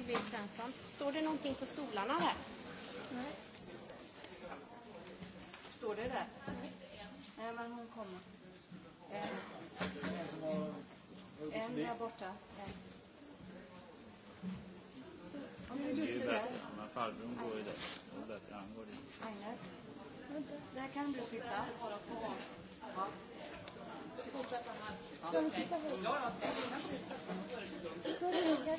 Birger B Svensson. Står det någonting på stolarna där? Nej. Står det där? Nej, Nej men hon kommer. En, en där borta. En. Det är ju bättre. Men farbrorn går ju där. Det är bättre. Han går dit. Agnes. Där kan du sitta. Ja. Fortsätta här. Ja, okay.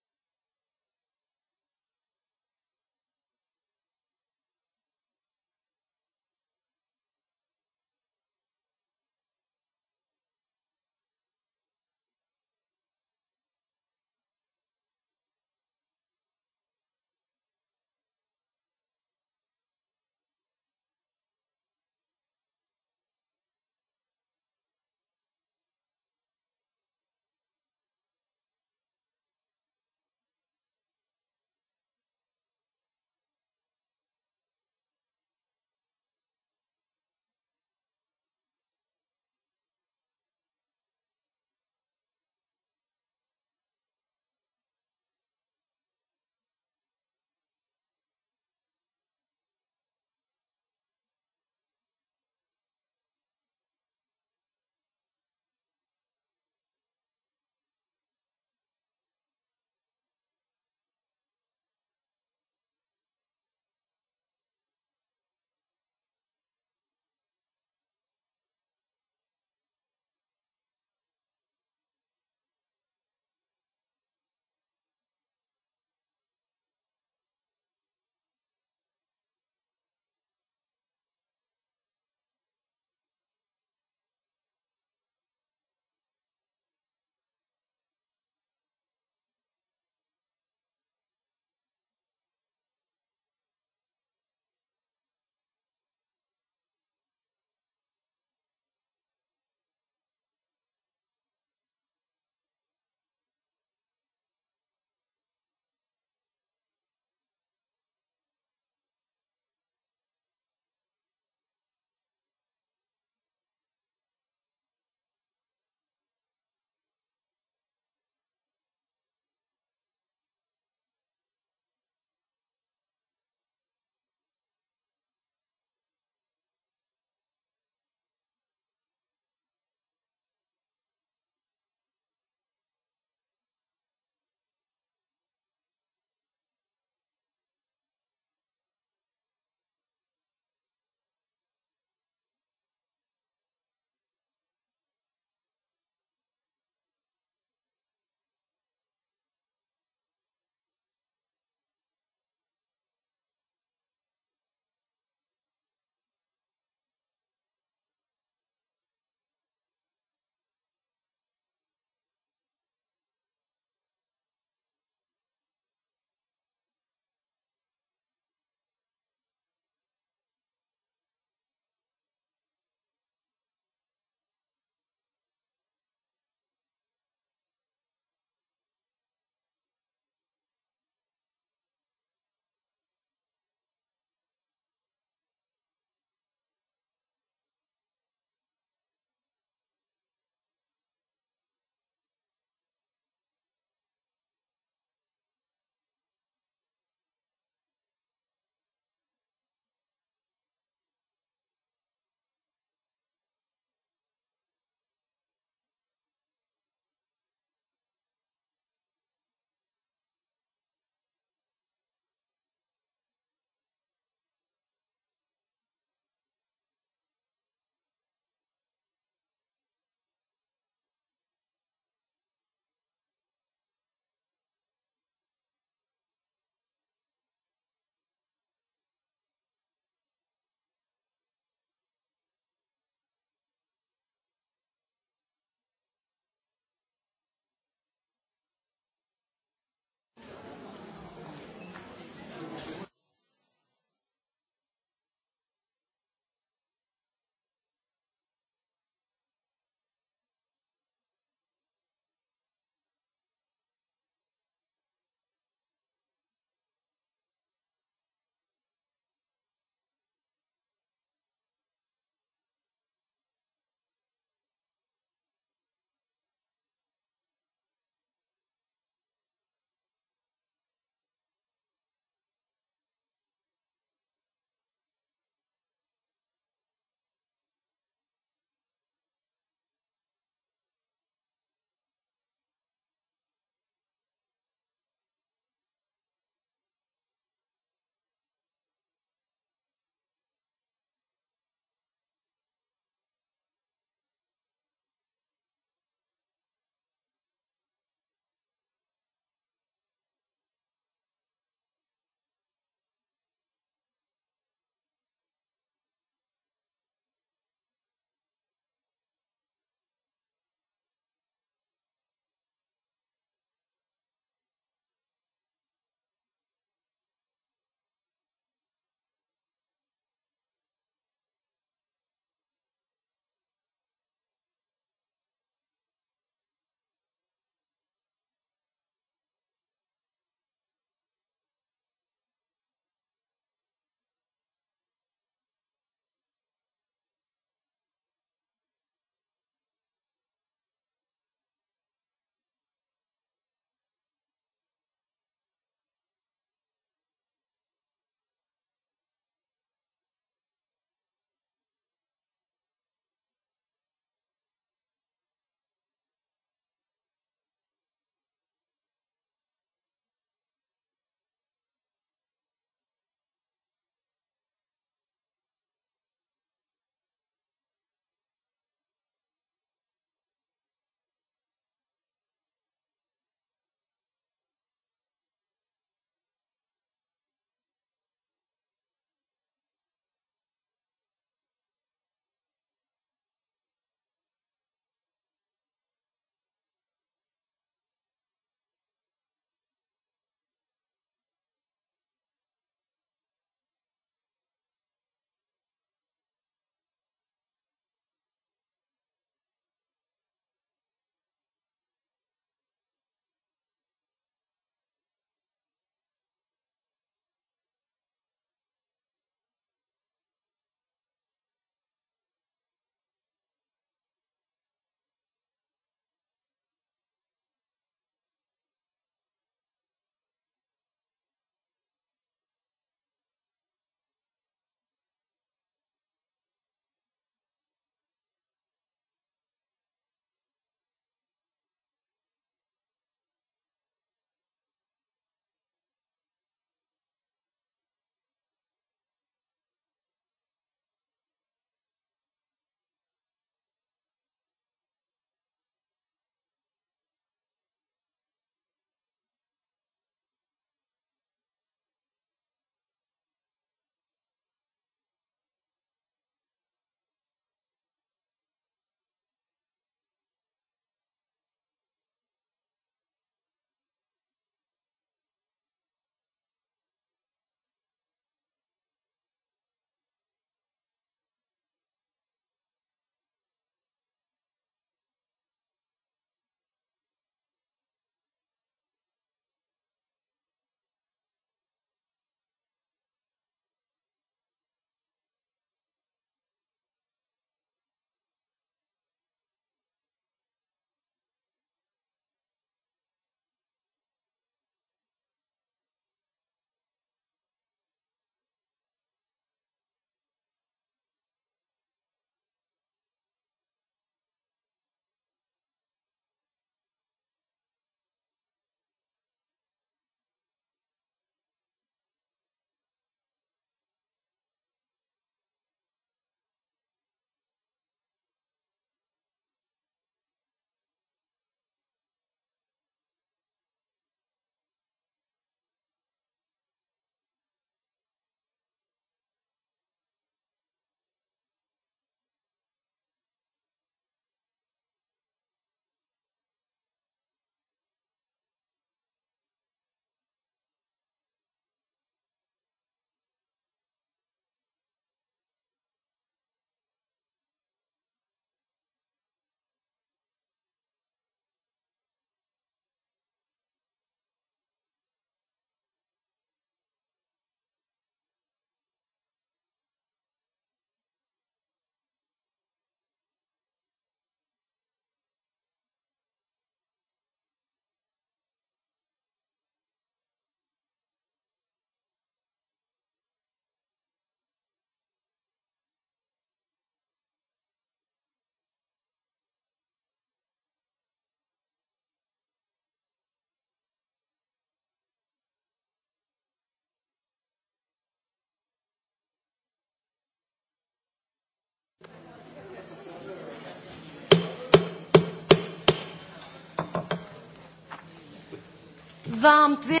varmt vi...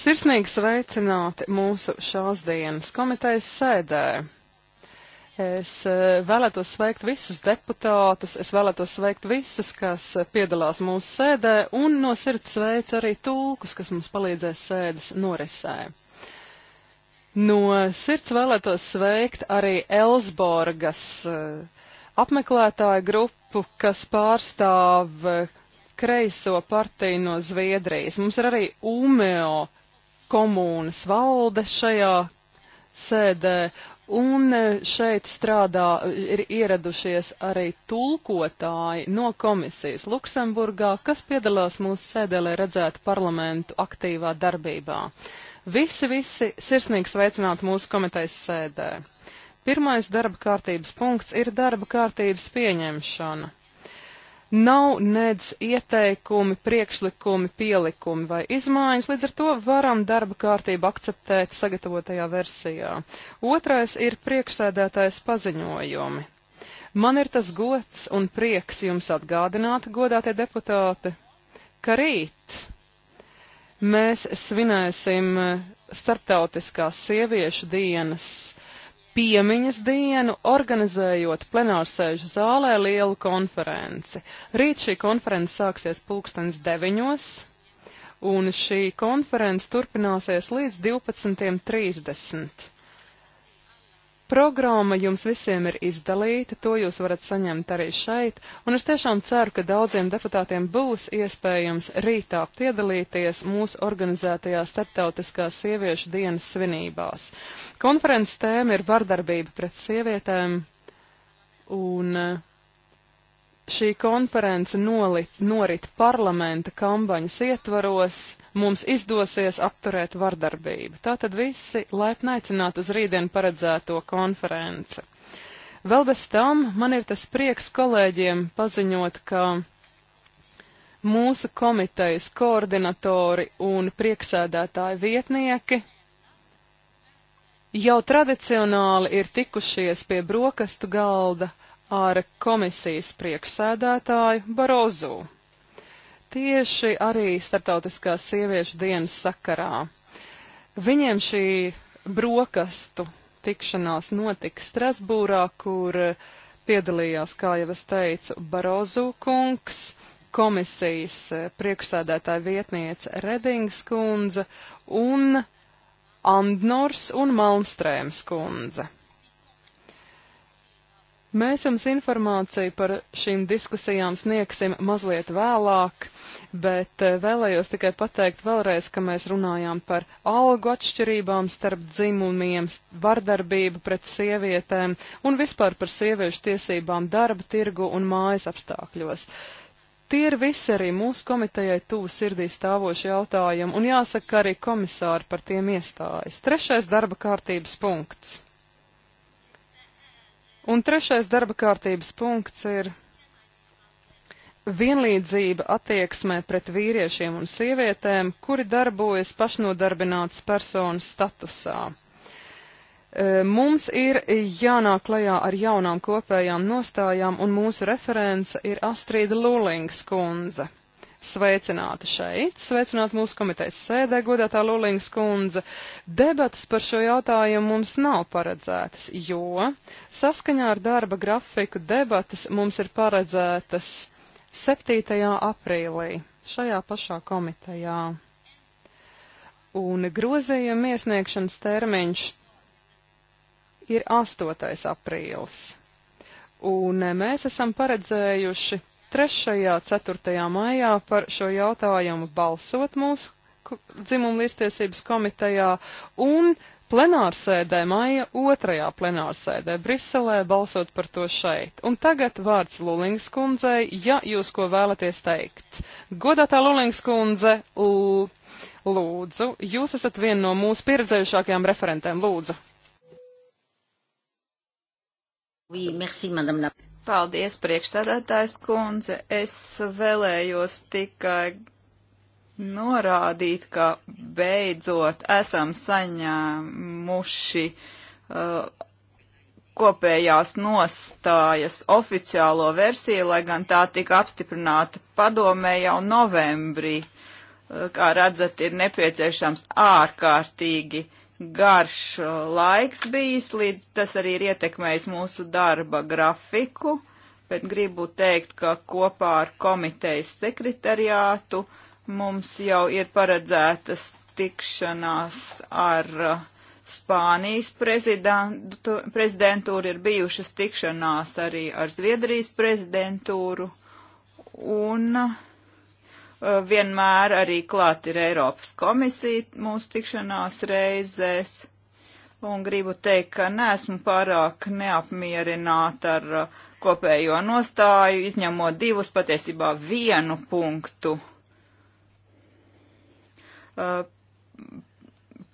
Sirsnīgi sveicināti mūsu šās dienas komitejas sēdē. Es eh, vēlētos sveikt visus deputātus, es vēlētos sveikt visus, kas eh, piedalās mūsu sēdē, un no sirds sveicu arī tulkus, kas mums palīdzēs sēdes norisē. No sirds vēlētos sveikt arī Elsborgas eh, apmeklētāju grupu, kas pārstāv kreiso partiju no Zviedrijas. Mums ir arī UMEO komūnas valde šajā sēdē, un e, šeit strādā, ir ieradušies arī tulkotāji no komisijas Luksemburgā, kas piedalās mūsu sēdē, lai redzētu parlamentu aktīvā darbībā. Visi, visi sirsnīgi sveicināti mūsu komitejas sēdē. Pirmais darba kārtības punkts ir darba kārtības pieņemšana. Nav nedz ieteikumi, priekšlikumi, pielikumi vai izmaiņas, līdz ar to varam darba kārtību akceptēt sagatavotajā versijā. Otrais ir priekšsēdētājs paziņojumi. Man ir tas gods un prieks jums atgādināt, godātie deputāti, ka rīt mēs svinēsim eh, Startautiskās sieviešu dienas piemiņas dienu, organizējot plenārsēžu zālē lielu konferenci. Rīt šī konference sāksies pulkstens deviņos, un šī konference turpināsies līdz 12.30. Programma jums visiem ir izdalīta, to jūs varat saņemt arī šeit, un es tiešām ceru, ka daudziem deputātiem būs iespējams rītā piedalīties mūsu organizētajā starptautiskās sieviešu dienas svinībās. Konferences tēma ir vardarbība pret sievietēm, un šī konference nolit, norit parlamenta kampaņas ietvaros, mums izdosies apturēt vardarbību. Tātad visi laipni aicināt uz rītdien paredzēto konferenci. Vēl bez tam man ir tas prieks kolēģiem paziņot, ka mūsu komitejas koordinatori un prieksēdētāji vietnieki jau tradicionāli ir tikušies pie brokastu galda ar komisijas priekšsēdētāju Barozu. Tieši arī Startautiskās sieviešu dienas sakarā. Viņiem šī brokastu tikšanās notika Strasbūrā, kur piedalījās, kā jau es teicu, Barozu kungs, komisijas priekšsēdētāja vietniece Redings kundze un Andnors un Malmstrēms kundze. Mēs jums informāciju par šīm diskusijām sniegsim mazliet vēlāk, bet eh, vēlējos tikai pateikt vēlreiz, ka mēs runājām par algu atšķirībām starp dzimumiem, vardarbību pret sievietēm un vispār par sieviešu tiesībām darba tirgu un mājas apstākļos. Tie ir visi arī mūsu komitejai tuvu sirdī stāvoši jautājumi, un jāsaka, ka arī komisāri par tiem iestājas. Trešais darba kārtības punkts. Un trešais darba kārtības punkts ir vienlīdzība attieksmē pret vīriešiem un sievietēm, kuri darbojas pašnodarbinātas personas statusā. E, mums ir jānāk klajā ar jaunām kopējām nostājām, un mūsu reference ir Astrīda Lūlings kundze. Sveicināti šeit, sveicināti mūsu komitejas sēdē, godētā Lulīngas kundze. Debatas par šo jautājumu mums nav paredzētas, jo saskaņā ar darba grafiku debatas mums ir paredzētas 7. aprīlī šajā pašā komitejā. Un grozījuma iesniegšanas termiņš ir 8. aprīlis. Un mēs esam paredzējuši 3.4. maijā par šo jautājumu balsot mūsu dzimumlīstiesības komitejā un plenārsēdē, maija otrajā plenārsēdē, Briselē, balsot par to šeit. Un tagad vārds Lulings kundzei, ja jūs ko vēlaties teikt. Godātā Lulings kundze, lūdzu, jūs esat viena no mūsu pieredzējušākajām referentēm, lūdzu. Oui, merci, madame la. Paldies, priekšsēdētājs kundze. Es vēlējos tikai norādīt, ka beidzot esam saņēmuši uh, kopējās nostājas oficiālo versiju, lai gan tā tika apstiprināta padomē jau novembrī. Uh, kā redzat, ir nepieciešams ārkārtīgi uh, garš uh, laiks bijis, līdz tas arī ir ietekmējis mūsu darba grafiku, bet gribu teikt, ka kopā ar komitejas sekretariātu mums jau ir paredzētas tikšanās ar uh, Spānijas prezidentūru, ir bijušas tikšanās arī ar Zviedrijas prezidentūru un uh, Eh, vienmēr arī klāt ir Eiropas komisija mūsu tikšanās reizēs. Un gribu teikt, ka neesmu pārāk neapmierināta ar eh, kopējo nostāju, izņemot divus, patiesībā vienu punktu. Uh,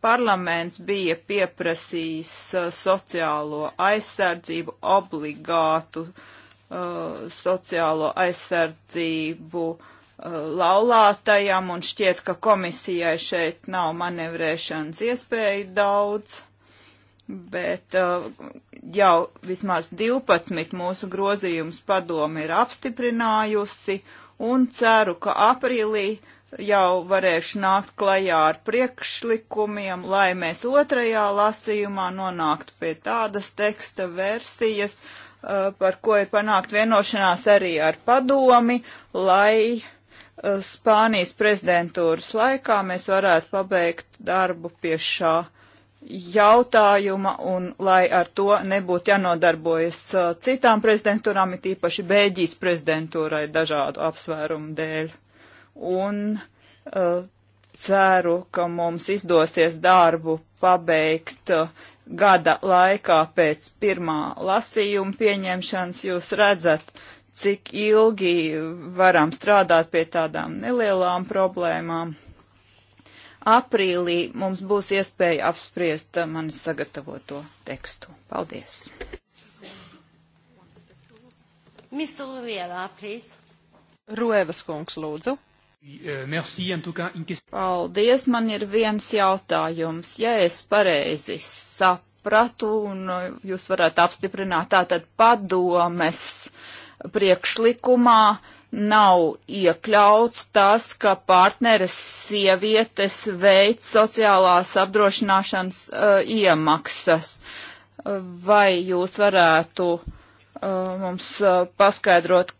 parlaments bija pieprasījis uh, sociālo aizsardzību, obligātu uh, sociālo aizsardzību uh, laulātajam, un šķiet, ka komisijai šeit nav manevrēšanas iespēju daudz, bet uh, jau vismaz 12 mūsu grozījums padomi ir apstiprinājusi, un ceru, ka aprīlī jau varēšu nākt klajā ar priekšlikumiem, lai mēs otrajā lasījumā nonāktu pie tādas teksta versijas, uh, par ko ir panākt vienošanās arī ar padomi, lai uh, Eh, Spānijas prezidentūras laikā mēs varētu pabeigt darbu pie šā jautājuma un lai ar to nebūtu jānodarbojas eh, citām prezidentūrām, it īpaši Bēģijas prezidentūrai dažādu apsvērumu dēļ. Un uh, ceru, ka mums izdosies darbu pabeigt uh, gada laikā pēc pirmā lasījuma pieņemšanas. Jūs redzat, uh, cik ilgi varam strādāt pie tādām nelielām problēmām. Aprīlī mums būs iespēja apspriest mani sagatavoto tekstu. Paldies! Mr. Ruela, please. Ruevas kungs, lūdzu. Eh, merci, en tout cas, une question. Paldies, man ir viens jautājums. Ja es pareizi sapratu, un jūs varētu apstiprināt, tātad padomes priekšlikumā nav iekļauts tas, ka partneres sievietes veids sociālās apdrošināšanas uh, iemaksas. Vai jūs varētu uh, mums uh, paskaidrot,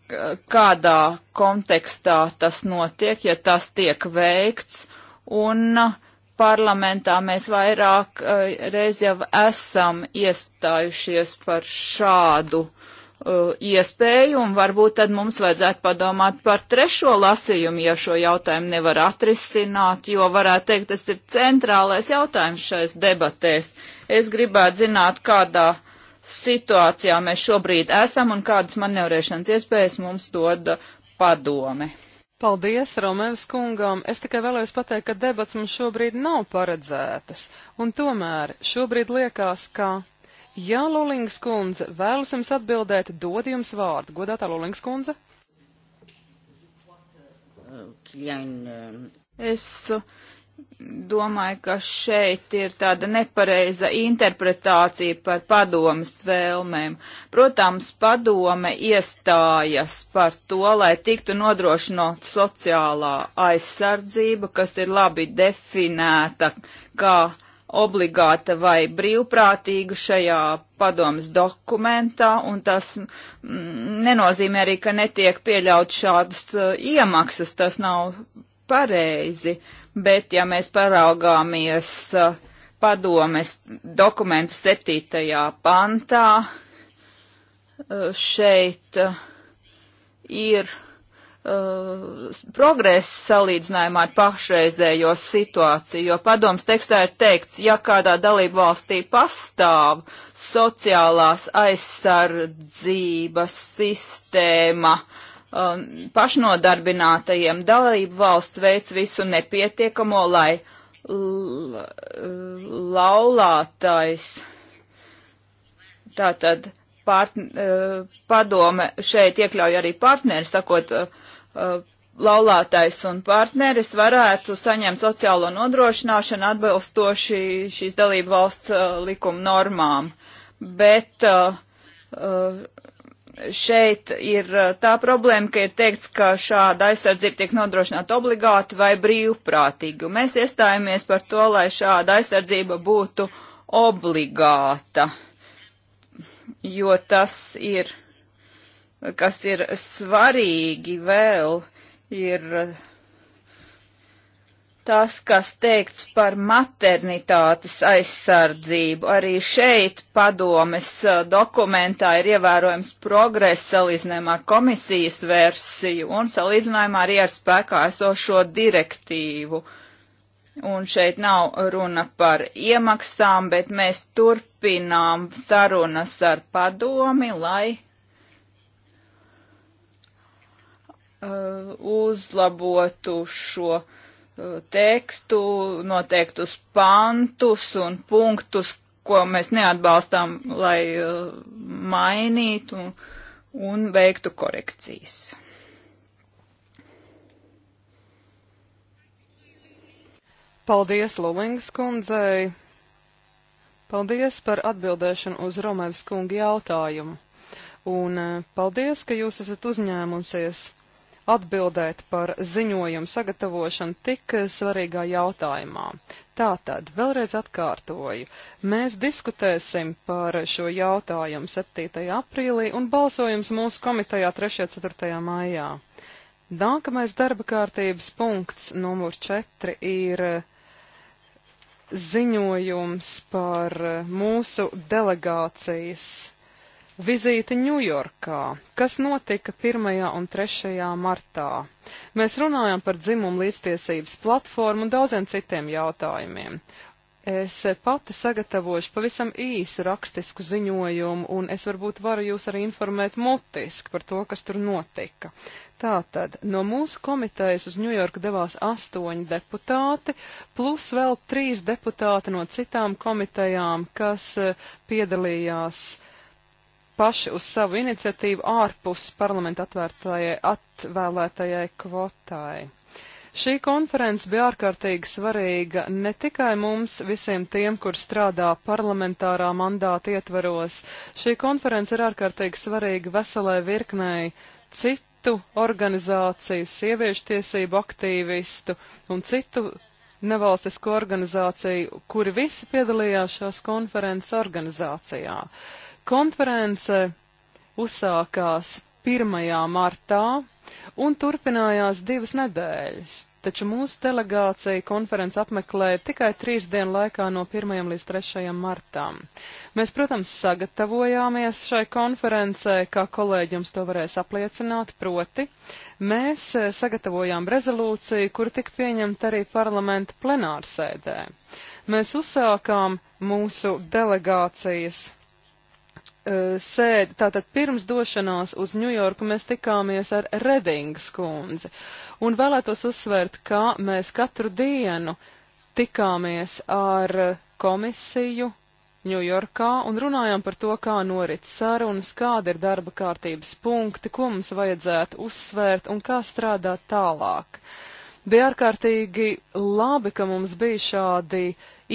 kādā kontekstā tas notiek, ja tas tiek veikts? Un uh, parlamentā mēs vairāk uh, reiz jau esam iestājušies par šādu uh, Uh, iespēju, un varbūt tad mums vajadzētu padomāt par trešo lasījumu, ja šo jautājumu nevar atrisināt, jo varētu teikt, tas ir centrālais jautājums šais debatēs. Es gribētu zināt, kādā situācijā mēs šobrīd esam un kādas manevrēšanas iespējas mums dod padome. Paldies Romevs kungam! Es tikai vēlējos pateikt, ka debats mums šobrīd nav paredzētas, un tomēr šobrīd liekas, ka Jā, Lulings kundze, vēlas jums atbildēt, dod jums vārdu. Godātā Lulings kundze. Es uh, domāju, ka šeit ir tāda nepareiza interpretācija par padomas vēlmēm. Protams, padome iestājas par to, lai tiktu nodrošinot sociālā aizsardzība, kas ir labi definēta kā obligāta vai brīvprātīga šajā padomas dokumentā, un tas mm, nenozīmē arī, ka netiek pieļaut šādas eh, iemaksas, tas nav pareizi, bet ja mēs paraugāmies eh, padomes dokumentu septītajā pantā, eh, šeit ir Uh, progress salīdzinājumā ar pašreizējo situāciju, jo padoms tekstā ir teikts, ja kādā dalību valstī pastāv sociālās aizsardzības sistēma um, pašnodarbinātajiem, dalību valsts veids visu nepietiekamo, lai laulātais tātad partn, uh, padome šeit iekļauj arī partneri, sakot, uh, Uh, laulātais un partneris varētu saņemt sociālo nodrošināšanu atbilstoši šīs dalību valsts uh, likuma normām. Bet uh, šeit ir tā problēma, ka ir teikts, ka šāda aizsardzība tiek nodrošināta obligāti vai brīvprātīgi. Mēs iestājāmies par to, lai šāda aizsardzība būtu obligāta, jo tas ir kas ir svarīgi vēl, ir tas, kas teikts par maternitātes aizsardzību. Arī šeit padomes uh, dokumentā ir ievērojams progress salīdzinājumā ar komisijas versiju un salīdzinājumā arī ar spēkā esošo direktīvu. Un šeit nav runa par iemaksām, bet mēs turpinām sarunas ar padomi, lai Uh, uzlabotu šo uh, tekstu, noteiktus pantus un punktus, ko mēs neatbalstām, lai uh, mainītu un, un veiktu korekcijas. Paldies Lulings kundzei! Paldies par atbildēšanu uz Romevs kunga jautājumu! Un paldies, ka jūs esat uzņēmusies atbildēt par ziņojumu sagatavošanu tik svarīgā jautājumā. Tātad, vēlreiz atkārtoju, mēs diskutēsim par šo jautājumu 7. aprīlī un balsojums mūsu komitejā 3.4. maijā. Nākamais darba kārtības punkts numur 4 ir eh, ziņojums par eh, mūsu delegācijas vizīti Ņujorkā, kas notika 1. un 3. martā. Mēs runājam par dzimumu līdztiesības platformu un daudziem citiem jautājumiem. Es pati sagatavošu pavisam īsu rakstisku ziņojumu, un es varbūt varu jūs arī informēt mutiski par to, kas tur notika. Tātad no mūsu komitejas uz Ņujorku devās astoņi deputāti, plus vēl trīs deputāti no citām komitejām, kas eh, piedalījās paši uz savu iniciatīvu ārpus parlamenta atvēlētajai kvotai. Šī konference bija ārkārtīgi svarīga ne tikai mums visiem tiem, kur strādā parlamentārā mandāta ietvaros. Šī konference ir ārkārtīgi svarīga veselai virknei citu organizāciju, sieviešu tiesību aktīvistu un citu nevalstisko organizāciju, kuri visi piedalījās šās konferences organizācijā. Uh, Konference uzsākās 1. martā un turpinājās divas nedēļas, taču mūsu delegācija konferenci apmeklēja tikai trīs dienu laikā no 1. līdz 3. martām. Mēs, protams, sagatavojāmies šai konferencē, kā kolēģi jums to varēs apliecināt, proti mēs sagatavojām rezolūciju, kur tika pieņemta arī parlamenta plenārsēdē. Mēs uzsākām mūsu delegācijas Uh, sēdi, tātad pirms došanās uz Ņujorku mēs tikāmies ar Redingas kundzi. Un vēlētos uzsvērt, ka mēs katru dienu tikāmies ar komisiju Ņujorkā un runājām par to, kā norit sarunas, kāda ir darba kārtības punkti, ko mums vajadzētu uzsvērt un kā strādāt tālāk. Uh, Bija ārkārtīgi labi, ka mums bija šādi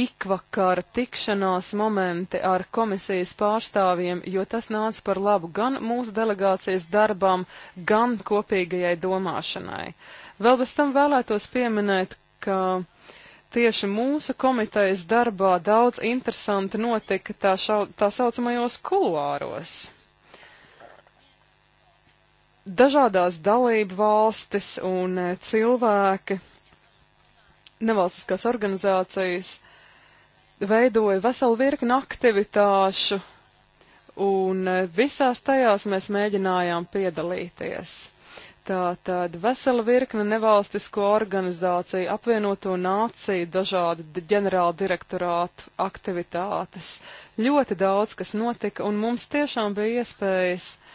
ikvakara tikšanās momenti ar komisijas pārstāvjiem, jo tas nāca par labu gan mūsu delegācijas darbam, gan kopīgajai domāšanai. Vēl bez tam vēlētos pieminēt, ka tieši mūsu komitejas darbā daudz interesanti notika tā, šau, tā saucamajos kuluāros dažādās dalību valstis un eh, cilvēki, nevalstiskās organizācijas, veidoja veselu virkni aktivitāšu, un eh, visās tajās mēs mēģinājām piedalīties. Tātad vesela virkne nevalstisko organizāciju, apvienoto nāciju, dažādu ģenerāla direktorātu aktivitātes. Ļoti daudz, kas notika, un mums tiešām bija iespējas uh,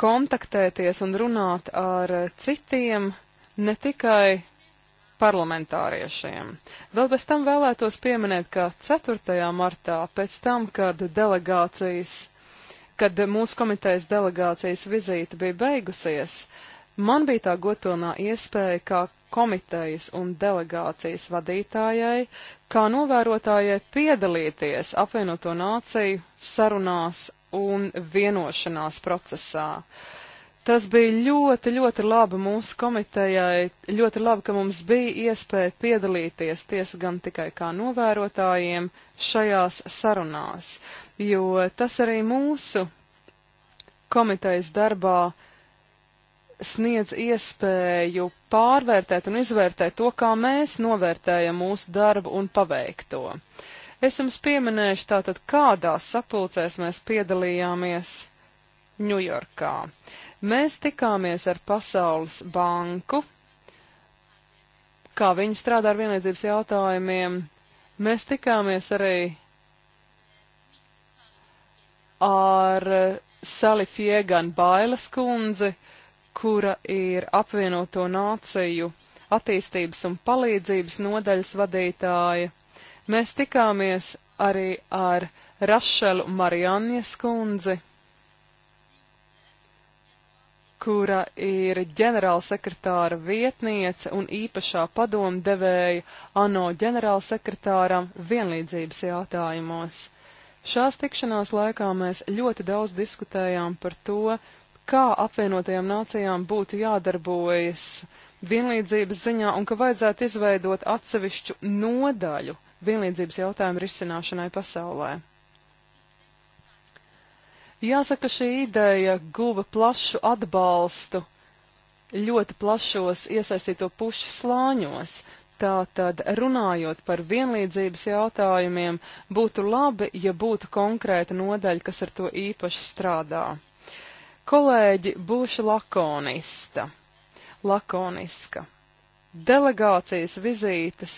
kontaktēties un runāt ar citiem, ne tikai parlamentāriešiem. Vēl bez tam vēlētos pieminēt, ka 4. martā, pēc tam, kad delegācijas, kad mūsu komitejas delegācijas vizīte bija beigusies, man bija tā godpilnā iespēja kā komitejas un delegācijas vadītājai, kā novērotājai piedalīties apvienoto nāciju sarunās un vienošanās procesā. Tas bija ļoti, ļoti labi mūsu komitejai, ļoti labi, ka mums bija iespēja piedalīties tiesa gan tikai kā novērotājiem šajās sarunās, jo tas arī mūsu komitejas darbā sniedz iespēju pārvērtēt un izvērtēt to, kā mēs novērtējam mūsu darbu un paveikto. Uh, Es jums pieminēšu tātad, kādās sapulcēs mēs piedalījāmies Ņujorkā. Mēs tikāmies ar Pasaules banku, kā viņi strādā ar vienlīdzības jautājumiem. Mēs tikāmies arī ar Salifiegan Bailas kundzi, kura ir apvienoto nāciju attīstības un palīdzības nodaļas vadītāja Mēs tikāmies arī ar Rašelu Marianjas kundzi, kura ir ģenerālsekretāra vietniece un īpašā padomdevēja ANO ģenerālsekretāram vienlīdzības jautājumos. Šās tikšanās laikā mēs ļoti daudz diskutējām par to, kā apvienotajām nācijām būtu jādarbojas vienlīdzības ziņā un ka vajadzētu izveidot atsevišķu nodaļu vienlīdzības jautājumu risināšanai pasaulē. Jāsaka, šī ideja guva plašu atbalstu ļoti plašos iesaistīto pušu slāņos. Tātad, runājot par vienlīdzības jautājumiem, būtu labi, ja būtu konkrēta nodaļa, kas ar to īpaši strādā. Kolēģi, būšu lakonista. Lakoniska. Delegācijas vizītes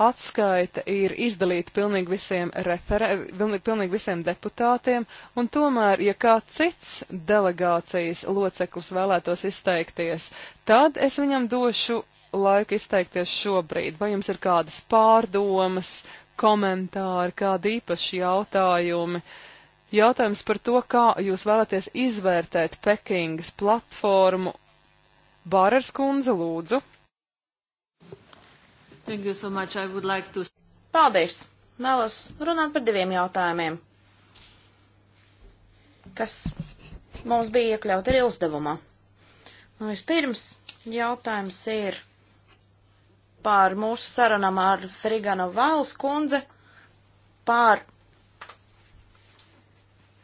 atskaita ir izdalīta pilnīgi visiem, referē, pilnīgi, pilnīgi visiem deputātiem, un tomēr, ja kā cits delegācijas loceklis vēlētos izteikties, tad es viņam došu laiku izteikties šobrīd. Vai jums ir kādas pārdomas, komentāri, kādi īpaši jautājumi? Jautājums par to, kā jūs vēlaties izvērtēt Pekingas platformu. Bārers kundze, lūdzu. Thank you so much. I would like to... Paldies! Vēlos runāt par diviem jautājumiem, kas mums bija iekļaut arī uzdevumā. Nu, vispirms jautājums ir par mūsu sarunam ar Frigano Vēls kundze par,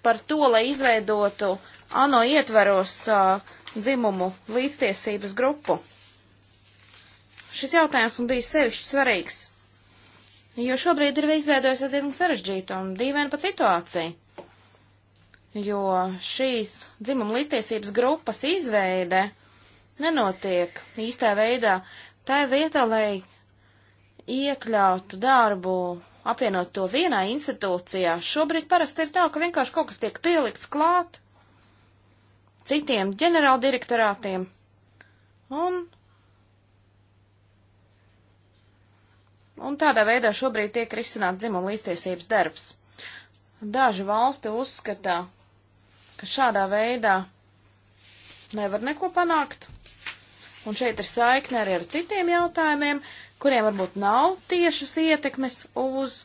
par to, lai izveidotu ANO ietveros uh, dzimumu līdztiesības grupu šis jautājums un bija sevišķi svarīgs, jo šobrīd ir izveidojusies diezgan sarežģīta un dīvaina pat situācija, jo šīs dzimuma līdztiesības grupas izveide nenotiek īstā veidā. Tā ir vieta, lai iekļautu darbu, apvienot to vienā institūcijā. Šobrīd parasti ir tā, ka vienkārši kaut kas tiek pielikts klāt citiem ģenerāldirektorātiem, un un tādā veidā šobrīd tiek risināt dzimuma līdztiesības darbs. Daži valsti uzskatā, ka šādā veidā nevar neko panākt, un šeit ir saikne arī ar citiem jautājumiem, kuriem varbūt nav tiešas ietekmes uz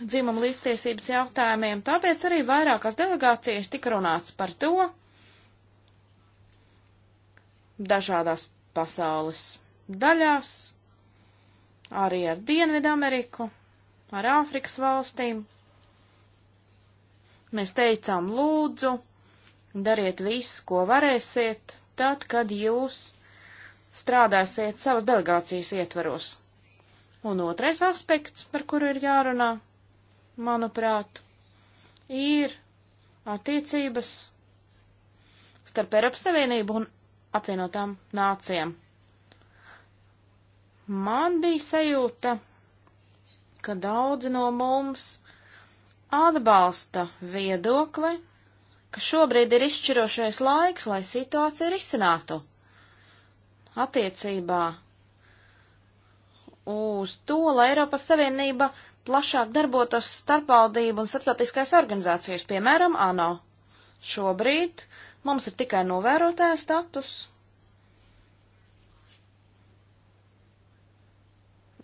dzimuma līdztiesības jautājumiem, tāpēc arī vairākās delegācijas tika runāts par to dažādās pasaules daļās, arī ar Dienvidu Ameriku, ar Āfrikas valstīm. Mēs teicām, lūdzu, dariet visu, ko varēsiet, tad, kad jūs strādāsiet savas delegācijas ietvaros. Un otrais aspekts, par kuru ir jārunā, manuprāt, ir attiecības starp Eiropas Savienību un apvienotām nācijām. Man bija sajūta, ka daudzi no mums atbalsta viedokli, ka šobrīd ir izšķirošais laiks, lai situācija risinātu attiecībā uz to, lai Eiropas Savienība plašāk darbotos starpvaldību un starptautiskais organizācijas, piemēram, ANO. Šobrīd mums ir tikai novērotāja status,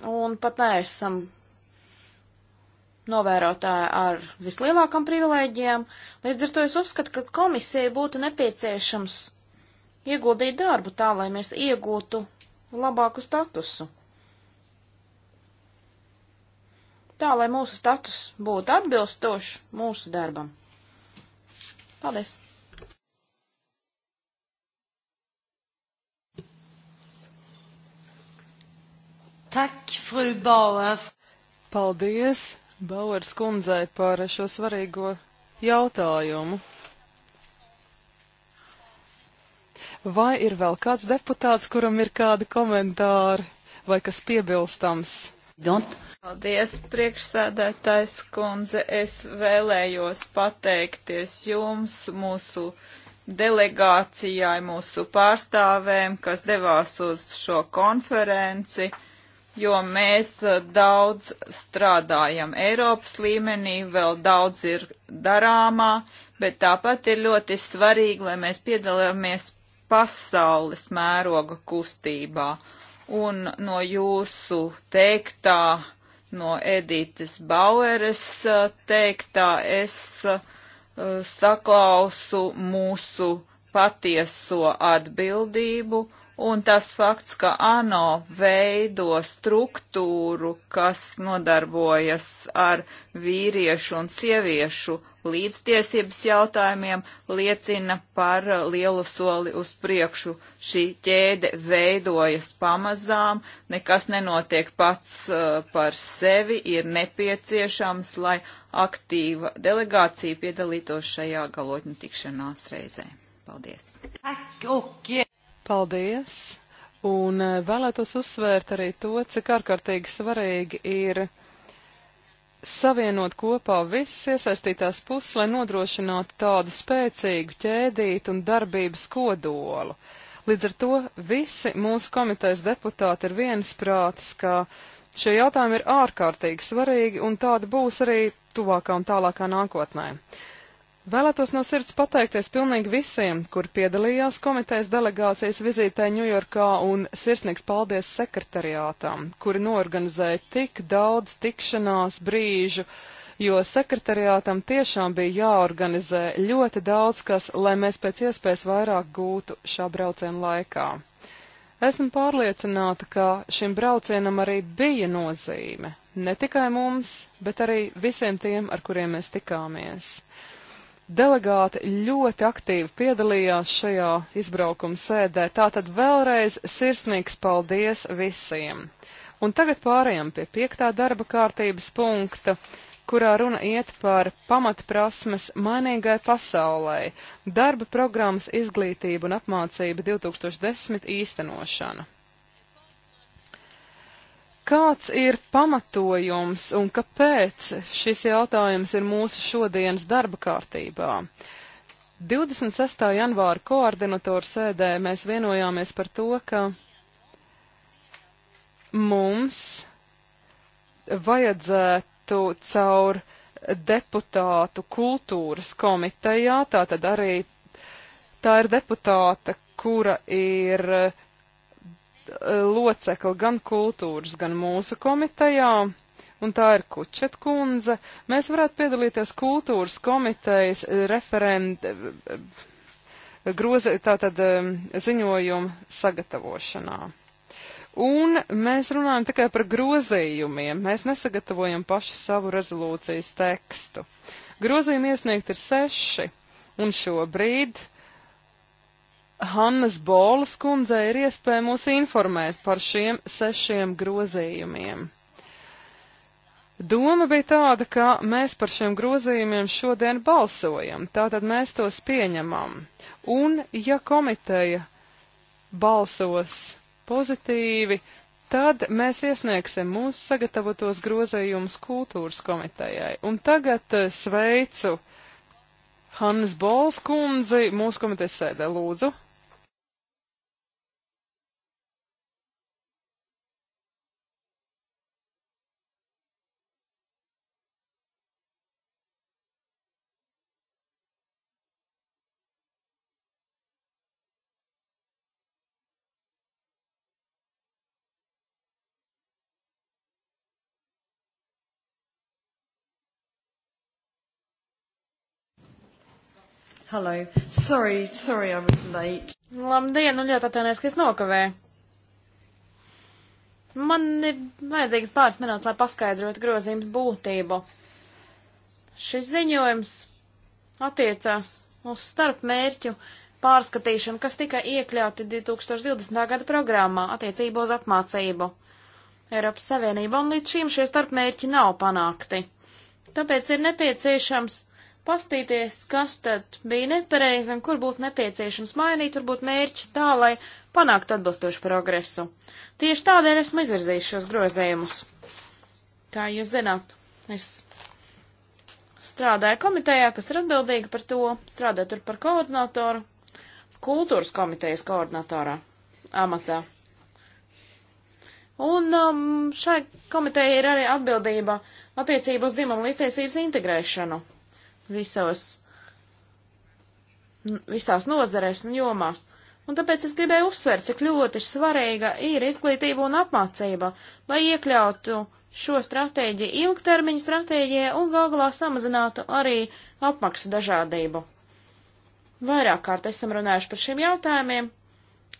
un pat neesam novērotāji ar vislielākam privilēģiem, līdz ar to es uzskatu, ka komisija būtu nepieciešams ieguldīt darbu tā, lai mēs iegūtu labāku statusu. Tā, lai mūsu status būtu atbilstošs mūsu darbam. Paldies! Tak, fru Bauer. Paldies Bauer skundzei par šo svarīgo jautājumu. Vai ir vēl kāds deputāts, kuram ir kādi komentāri vai kas piebilstams? Don't. Paldies, priekšsēdētājs kundze. Es vēlējos pateikties jums, mūsu delegācijai, mūsu pārstāvēm, kas devās uz šo konferenci jo mēs eh, daudz strādājam Eiropas līmenī, vēl daudz ir darāmā, bet tāpat ir ļoti svarīgi, lai mēs piedalāmies pasaules mēroga kustībā. Un no jūsu teiktā, no Editas Baueres eh, teiktā, es eh, saklausu mūsu patieso atbildību Un tas fakts, ka ANO veido struktūru, kas nodarbojas ar vīriešu un sieviešu līdztiesības jautājumiem, liecina par lielu soli uz priekšu. Šī ķēde veidojas pamazām, nekas nenotiek pats uh, par sevi, ir nepieciešams, lai aktīva delegācija piedalītos šajā galotņu tikšanās reizē. Paldies! Ak, okay. Paldies! Un eh, vēlētos uzsvērt arī to, cik ārkārtīgi svarīgi ir savienot kopā visas iesaistītās puses, lai nodrošinātu tādu spēcīgu ķēdītu un darbības kodolu. Līdz ar to visi mūsu komitejas deputāti ir viensprātis, ka šie jautājumi ir ārkārtīgi svarīgi un tāda būs arī tuvākā un tālākā nākotnē. Vēlētos no sirds pateikties pilnīgi visiem, kur piedalījās komitejas delegācijas vizītē Ņujorkā un sirsnīgs paldies sekretariātām, kuri norganizēja tik daudz tikšanās brīžu, jo sekretariātam tiešām bija jāorganizē ļoti daudz kas, lai mēs pēc iespējas vairāk gūtu šā brauciena laikā. Esmu pārliecināta, ka šim braucienam arī bija nozīme, ne tikai mums, bet arī visiem tiem, ar kuriem mēs tikāmies. Delegāti ļoti aktīvi piedalījās šajā izbraukuma sēdē, tātad vēlreiz sirsnīgs paldies visiem. Un tagad pārējām pie piektā darba kārtības punkta, kurā runa iet par pamatprasmes mainīgai pasaulē, darba programmas izglītību un apmācību 2010 īstenošanu. Kāds ir pamatojums un kāpēc šis jautājums ir mūsu šodienas darba kārtībā? 26. janvāra koordinatoru sēdē mēs vienojāmies par to, ka mums vajadzētu caur deputātu kultūras komitejā, tātad arī tā ir deputāta, kura ir uh, locekli gan kultūras, gan mūsu komitejā, un tā ir Kučet kundze. Mēs varētu piedalīties kultūras komitejas eh, referent, eh, eh, groze, tātad ziņojumu sagatavošanā. Un mēs runājam tikai par grozījumiem. Mēs nesagatavojam pašu savu rezolūcijas tekstu. Grozījumi iesniegt ir seši, un šobrīd uh, Hannes Bolas kundzei ir iespēja mūs informēt par šiem sešiem grozījumiem. Doma bija tāda, ka mēs par šiem grozījumiem šodien balsojam, tātad mēs tos pieņemam. Un, ja komiteja balsos pozitīvi, tad mēs iesniegsim mūsu sagatavotos grozījumus kultūras komitejai. Un tagad eh, sveicu Hannes Bols kundzi mūsu komitejas sēdē. Lūdzu! Hello. Sorry, sorry I was late. Labdien, un nu ļoti atvainojos, ka es nokavēju. Man ir vajadzīgs pāris minūtes, lai paskaidrotu grozījumu būtību. Šis ziņojums attiecās uz starpmērķu pārskatīšanu, kas tika iekļauti 2020. gada programmā attiecībā uz apmācību. Eiropas Savienība un līdz šim šie starpmērķi nav panākti. Tāpēc ir nepieciešams pastīties, kas tad bija nepareizi un kur būtu nepieciešams mainīt, varbūt mērķus tā, lai panāktu atbilstošu progresu. Tieši tādēļ esmu izvirzījis šos grozējumus. Kā jūs zināt, es strādāju komitejā, kas ir atbildīga par to, strādāju tur par koordinatoru, kultūras komitejas koordinatorā amatā. Un um, šai komitejai ir arī atbildība attiecībā uz dzimumu līdztiesības integrēšanu visos, visās nozarēs un jomās. Un tāpēc es gribēju uzsvērt, cik ļoti svarīga ir izglītība un apmācība, lai iekļautu šo stratēģiju ilgtermiņa stratēģijā un galvā samazinātu arī apmaksu dažādību. Vairāk kārt esam runājuši par šiem jautājumiem,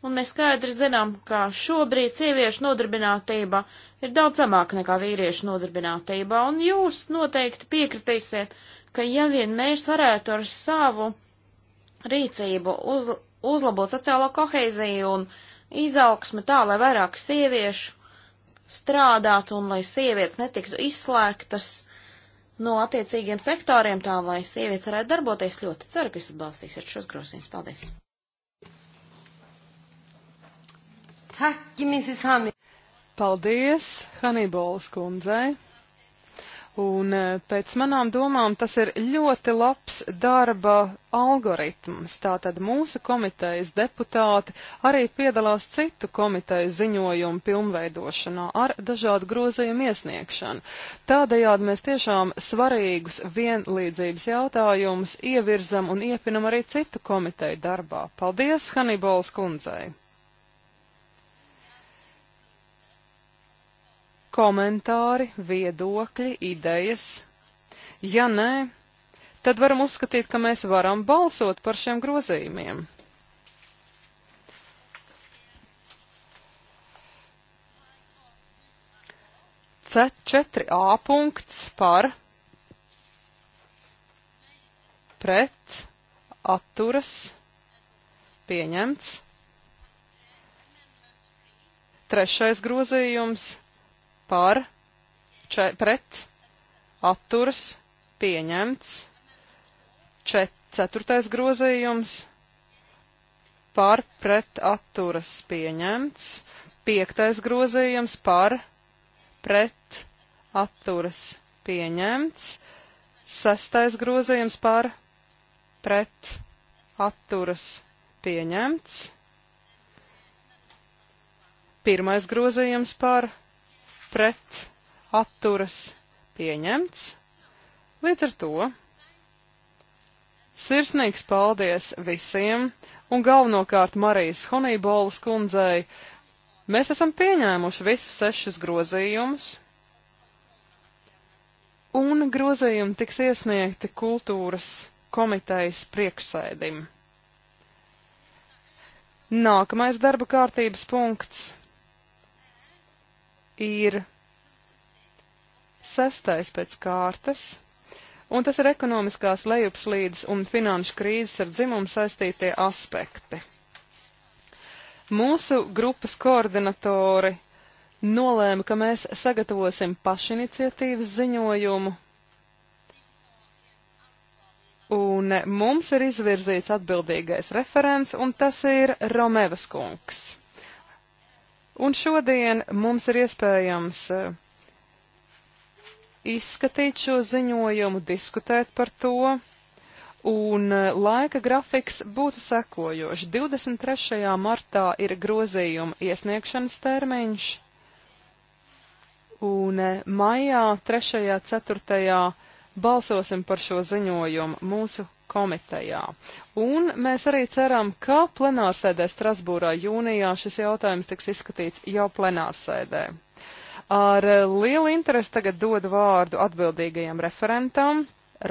un mēs skaidri zinām, ka šobrīd sieviešu nodarbinātība ir daudz zemāka nekā vīriešu nodarbinātība, un jūs noteikti piekritīsiet, ka ja vien mēs varētu ar savu rīcību uz, uzlabot sociālo koheiziju un izaugsmi tā, lai vairāk sieviešu strādātu un lai sievietes netiktu izslēgtas no attiecīgiem sektoriem, tā lai sievietes varētu darboties ļoti. Ceru, ka jūs atbalstīsiet šos grozījumus. Paldies! Paldies, Hanibolas kundzei! Un e, pēc manām domām tas ir ļoti labs darba algoritms. Tātad mūsu komitejas deputāti arī piedalās citu komiteju ziņojumu pilnveidošanā ar dažādu grozījumu iesniegšanu. Tādējādi mēs tiešām svarīgus vienlīdzības jautājumus ievirzam un iepinam arī citu komiteju darbā. Paldies Hanibols kundzei! komentāri, viedokļi, idejas? Ja nē, tad varam uzskatīt, ka mēs varam balsot par šiem grozījumiem. C4A punkts par pret atturas pieņemts. Trešais grozījums par, če, pret, atturs, pieņemts. Čet, ceturtais grozījums par, pret, atturas, pieņemts. Piektais grozījums par, pret, atturas, pieņemts. Sestais grozījums par, pret, atturas, pieņemts. Pirmais grozījums par, pret, pret atturas pieņemts. Līdz ar to sirsnīgs paldies visiem un galvenokārt Marijas Honeybolas kundzei. Mēs esam pieņēmuši visus sešus grozījumus, un grozījumi tiks iesniegti kultūras komitejas priekšsēdim. Nākamais darba kārtības punkts ir sestais pēc kārtas, un tas ir ekonomiskās lejupslīdes un finanšu krīzes ar dzimumu saistītie aspekti. Mūsu grupas koordinatori nolēma, ka mēs sagatavosim pašiniciatīvas ziņojumu, un mums ir izvirzīts atbildīgais referents, un tas ir Romevas kungs. Un šodien mums ir iespējams eh, izskatīt šo ziņojumu, diskutēt par to, un eh, laika grafiks būtu sekojoši. 23. martā ir grozījuma iesniegšanas termiņš, un eh, maijā 3. 4 balsosim par šo ziņojumu mūsu komitejā. Un mēs arī ceram, ka plenārsēdē Strasbūrā jūnijā šis jautājums tiks izskatīts jau plenārsēdē. Ar lielu interesi tagad dodu vārdu atbildīgajam referentam.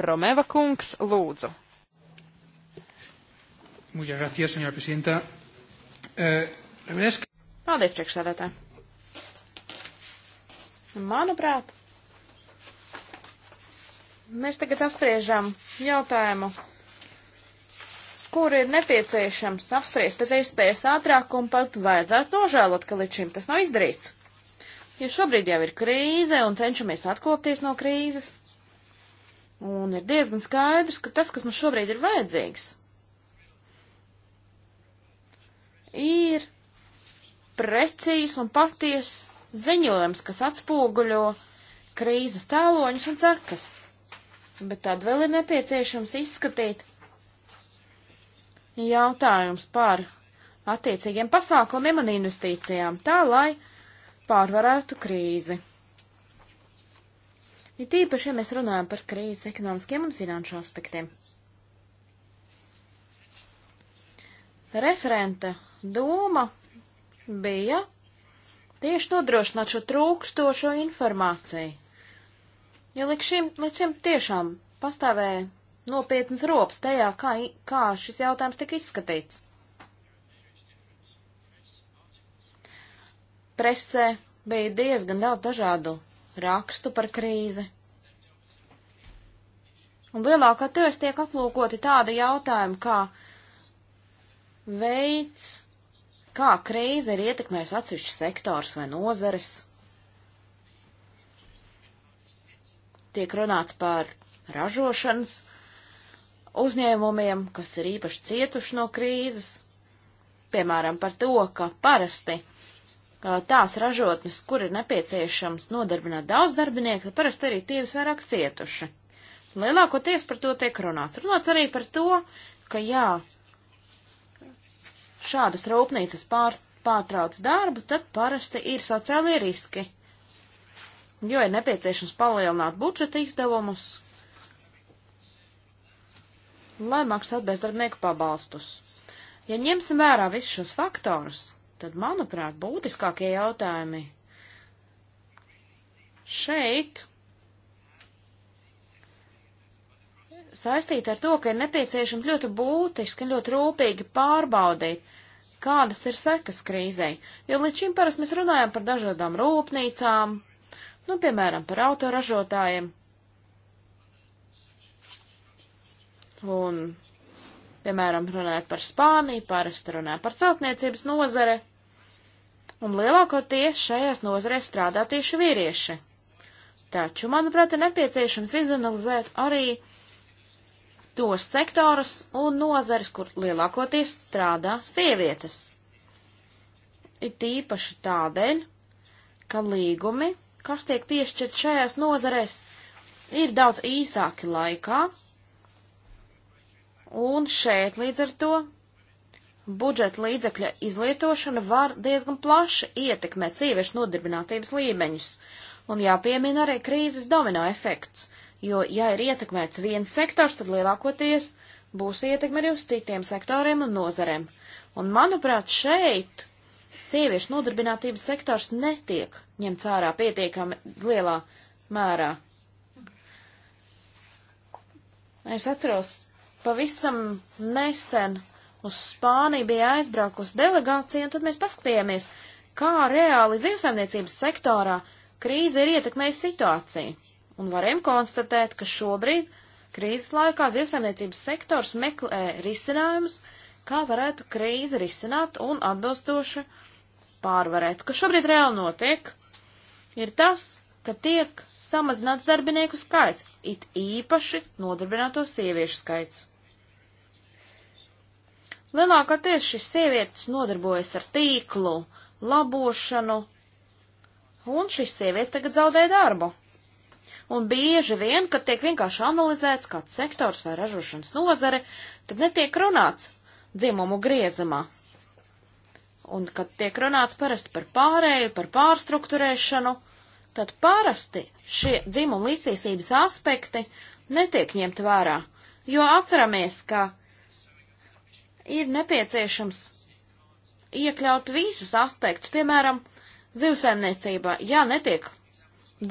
Romeva kungs, lūdzu. Gracias, eh, Paldies, priekšsēdētāji. Manuprāt, Mēs tagad apspriežam jautājumu, kur ir nepieciešams apspriest pēc iespējas ātrāk un pat vajadzētu nožēlot, ka līdz šim tas nav izdarīts. Jo šobrīd jau ir krīze un cenšamies atkopties no krīzes. Un ir diezgan skaidrs, ka tas, kas mums šobrīd ir vajadzīgs, ir precīzs un patiesa ziņojums, kas atspoguļo krīzes cēloņus un cekas. Bet tad vēl ir nepieciešams izskatīt jautājums par attiecīgiem pasākumiem un investīcijām, tā lai pārvarētu krīzi. Ir tīpaši, ja mēs runājam par krīzes ekonomiskiem un finanšu aspektiem. Referenta doma bija tieši nodrošināt šo trūkstošo informāciju. Jo līdz šim, līdz šim tiešām pastāvēja nopietnas rops tajā, kā, kā šis jautājums tika izskatīts. Presē bija diezgan daudz dažādu rakstu par krīzi. Un lielākā tiesa tiek aplūkoti tādi jautājumi, kā veids, kā krīze ir ietekmējusi atsevišķus sektors vai nozares. tiek runāts par ražošanas uzņēmumiem, kas ir īpaši cietuši no krīzes, piemēram, par to, ka parasti tās ražotnes, kur ir nepieciešams nodarbināt daudz darbinieku, parasti arī tie visvairāk cietuši. Lielākoties par to tiek runāts. Runāts arī par to, ka jā, šādas rūpnīcas pār, pārtrauc darbu, tad parasti ir sociālie riski jo ir nepieciešams palielināt budžeta izdevumus, lai maksātu bezdarbnieku pabalstus. Ja ņemsim vērā visus šos faktorus, tad, manuprāt, būtiskākie jautājumi šeit saistīti ar to, ka ir nepieciešams ļoti būtiski un ļoti rūpīgi pārbaudīt, kādas ir sekas krīzei, jo līdz šim parasti mēs runājam par dažādām rūpnīcām, Nu, piemēram, par autoražotājiem. Un, piemēram, runājot par Spāniju, parasti runā par celtniecības nozare. Un lielākoties šajās nozarēs strādā tieši vīrieši. Taču, manuprāt, ir nepieciešams izanalizēt arī tos sektorus un nozares, kur lielākoties strādā sievietes. Ir tīpaši tādēļ, ka līgumi kas tiek piešķirt šajās nozarēs, ir daudz īsāki laikā, un šeit līdz ar to budžeta līdzekļa izlietošana var diezgan plaši ietekmēt sieviešu nodarbinātības līmeņus, un jāpiemina arī krīzes domino efekts, jo, ja ir ietekmēts viens sektors, tad lielākoties būs ietekme arī uz citiem sektoriem un nozarēm. Un, manuprāt, šeit sieviešu nodarbinātības sektors netiek ņemts ārā pietiekami lielā mērā. Es atceros, pavisam nesen uz Spāniju bija aizbraukusi delegācija, un tad mēs paskatījāmies, kā reāli zivsaimniecības sektorā krīze ir ietekmējusi situāciju. Un varam konstatēt, ka šobrīd krīzes laikā zivsaimniecības sektors meklē risinājumus, kā varētu krīzi risināt un atbilstoši uh, pārvarēt, kas šobrīd reāli notiek, ir tas, ka tiek samazināts darbinieku skaits, it īpaši nodarbināto sieviešu skaits. Lielākoties šīs sievietes nodarbojas ar tīklu, labošanu, un šīs sievietes tagad zaudē darbu. Un bieži vien, kad tiek vienkārši analizēts kāds sektors vai ražošanas nozare, tad netiek runāts dzimumu griezumā. Un, kad tiek runāts parasti par pārēju, par pārstruktūrēšanu, tad parasti šie dzimuma līdzsīsības aspekti netiek ņemti vērā, jo atceramies, ka ir nepieciešams iekļaut visus aspektus, piemēram, zivsēmniecībā, ja netiek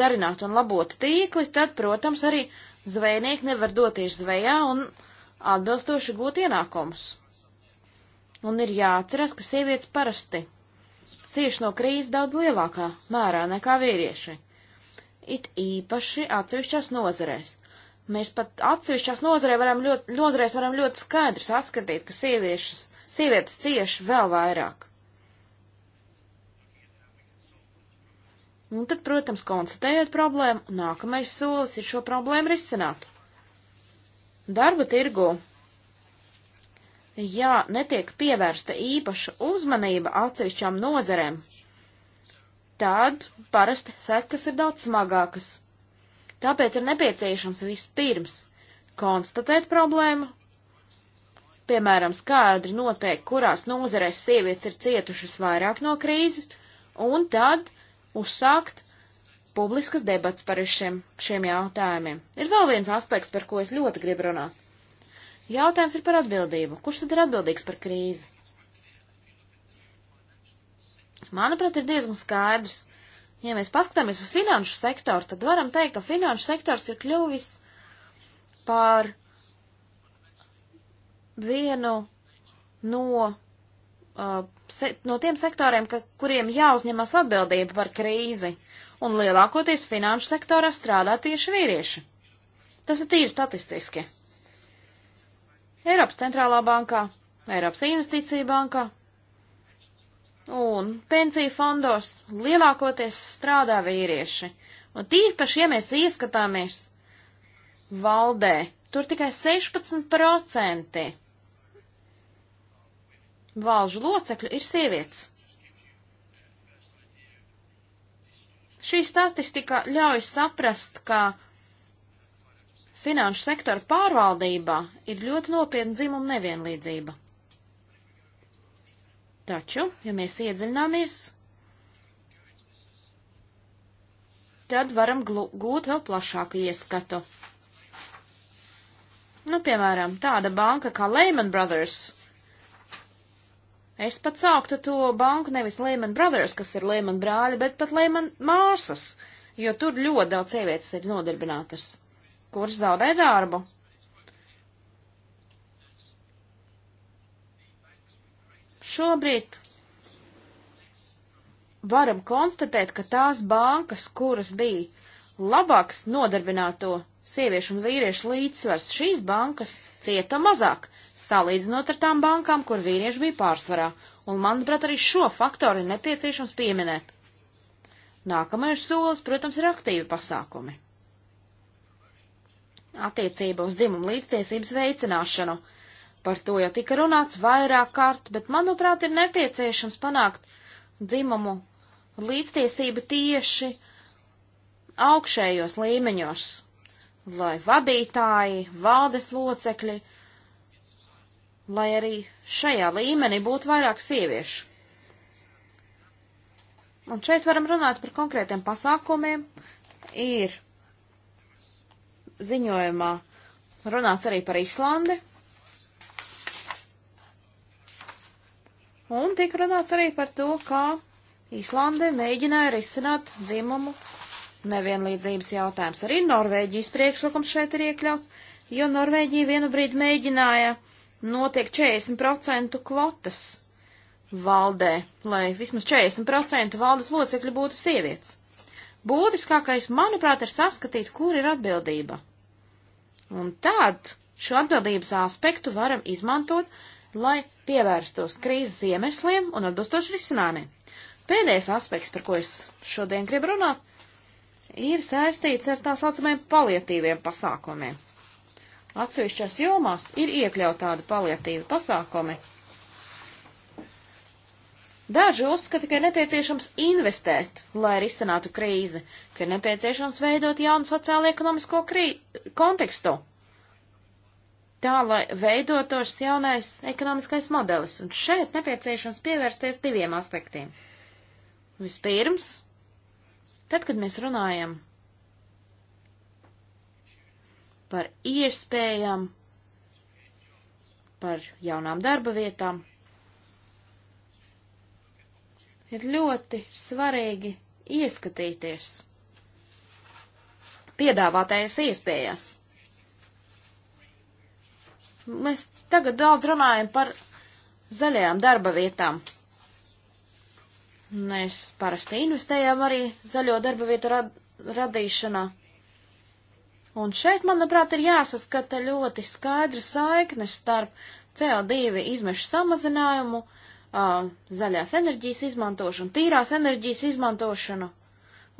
darināt un labot tīkli, tad, protams, arī zvejnieki nevar doties zvejā un atbilstoši gūt ienākumus. Un ir jāatceras, ka sievietes parasti cieši no krīzes daudz lielākā mērā nekā vīrieši. It īpaši atsevišķās nozarēs. Mēs pat atsevišķās nozarē varam ļoti, nozarēs varam ļoti skaidri saskatīt, ka sieviešas, sievietes cieši vēl vairāk. Un tad, protams, konstatējot problēmu, nākamais solis ir šo problēmu risināt. Darba tirgu ja netiek pievērsta īpaša uzmanība atsevišķām nozerēm, tad parasti sekas ir daudz smagākas. Tāpēc ir nepieciešams vispirms konstatēt problēmu, piemēram, skaidri noteikt, kurās nozerēs sievietes ir cietušas vairāk no krīzes, un tad uzsākt publiskas debats par šiem, šiem jautājumiem. Ir vēl viens aspekts, par ko es ļoti gribu runāt. Jautājums ir par atbildību. Kurš tad ir atbildīgs par krīzi? Manuprāt, ir diezgan skaidrs. Ja mēs paskatāmies uz finanšu sektoru, tad varam teikt, ka finanšu sektors ir kļuvis par vienu no, uh, se, no tiem sektoriem, ka, kuriem jāuzņemas atbildība par krīzi, un lielākoties finanšu sektorā strādā tieši vīrieši. Tas ir tīri statistiski. Eiropas centrālā bankā, Eiropas investīcija bankā un pensiju fondos lielākoties strādā vīrieši. Un tīpaši, ja mēs ieskatāmies valdē, tur tikai 16% valžu locekļu ir sievietes. Šī statistika ļauj saprast, ka finanšu sektora pārvaldībā ir ļoti nopietna dzimuma nevienlīdzība. Taču, ja mēs iedziļināmies, tad varam gūt vēl plašāku ieskatu. Nu, piemēram, tāda banka kā Lehman Brothers. Es pat sauktu to banku nevis Lehman Brothers, kas ir Lehman brāļi, bet pat Lehman māsas, jo tur ļoti daudz sievietes ir nodarbinātas kurš zaudē darbu. Šobrīd varam konstatēt, ka tās bankas, kuras bija labāks nodarbināto sieviešu un vīriešu līdzsvars, šīs bankas cieta mazāk, salīdzinot ar tām bankām, kur vīrieši bija pārsvarā, un, manuprāt, arī šo faktoru ir nepieciešams pieminēt. Nākamais solis, protams, ir aktīvi pasākumi attiecība uz dzimumu līdztiesības veicināšanu. Par to jau tika runāts vairāk kārt, bet manuprāt ir nepieciešams panākt dzimumu līdztiesību tieši augšējos līmeņos, lai vadītāji, valdes locekļi, lai arī šajā līmenī būtu vairāk sieviešu. Un šeit varam runāt par konkrētiem pasākumiem. Ir ziņojumā runāts arī par Islandi. Un tika runāts arī par to, kā Īslande mēģināja risināt dzimumu nevienlīdzības jautājums. Arī Norvēģijas priekšlikums šeit ir iekļauts, jo Norvēģija vienu brīdi mēģināja noteikt 40% kvotas valdē, lai vismaz 40% valdes locekļi būtu sievietes. Būtiskākais, manuprāt, ir saskatīt, kur ir atbildība. Un tad šo atbildības aspektu varam izmantot, lai pievērstos krīzes iemesliem un atbilstoši risinājumiem. Pēdējais aspekts, par ko es šodien gribu runāt, ir saistīts ar tā saucamajiem palietīviem pasākumiem. Atsevišķās jomās ir iekļaut tādi palietīvi pasākumi, Daži uzskata, ka ir nepieciešams investēt, lai risinātu krīzi, ka ir nepieciešams veidot jaunu sociālo-ekonomisko kontekstu, tā lai veidotos jaunais ekonomiskais modelis. Un šeit nepieciešams pievērsties diviem aspektiem. Vispirms, tad, kad mēs runājam par iespējām, par jaunām darba vietām, ir ļoti svarīgi ieskatīties piedāvātājas iespējas. Mēs tagad daudz runājam par zaļajām darba vietām. Mēs parasti investējam arī zaļo darba vietu rad radīšanā. Un šeit, manuprāt, ir jāsaskata ļoti skaidra saikne starp CO2 izmešu samazinājumu, uh, uh, zaļās enerģijas izmantošanu, tīrās enerģijas izmantošanu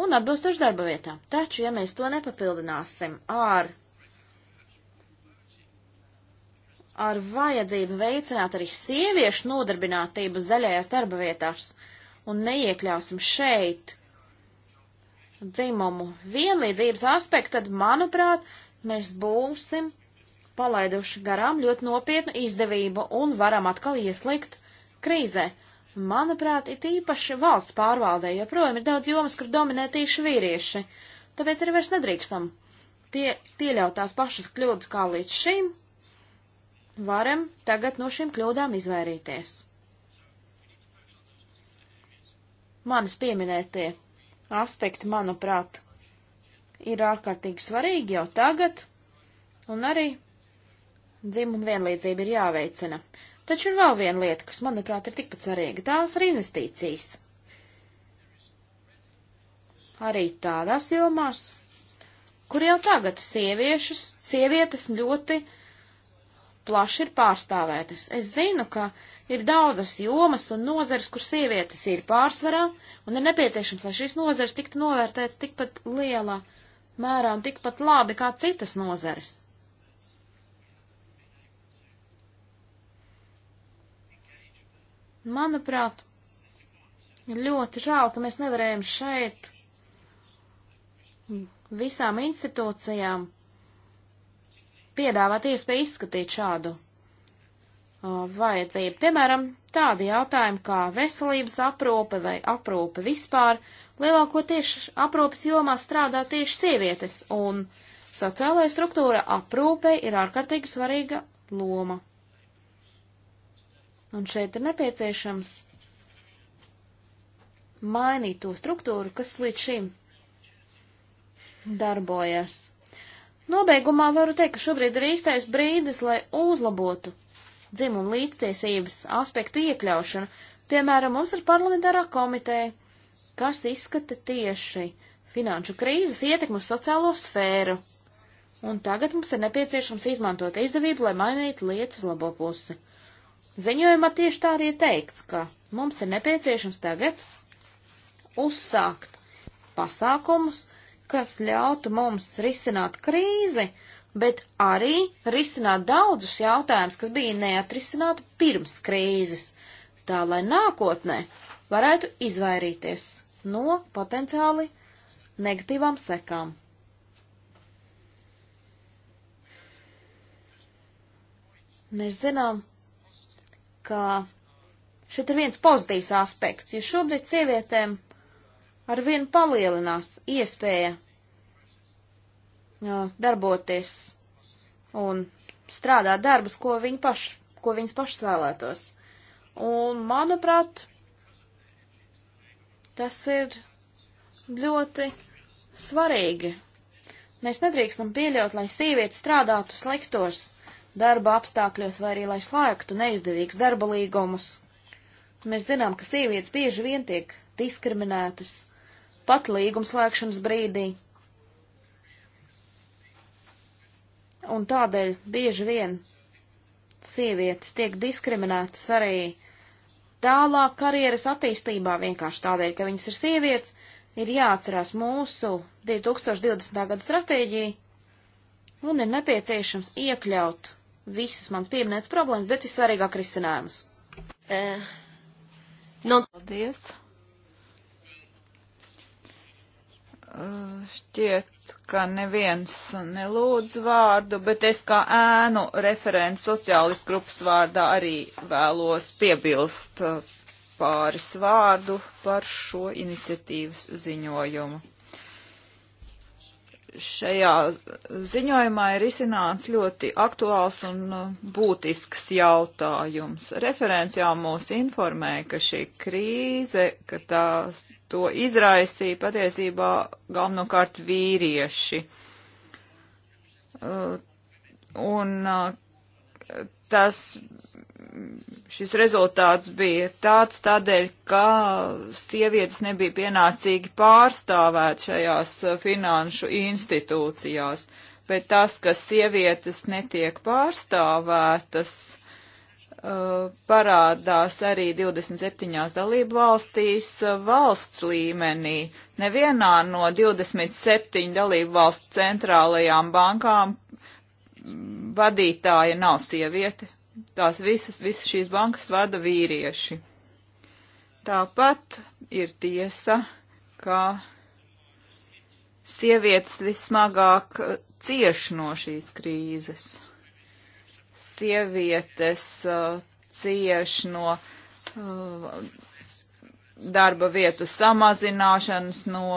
un atbilstoši darba vietām. Taču, ja mēs to nepapildināsim ar, ar vajadzību veicināt arī sieviešu nodarbinātību zaļajās darba vietās un neiekļausim šeit dzimumu vienlīdzības aspektu, tad, manuprāt, mēs būsim palaiduši garām ļoti nopietnu izdevību un varam atkal ieslīgt krīzē. Manuprāt, it īpaši valsts pārvaldē joprojām ir daudz jomas, kur dominē tieši vīrieši, tāpēc arī vairs nedrīkstam pie, pieļaut tās pašas kļūdas kā līdz šim. Varam tagad no šīm kļūdām izvairīties. Manas pieminētie aspekti, manuprāt, ir ārkārtīgi svarīgi jau tagad, un arī dzimuma vienlīdzība ir jāveicina. Taču ir vēl viena lieta, kas, manuprāt, ir tikpat svarīga. Tās ir investīcijas. Arī tādās jomās, kur jau tagad sieviešus, sievietes ļoti plaši ir pārstāvētas. Es zinu, ka ir daudzas jomas un nozeres, kur sievietes ir pārsvarā, un ir nepieciešams, lai šīs nozeres tiktu novērtētas tikpat lielā mērā un tikpat labi kā citas nozeres. Manuprāt, ļoti žēl, ka mēs nevarējam šeit visām institūcijām piedāvāt iespēju izskatīt šādu uh, vajadzību. Piemēram, tādi jautājumi kā veselības aprūpe vai aprūpe vispār, lielākoties aprūpes jomā strādā tieši sievietes, un sociālajā struktūra aprūpei ir ārkārtīgi svarīga loma. Un šeit ir nepieciešams mainīt to struktūru, kas līdz šim darbojas. Nobeigumā varu teikt, ka šobrīd ir īstais brīdis, lai uzlabotu dzimumu līdztiesības aspektu iekļaušanu. Piemēram, mums ir parlamentārā komiteja, kas izskata tieši finanšu krīzes ietekmu uz sociālo sfēru. Un tagad mums ir nepieciešams izmantot izdevību, lai mainītu lietas labo pusi. Ziņojumā tieši tā arī ir teikts, ka mums ir nepieciešams tagad uzsākt pasākumus, kas ļautu mums risināt krīzi, bet arī risināt daudzus jautājumus, kas bija neatrisināti pirms krīzes, tā lai nākotnē varētu izvairīties no potenciāli negatīvām sekām. Mēs zinām, ka šeit ir viens pozitīvs aspekts, jo šobrīd sievietēm arvien palielinās iespēja jā, darboties un strādāt darbus, ko viņi paši, ko viņas pašas vēlētos. Un, manuprāt, tas ir ļoti svarīgi. Mēs nedrīkstam pieļaut, lai sieviete strādātu sliktos darba apstākļos vai arī lai slēgtu neizdevīgs darba līgumus. Mēs zinām, ka sievietes bieži vien tiek diskriminētas pat līgumslēgšanas brīdī. Un tādēļ bieži vien sievietes tiek diskriminētas arī tālāk karjeras attīstībā vienkārši tādēļ, ka viņas ir sievietes, ir jāatcerās mūsu 2020. gada stratēģija un ir nepieciešams iekļaut visas mans pieminētas problēmas, bet vissvarīgāk risinājumus. E, nu, paldies. Šķiet, ka neviens nelūdz vārdu, bet es kā ēnu referents sociālistu grupas vārdā arī vēlos piebilst pāris vārdu par šo iniciatīvas ziņojumu šajā ziņojumā ir izcināts ļoti aktuāls un uh, būtisks jautājums. Referents jau mūs informēja, ka šī krīze, ka tā, to izraisīja patiesībā galvenokārt vīrieši. Uh, un uh, tas, šis rezultāts bija tāds tādēļ, ka sievietes nebija pienācīgi pārstāvēt šajās eh, finanšu institūcijās, bet tas, ka sievietes netiek pārstāvētas, eh, parādās arī 27 dalību valstīs eh, valsts līmenī. Nevienā no 27 dalību valstu centrālajām bankām vadītāja nav sieviete. Tās visas, visas šīs bankas vada vīrieši. Tāpat ir tiesa, ka sievietes vismagāk eh, cieš no šīs krīzes. Sievietes uh, cieš no uh, darba vietu samazināšanas, no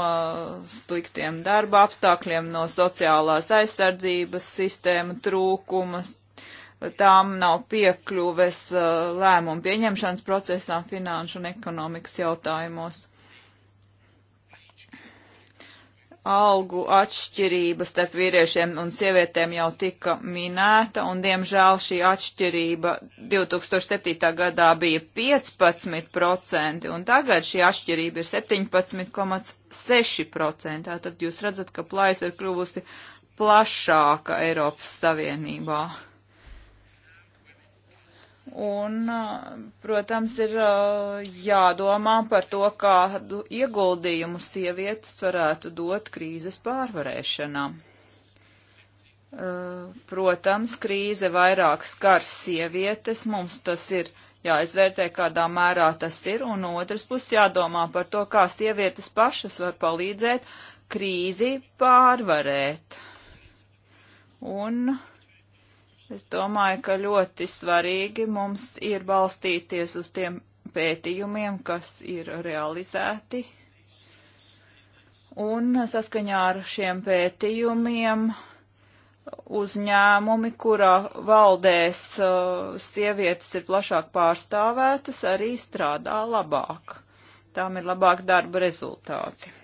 sliktiem darba apstākļiem, no sociālās aizsardzības sistēma trūkumas. Tām nav piekļuves uh, lēmumu pieņemšanas procesām finanšu un ekonomikas jautājumos. algu atšķirība starp vīriešiem un sievietēm jau tika minēta, un diemžēl šī atšķirība 2007. gadā bija 15%, un tagad šī atšķirība ir 17,6%. Tātad jūs redzat, ka plājas ir kļuvusi plašāka Eiropas Savienībā. Un, protams, ir uh, jādomā par to, kādu ieguldījumu sievietes varētu dot krīzes pārvarēšanā. Uh, protams, krīze vairāk skars sievietes, mums tas ir jāizvērtē, kādā mērā tas ir, un otrs puses jādomā par to, kā sievietes pašas var palīdzēt krīzi pārvarēt. Un uh, Es domāju, ka ļoti svarīgi mums ir balstīties uz tiem pētījumiem, kas ir realizēti. Un saskaņā ar šiem pētījumiem uzņēmumi, kurā valdēs uh, sievietes ir plašāk pārstāvētas, arī strādā labāk. Tām ir labāk darba rezultāti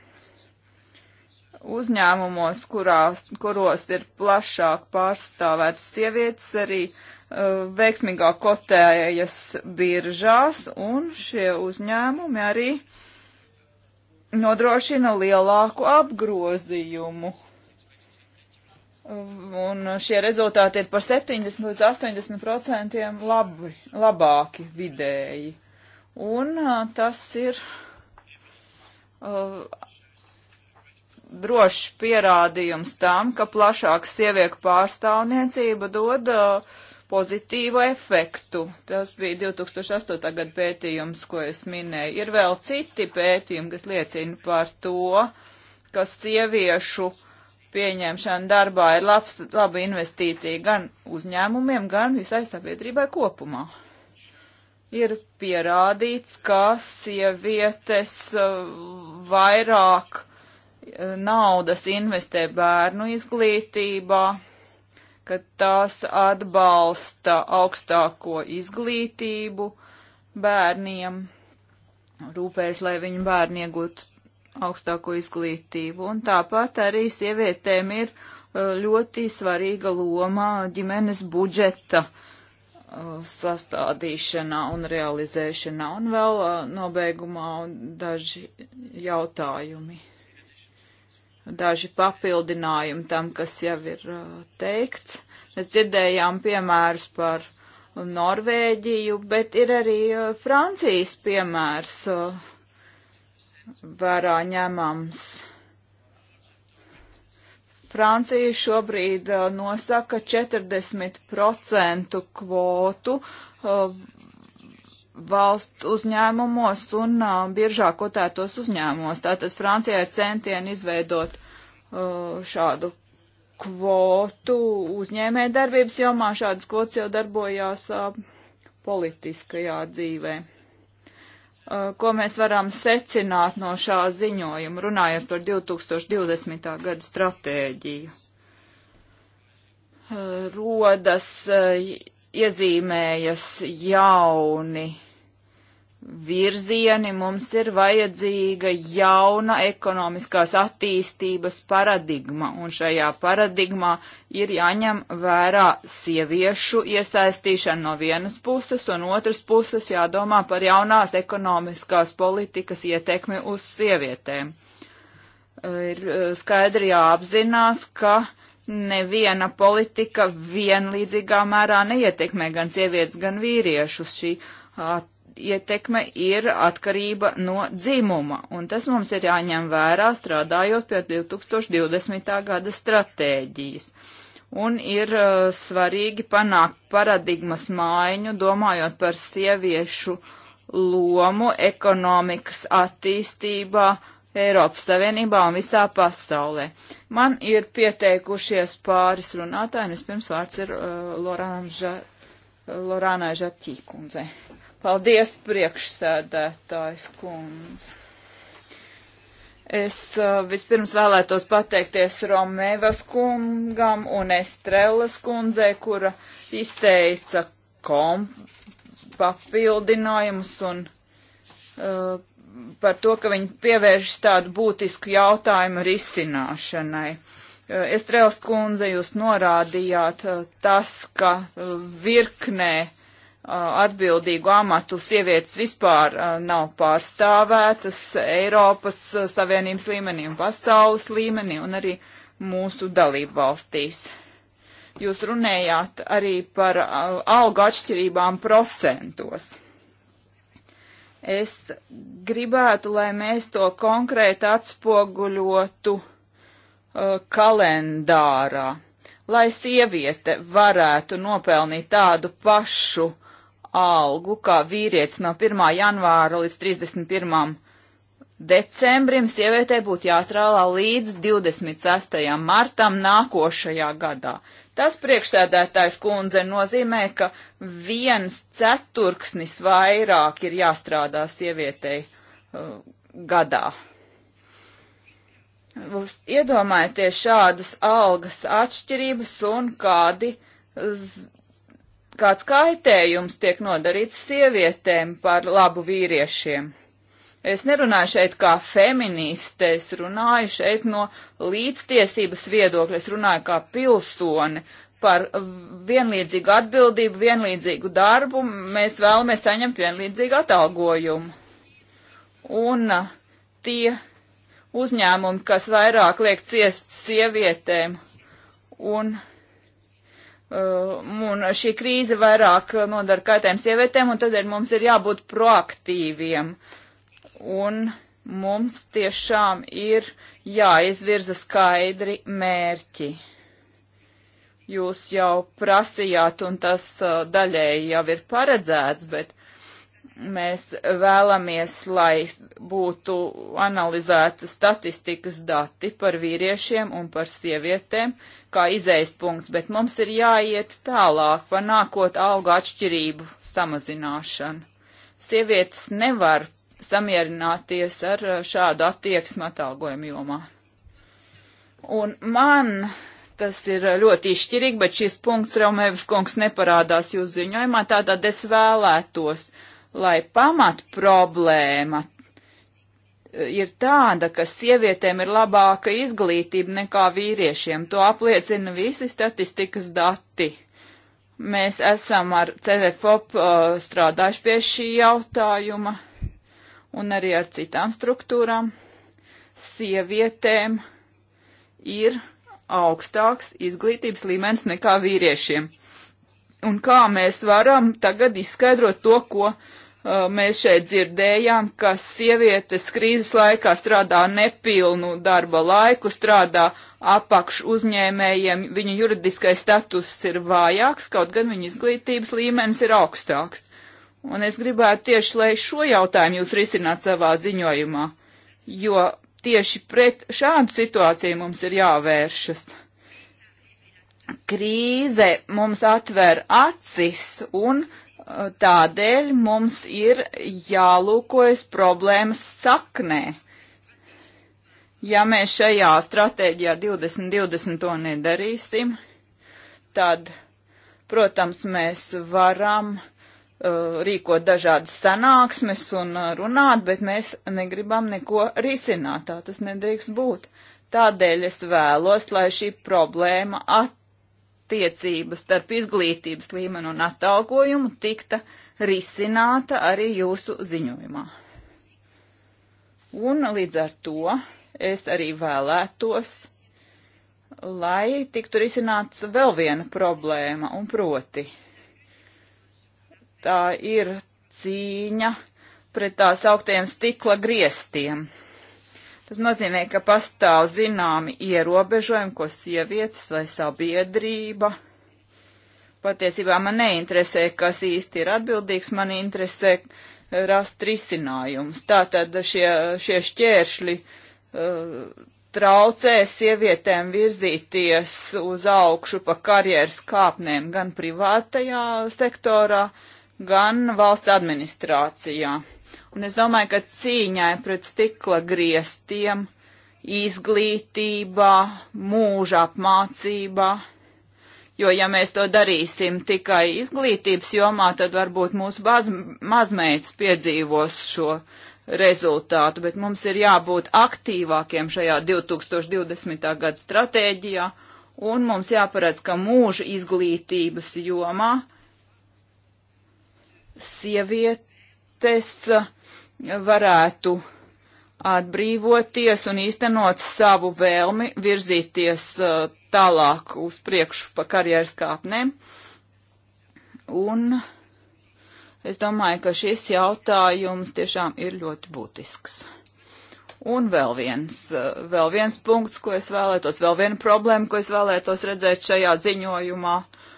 uzņēmumos, kurās, kuros ir plašāk pārstāvētas sievietes, arī uh, veiksmīgāk kotējas biržās, un šie uzņēmumi arī nodrošina lielāku apgrozījumu. Um, un šie rezultāti ir par 70 līdz 80 procentiem labi, labāki vidēji. Un uh, tas ir uh, drošs pierādījums tam, ka plašāka sievieku pārstāvniecība dod uh, pozitīvu efektu. Tas bija 2008. gada pētījums, ko es minēju. Ir vēl citi pētījumi, kas liecina par to, ka sieviešu pieņemšana darbā ir labs, laba investīcija gan uzņēmumiem, gan visai sabiedrībai kopumā. Ir pierādīts, ka sievietes uh, vairāk naudas investē bērnu izglītībā, ka tās atbalsta augstāko izglītību bērniem, rūpēs, lai viņu bērni iegūtu augstāko izglītību. Un tāpat arī sievietēm ir uh, ļoti svarīga loma ģimenes budžeta uh, sastādīšanā un realizēšanā. Un vēl uh, nobeigumā daži jautājumi daži papildinājumi tam, kas jau ir uh, teikts. Mēs dzirdējām piemērus par Norvēģiju, bet ir arī uh, Francijas piemērs uh, vērā ņemams. Francija šobrīd nosaka 40% kvotu valsts uzņēmumos un uh, biežāk kotētos uzņēmumos. Tātad Francijā ir centieni izveidot uh, šādu kvotu uzņēmē darbības jomā. Šādas kvotas jau darbojās uh, politiskajā dzīvē. Uh, ko mēs varam secināt no šā ziņojuma, runājot par 2020. gada stratēģiju? Uh, rodas, uh, iezīmējas jauni virzieni, mums ir vajadzīga jauna ekonomiskās attīstības paradigma, un šajā paradigmā ir jāņem vērā sieviešu iesaistīšana no vienas puses, un otras puses jādomā par jaunās ekonomiskās politikas ietekmi uz sievietēm. Ir e, skaidri jāapzinās, ka neviena politika vienlīdzīgā mērā neietekmē gan sievietes, gan vīriešus. Šī ietekme ir atkarība no dzimuma, un tas mums ir jāņem vērā strādājot pie 2020. gada stratēģijas. Un ir uh, svarīgi panākt paradigmas maiņu, domājot par sieviešu lomu ekonomikas attīstībā Eiropas Savienībā un visā pasaulē. Man ir pieteikušies pāris runātāji, un vispirms vārds ir uh, Lorānai Žatīkundzei. Paldies, priekšsēdētājs kundze. Es uh, vispirms vēlētos pateikties Romēvas kungam un Estrelas kundzei, kura izteica kom papildinājumus un uh, par to, ka viņi pievēršas tādu būtisku jautājumu risināšanai. Uh, Estrēls kundze, jūs norādījāt uh, tas, ka uh, virknē uh, atbildīgu amatu sievietes vispār nav pārstāvētas Eiropas Savienības līmenī un pasaules līmenī un arī mūsu dalību valstīs. Jūs runējāt arī par algu atšķirībām procentos. Es gribētu, lai mēs to konkrēti atspoguļotu uh, kalendārā, lai sieviete varētu nopelnīt tādu pašu uh, algu kā vīrietis no 1. janvāra līdz 31. decembrim, sievietei būtu jāstrādā līdz 26. martam nākošajā gadā. Tas priekšsēdētājs kundze nozīmē, ka viens ceturksnis vairāk ir jāstrādā sievietei uh, gadā. Jūs iedomājieties šādas algas atšķirības un kādi kāds kaitējums tiek nodarīts sievietēm par labu vīriešiem. Es nerunāju šeit kā feministe, es runāju šeit no līdztiesības viedokļa, es runāju kā pilsoni par vienlīdzīgu atbildību, vienlīdzīgu darbu, mēs vēlamies saņemt vienlīdzīgu atalgojumu. Un uh, tie uzņēmumi, kas vairāk liek ciest sievietēm un Um, un šī krīze vairāk nodara kaitējumu sievietēm, un tad ir, mums ir jābūt proaktīviem. Un mums tiešām ir jāizvirza skaidri mērķi. Jūs jau prasījāt, un tas uh, daļēji jau ir paredzēts, bet mēs vēlamies, lai būtu analizēta statistikas dati par vīriešiem un par sievietēm, kā izējas punkts, bet mums ir jāiet tālāk, panākot algu atšķirību samazināšanu. Sievietes nevar samierināties ar šādu attieksmu atalgojumu jomā. Un man tas ir ļoti izšķirīgi, bet šis punkts Raumēvis kungs neparādās jūsu ziņojumā, tātad es vēlētos, uh, lai pamat problēma e, ir tāda, ka sievietēm ir labāka izglītība nekā vīriešiem. To apliecina visi statistikas dati. Mēs esam ar CVFOP uh, strādājuši pie šī jautājuma un arī ar citām struktūrām. Sievietēm ir augstāks izglītības līmenis nekā vīriešiem. Un kā mēs varam tagad izskaidrot to, ko uh, Uh, mēs šeit dzirdējām, ka sievietes krīzes laikā strādā nepilnu darba laiku, strādā apakš uzņēmējiem, viņu juridiskais status ir vājāks, kaut gan viņu izglītības līmenis ir augstāks. Un es gribētu tieši, lai šo jautājumu jūs risināt savā ziņojumā, jo tieši pret šādu situāciju mums ir jāvēršas krīze mums atver acis un Tādēļ mums ir jālūkojas problēmas saknē. Ja mēs šajā stratēģijā 2020 to nedarīsim, tad, protams, mēs varam uh, rīkot dažādas sanāksmes un uh, runāt, bet mēs negribam neko risināt. Tā tas nedrīkst būt. Tādēļ es vēlos, lai šī problēma at attiecība starp izglītības līmeni un atalgojumu tikta risināta arī jūsu ziņojumā. Un līdz ar to es arī vēlētos, lai tiktu risināts vēl viena problēma, un proti tā ir cīņa pret tās augtiem stikla griestiem. Tas nozīmē, ka pastāv zināmi ierobežojumi, ko sievietes vai sabiedrība. Patiesībā man neinteresē, kas īsti ir atbildīgs, man interesē eh, rast risinājumus. Tātad šie, šie šķēršļi uh, traucē sievietēm virzīties uz augšu pa karjeras kāpnēm gan privātajā sektorā, gan valsts administrācijā. Un es domāju, ka cīņai pret stikla griestiem, izglītībā, mūža apmācībā, jo ja mēs to darīsim tikai izglītības jomā, tad varbūt mūsu baz, mazmeitas piedzīvos šo rezultātu, bet mums ir jābūt aktīvākiem šajā 2020. gada stratēģijā, un mums jāparedz, ka mūža izglītības jomā sieviete debates eh, varētu atbrīvoties un īstenot savu vēlmi virzīties eh, tālāk uz priekšu pa karjeras kāpnēm. Un es domāju, ka šis jautājums tiešām ir ļoti būtisks. Un vēl viens, eh, vēl viens punkts, ko es vēlētos, vēl viena problēma, ko es vēlētos redzēt šajā ziņojumā. Uh,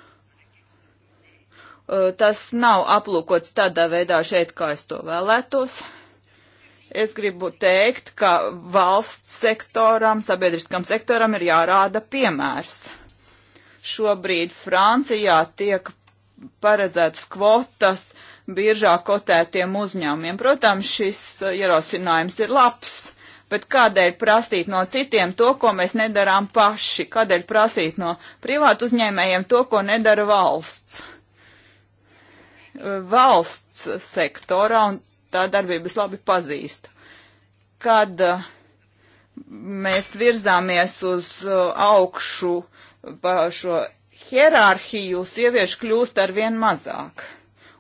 Uh, tas nav aplūkots tādā veidā šeit, kā es to vēlētos. Es gribu teikt, ka valsts sektoram, sabiedriskam sektoram ir jārāda piemērs. Šobrīd Francijā tiek paredzētas kvotas biržā kotētiem uzņēmumiem. Protams, šis uh, ierosinājums ir labs, bet kādēļ prasīt no citiem to, ko mēs nedarām paši? Kādēļ prasīt no privātu uzņēmējiem to, ko nedara valsts? valsts sektorā un tā darbības labi pazīstu. Kad uh, mēs virzāmies uz uh, augšu pa šo hierarhiju, sieviešu kļūst ar vien mazāk.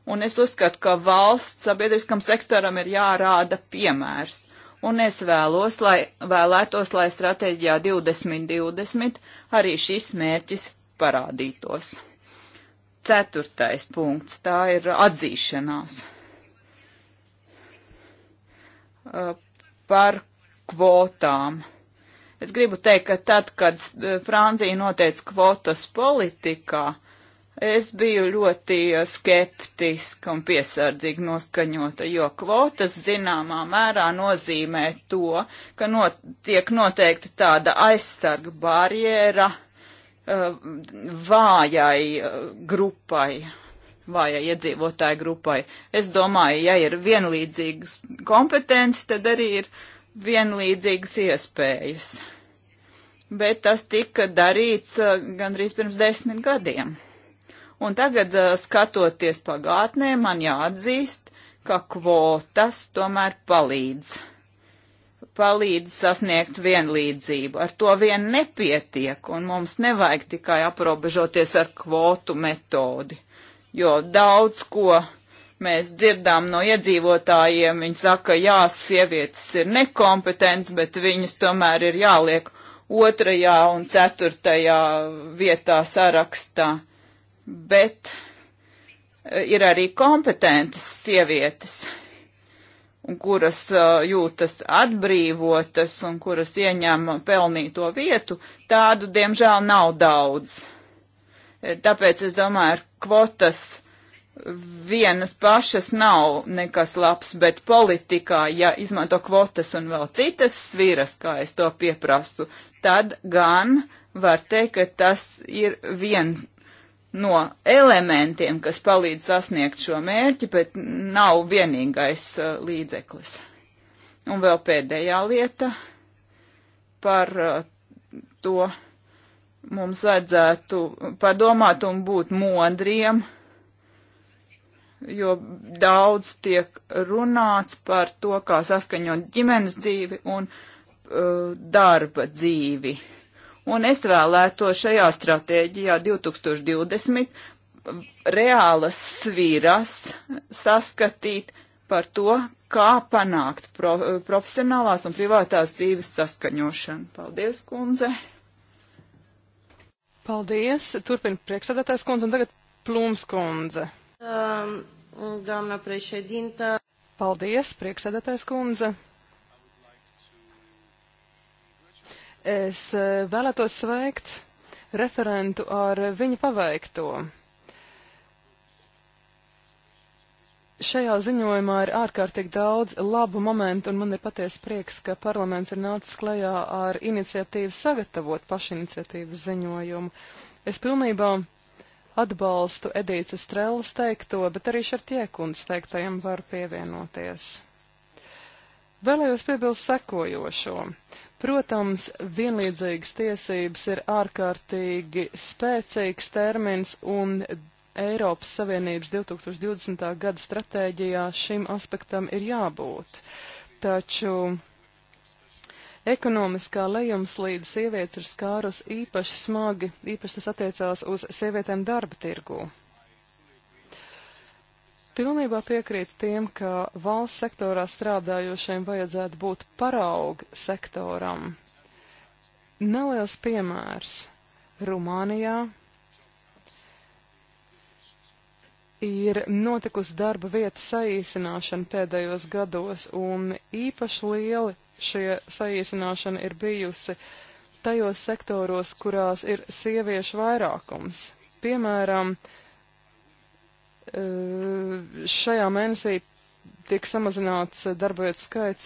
Un es uzskatu, ka valsts sabiedriskam sektoram ir jārāda piemērs. Un es vēlos, lai, vēlētos, lai stratēģijā 2020 arī šis mērķis parādītos. Ceturtais punkts - tā ir atzīšanās uh, par kvotām. Es gribu teikt, ka tad, kad uh, Francija noteica kvotas politikā, es biju ļoti uh, skeptiska un piesardzīgi noskaņota, jo kvotas zināmā mērā nozīmē to, ka not, tiek noteikta tāda aizsarga barjera Uh, vājai uh, grupai, vājai iedzīvotāju grupai. Es domāju, ja ir vienlīdzīgas kompetences, tad arī ir vienlīdzīgas iespējas. Bet tas tika darīts uh, gandrīz pirms desmit gadiem. Un tagad, skatoties pagātnē, man jāatzīst, ka kvotas tomēr palīdz palīdz sasniegt vienlīdzību. Ar to vien nepietiek, un mums nevajag tikai aprobežoties ar kvotu metodi, jo daudz ko mēs dzirdām no iedzīvotājiem, viņi saka, jā, sievietes ir nekompetents, bet viņas tomēr ir jāliek otrajā un ceturtajā vietā sarakstā. Bet eh, ir arī kompetentas sievietes un kuras uh, jūtas atbrīvotas un kuras ieņem pelnīto vietu, tādu, diemžēl, nav daudz. E, tāpēc es domāju, ar kvotas vienas pašas nav nekas labs, bet politikā, ja izmanto kvotas un vēl citas sviras, kā es to pieprasu, tad gan var teikt, ka tas ir viens no elementiem, kas palīdz sasniegt šo mērķi, bet nav vienīgais uh, līdzeklis. Un vēl pēdējā lieta par uh, to mums vajadzētu padomāt un būt modriem, jo daudz tiek runāts par to, kā saskaņot ģimenes dzīvi un uh, darba dzīvi. Uh, Un es vēlēto šajā stratēģijā 2020 reālas svīras saskatīt par to, kā panākt pro, profesionālās un privātās dzīves saskaņošanu. Paldies, kundze! Paldies! Turpin priekšsēdētājs kundze un tagad Plums kundze. Um, Dāmna priekšēdinta. Paldies, priekšsēdētājs kundze. Es eh, vēlētos sveikt referentu ar eh, viņa paveikto. Šajā ziņojumā ir ārkārtīgi daudz labu momentu, un man ir patiesa prieks, ka parlaments ir nācis klajā ar iniciatīvu sagatavot pašiniciatīvas ziņojumu. Es pilnībā atbalstu Edīces Strellas teikto, bet arī Šartiekundas teiktajam var pievienoties. Vēlējos piebilst sekojošo. Protams, vienlīdzīgas tiesības ir ārkārtīgi spēcīgs termins un Eiropas Savienības 2020. gada stratēģijā šim aspektam ir jābūt. Taču Ekonomiskā lejumslīde sievietes ir skārus īpaši smagi, īpaši tas attiecās uz sievietēm darba tirgū pilnībā piekrītu tiem, ka valsts sektorā strādājošiem vajadzētu būt paraugu sektoram. Neliels piemērs. Rumānijā ir notikusi darba vieta saīsināšana pēdējos gados, un īpaši lieli šie saīsināšana ir bijusi tajos sektoros, kurās ir sieviešu vairākums. Piemēram, uh, Šajā mēnesī tiek samazināts darbvietu skaits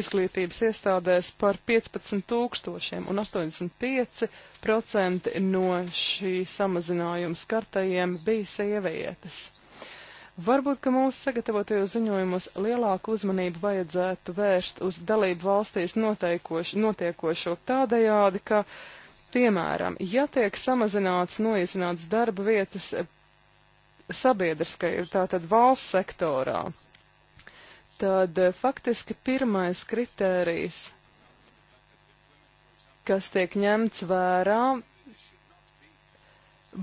izglītības iestādēs par 15 tūkstošiem, un 85% no šī samazinājuma skartajiem bija sievietes. Varbūt, ka mūsu sagatavotajos ziņojumos lielāku uzmanību vajadzētu vērst uz dalību valstīs notiekošo tādējādi, ka, piemēram, ja tiek samazināts noīsināts darba vietas sabiedriskajā, tātad valsts sektorā, tad eh, faktiski pirmais kritērijs, kas tiek ņemts vērā,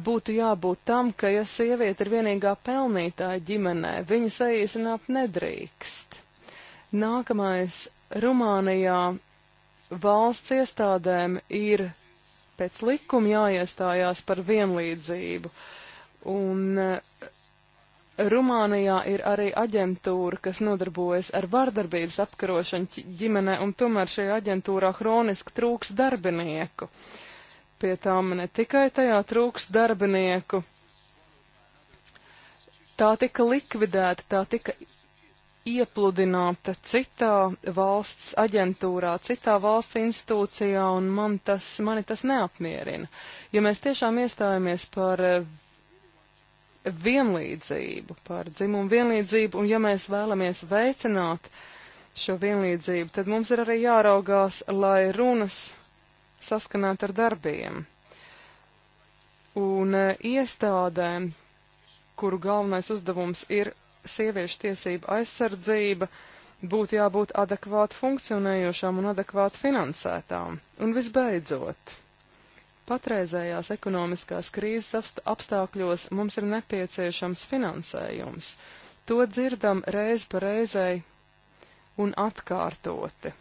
būtu jābūt tam, ka, ja sieviete ir vienīgā pelnītāja ģimenē, viņu saīsināt nedrīkst. Nākamais Rumānijā valsts iestādēm ir pēc likuma jāiestājās par vienlīdzību. Uh, Un eh, Rumānijā ir arī aģentūra, kas nodarbojas ar vārdarbības apkarošanu ģimenē, un tomēr šajā aģentūrā hroniski trūks darbinieku. Pie tām ne tikai tajā trūks darbinieku, tā tika likvidēta, tā tika iepludināta citā valsts aģentūrā, citā valsts institūcijā, un man tas, mani tas neapmierina. Ja mēs tiešām iestājamies par eh, vienlīdzību, par dzimumu vienlīdzību, un ja mēs vēlamies veicināt šo vienlīdzību, tad mums ir arī jāraugās, lai runas saskanētu ar darbiem. Un eh, iestādēm, kuru galvenais uzdevums ir sieviešu tiesība aizsardzība, būtu jābūt adekvāti funkcionējošām un adekvāti finansētām. Un visbeidzot, Patreizējās ekonomiskās krīzes apstākļos mums ir nepieciešams finansējums. To dzirdam reiz pa reizei un atkārtoti.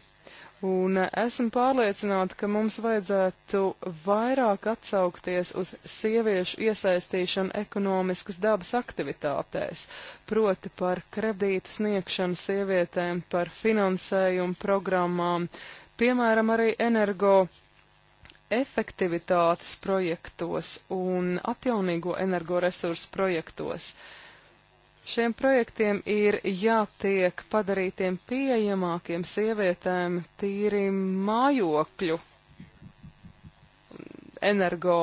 Un e, esmu pārliecināta, ka mums vajadzētu vairāk atsaukties uz sieviešu iesaistīšanu ekonomiskas dabas aktivitātēs, proti par kredītu sniegšanu sievietēm, par finansējumu programmām, piemēram, arī energo efektivitātes projektos un atjaunīgo energoresursu projektos. Šiem projektiem ir jātiek padarītiem pieejamākiem sievietēm tīri mājokļu energo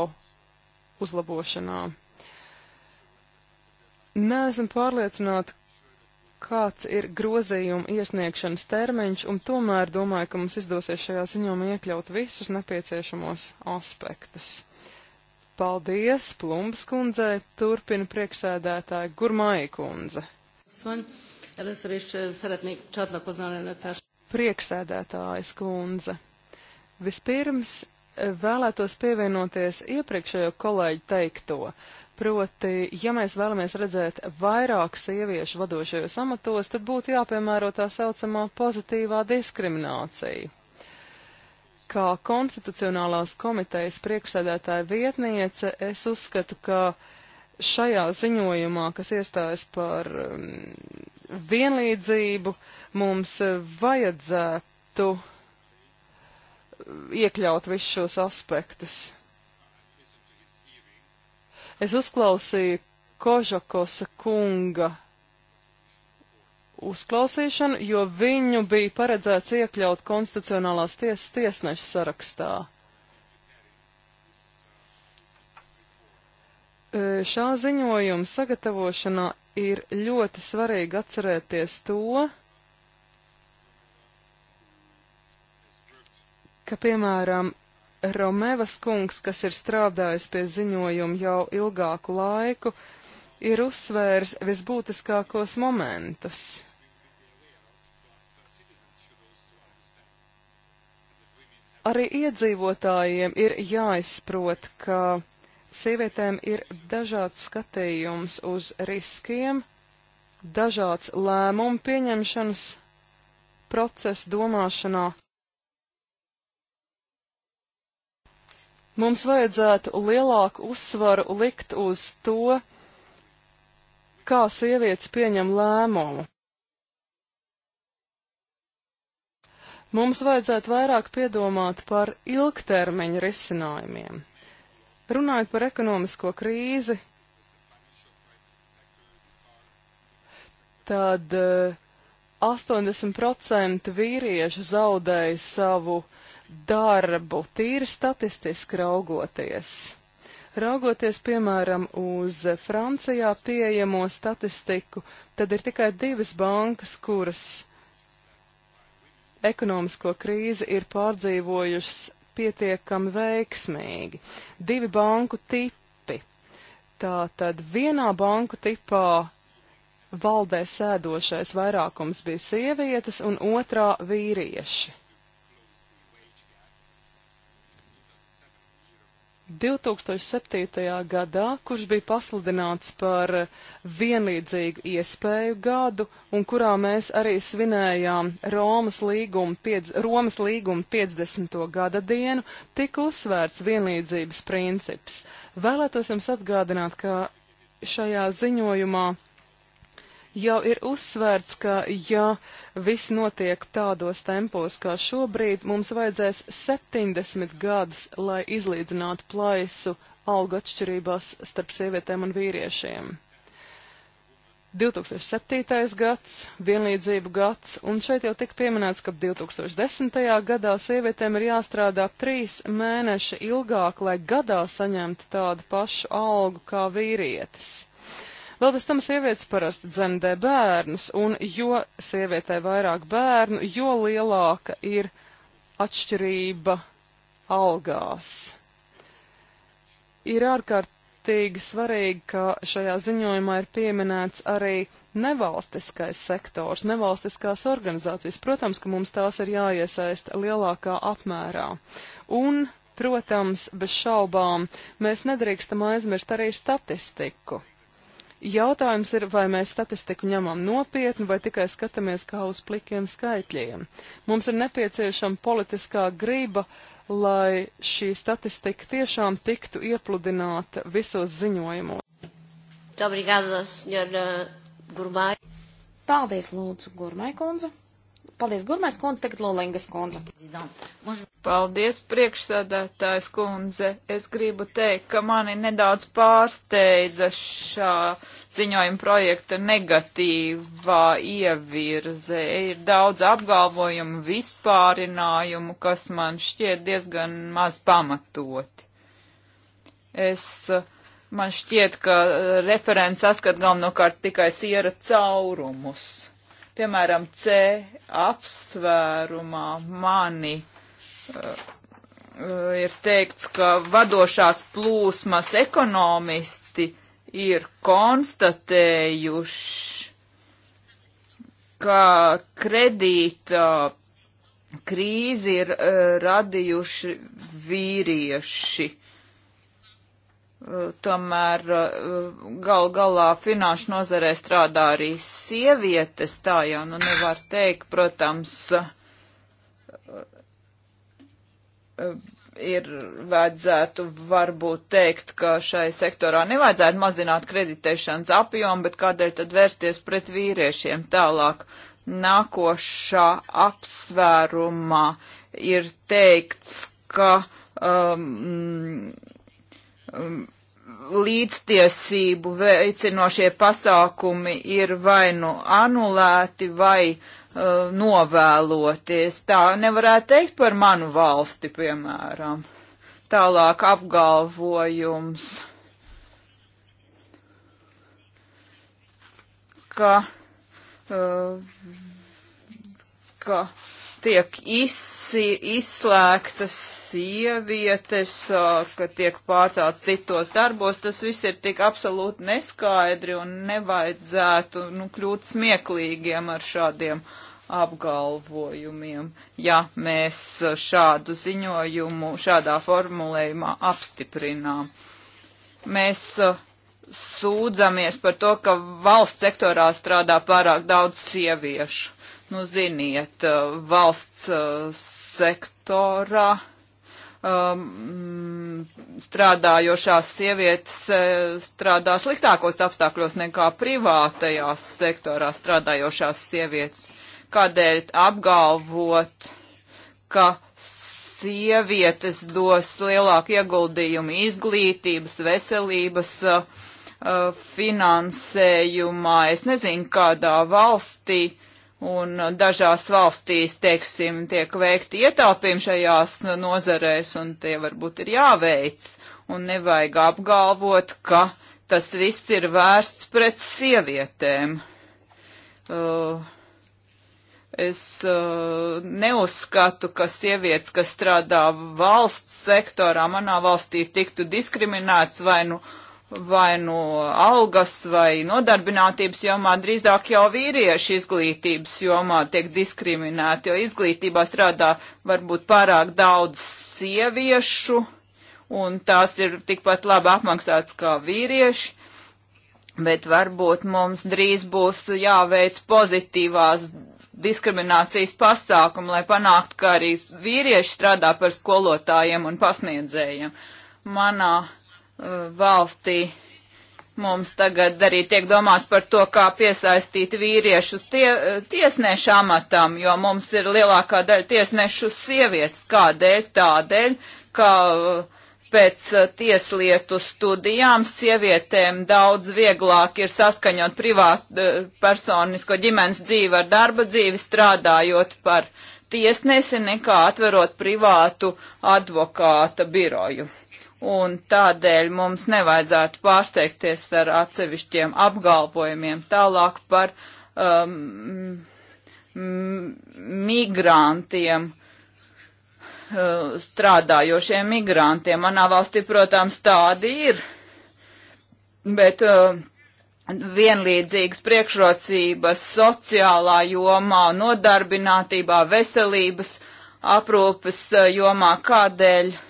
uzlabošanā. Neesmu pārliecināta, kāds ir grozījuma iesniegšanas termiņš, un tomēr domāju, ka mums izdosies šajā ziņojumā iekļaut visus nepieciešamos aspektus. Paldies, Plumbas kundze, turpina priekšsēdētāja Gurmai kundze. Prieksēdētājas kundze. Vispirms vēlētos pievienoties iepriekšējo kolēģi teikto. Uh, Proti, ja mēs vēlamies redzēt vairāk sieviešu vadošajos amatos, tad būtu jāpiemēro tā saucamā pozitīvā diskriminācija. Kā konstitucionālās komitejas priekšsēdētāja vietniece, es uzskatu, ka šajā ziņojumā, kas iestājas par um, vienlīdzību, mums vajadzētu iekļaut visus šos aspektus. Es uzklausīju Kožakosa kunga uzklausīšanu, jo viņu bija paredzēts iekļaut konstitucionālās tiesas tiesnešu sarakstā. E, šā ziņojuma sagatavošanā ir ļoti svarīgi atcerēties to, ka, piemēram, Romevas kungs, kas ir strādājis pie ziņojuma jau ilgāku laiku, ir uzsvērs visbūtiskākos momentus. Arī iedzīvotājiem ir jāizprot, ka sievietēm ir dažāds skatījums uz riskiem, dažāds lēmumu pieņemšanas process domāšanā Mums vajadzētu lielāku uzsvaru likt uz to, kā sievietes pieņem lēmumu. Mums vajadzētu vairāk piedomāt par ilgtermiņa risinājumiem. Runājot par ekonomisko krīzi, tad eh, 80% vīriešu zaudēja savu darbu, tīri statistiski raugoties. Raugoties, piemēram, uz Francijā pieejamo statistiku, tad ir tikai divas bankas, kuras ekonomisko krīzi ir pārdzīvojušas pietiekami veiksmīgi. Divi banku tipi. Tātad vienā banku tipā valdē sēdošais vairākums bija sievietes un otrā vīrieši. 2007. gadā, kurš bija pasludināts par vienlīdzīgu iespēju gadu, un kurā mēs arī svinējām Romas līguma, piedz, Romas līguma 50. gada dienu, tika uzsvērts vienlīdzības princips. Vēlētos jums atgādināt, ka šajā ziņojumā jau ir uzsvērts, ka ja viss notiek tādos tempos kā šobrīd, mums vajadzēs 70 gadus, lai izlīdzinātu plaisu algu atšķirībās starp sievietēm un vīriešiem. 2007. gads, vienlīdzību gads, un šeit jau tika pieminēts, ka 2010. gadā sievietēm ir jāstrādā trīs mēneši ilgāk, lai gadā saņemtu tādu pašu algu kā vīrietis. Vēl bez tam sievietes parasti dzemdē bērnus, un jo sievietē vairāk bērnu, jo lielāka ir atšķirība algās. Ir ārkārtīgi svarīgi, ka šajā ziņojumā ir pieminēts arī nevalstiskais sektors, nevalstiskās organizācijas. Protams, ka mums tās ir jāiesaista lielākā apmērā. Un Protams, bez šaubām, mēs nedrīkstam aizmirst arī statistiku. Jautājums ir, vai mēs statistiku ņemam nopietni vai tikai skatāmies kā uz plikiem skaitļiem. Mums ir nepieciešama politiskā grība, lai šī statistika tiešām tiktu iepludināta visos ziņojumos. Paldies, lūdzu, Gurmai kundze. Paldies, Gurmais kundze, tagad Lolingas kundze. Paldies, priekšsēdētājs kundze. Es gribu teikt, ka mani nedaudz pārsteidza šā ziņojuma projekta negatīvā ievirze. Ir daudz apgalvojumu, vispārinājumu, kas man šķiet diezgan maz pamatoti. Es uh, Man šķiet, ka referents saskat galvenokārt tikai siera caurumus. Piemēram, C apsvērumā mani uh, uh, ir teikts, ka vadošās plūsmas ekonomisti ir konstatējuši, ka kredīta krīzi ir uh, radījuši vīrieši. Uh, tomēr eh, gal galā finanšu nozarē strādā arī sievietes, tā jau nu nevar teikt, protams, eh, ir vajadzētu varbūt teikt, ka šai sektorā nevajadzētu mazināt kreditēšanas apjomu, bet kādēļ tad vērsties pret vīriešiem tālāk nākošā apsvērumā ir teikts, ka um, um, līdztiesību veicinošie pasākumi ir vai nu anulēti, vai uh, novēloties. Tā nevarētu teikt par manu valsti, piemēram. Tālāk apgalvojums, ka, uh, ka tiek izsākts izslēgtas sievietes, ka tiek pārcelts citos darbos, tas viss ir tik absolūti neskaidri un nevajadzētu nu, kļūt smieklīgiem ar šādiem apgalvojumiem, ja mēs šādu ziņojumu šādā formulējumā apstiprinām. Mēs sūdzamies par to, ka valsts sektorā strādā pārāk daudz sieviešu nu ziniet, uh, valsts uh, sektorā um, strādājošās sievietes strādā sliktākos apstākļos nekā privātajās sektorā strādājošās sievietes. Kādēļ apgalvot, ka sievietes dos lielāku ieguldījumu izglītības, veselības uh, uh finansējumā? Es nezinu, kādā valstī uh, un dažās valstīs, teiksim, tiek veikti ietaupījumi šajās nozarēs, un tie varbūt ir jāveic, un nevajag apgalvot, ka tas viss ir vērsts pret sievietēm. Uh, Es uh, neuzskatu, ka sievietes, kas strādā valsts sektorā, manā valstī tiktu diskriminēts vai nu vai no algas vai nodarbinātības jomā, drīzāk jau vīrieši izglītības jomā tiek diskriminēti, jo izglītībā strādā varbūt pārāk daudz sieviešu, un tās ir tikpat labi apmaksātas kā vīrieši. Bet varbūt mums drīz būs jāveic pozitīvās diskriminācijas pasākumu, lai panāktu, ka arī vīrieši strādā par skolotājiem un pasniedzējiem. Manā Uh, valstī mums tagad arī tiek domāts par to, kā piesaistīt vīriešus tie, uh, tiesnešu amatam, jo mums ir lielākā daļa tiesnešu sievietes. Kādēļ? Tādēļ, ka uh, pēc tieslietu studijām sievietēm daudz vieglāk ir saskaņot privātu personisko ģimenes dzīvi ar darba dzīvi, strādājot par tiesnesi, nekā atverot privātu advokāta biroju un tādēļ mums nevajadzētu pārsteigties ar atsevišķiem apgalvojumiem tālāk par um, migrantiem uh, strādājošiem migrantiem. Manā valstī, protams, tādi ir, bet uh, vienlīdzīgas priekšrocības sociālā jomā, nodarbinātībā, veselības aprūpes uh, jomā, kādēļ uh,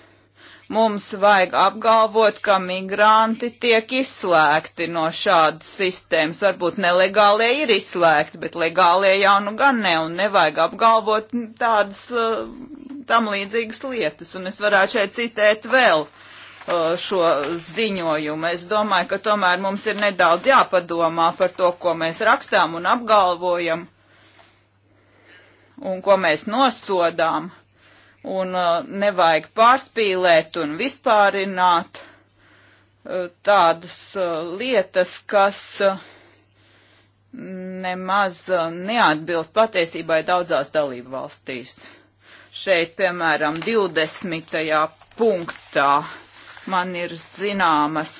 Mums vajag apgalvot, ka migranti tiek izslēgti no šādas sistēmas. Varbūt nelegālie ir izslēgti, bet legālie jau nu gan ne, un nevajag apgalvot tādas uh, tam līdzīgas lietas. Un es varētu šeit citēt vēl uh, šo ziņojumu. Es domāju, ka tomēr mums ir nedaudz jāpadomā par to, ko mēs rakstām un apgalvojam un ko mēs nosodām un uh, nevajag pārspīlēt un vispārināt uh, tādas uh, lietas, kas nemaz neatbilst patiesībai daudzās dalību valstīs. Šeit, piemēram, 20. punktā man ir zināmas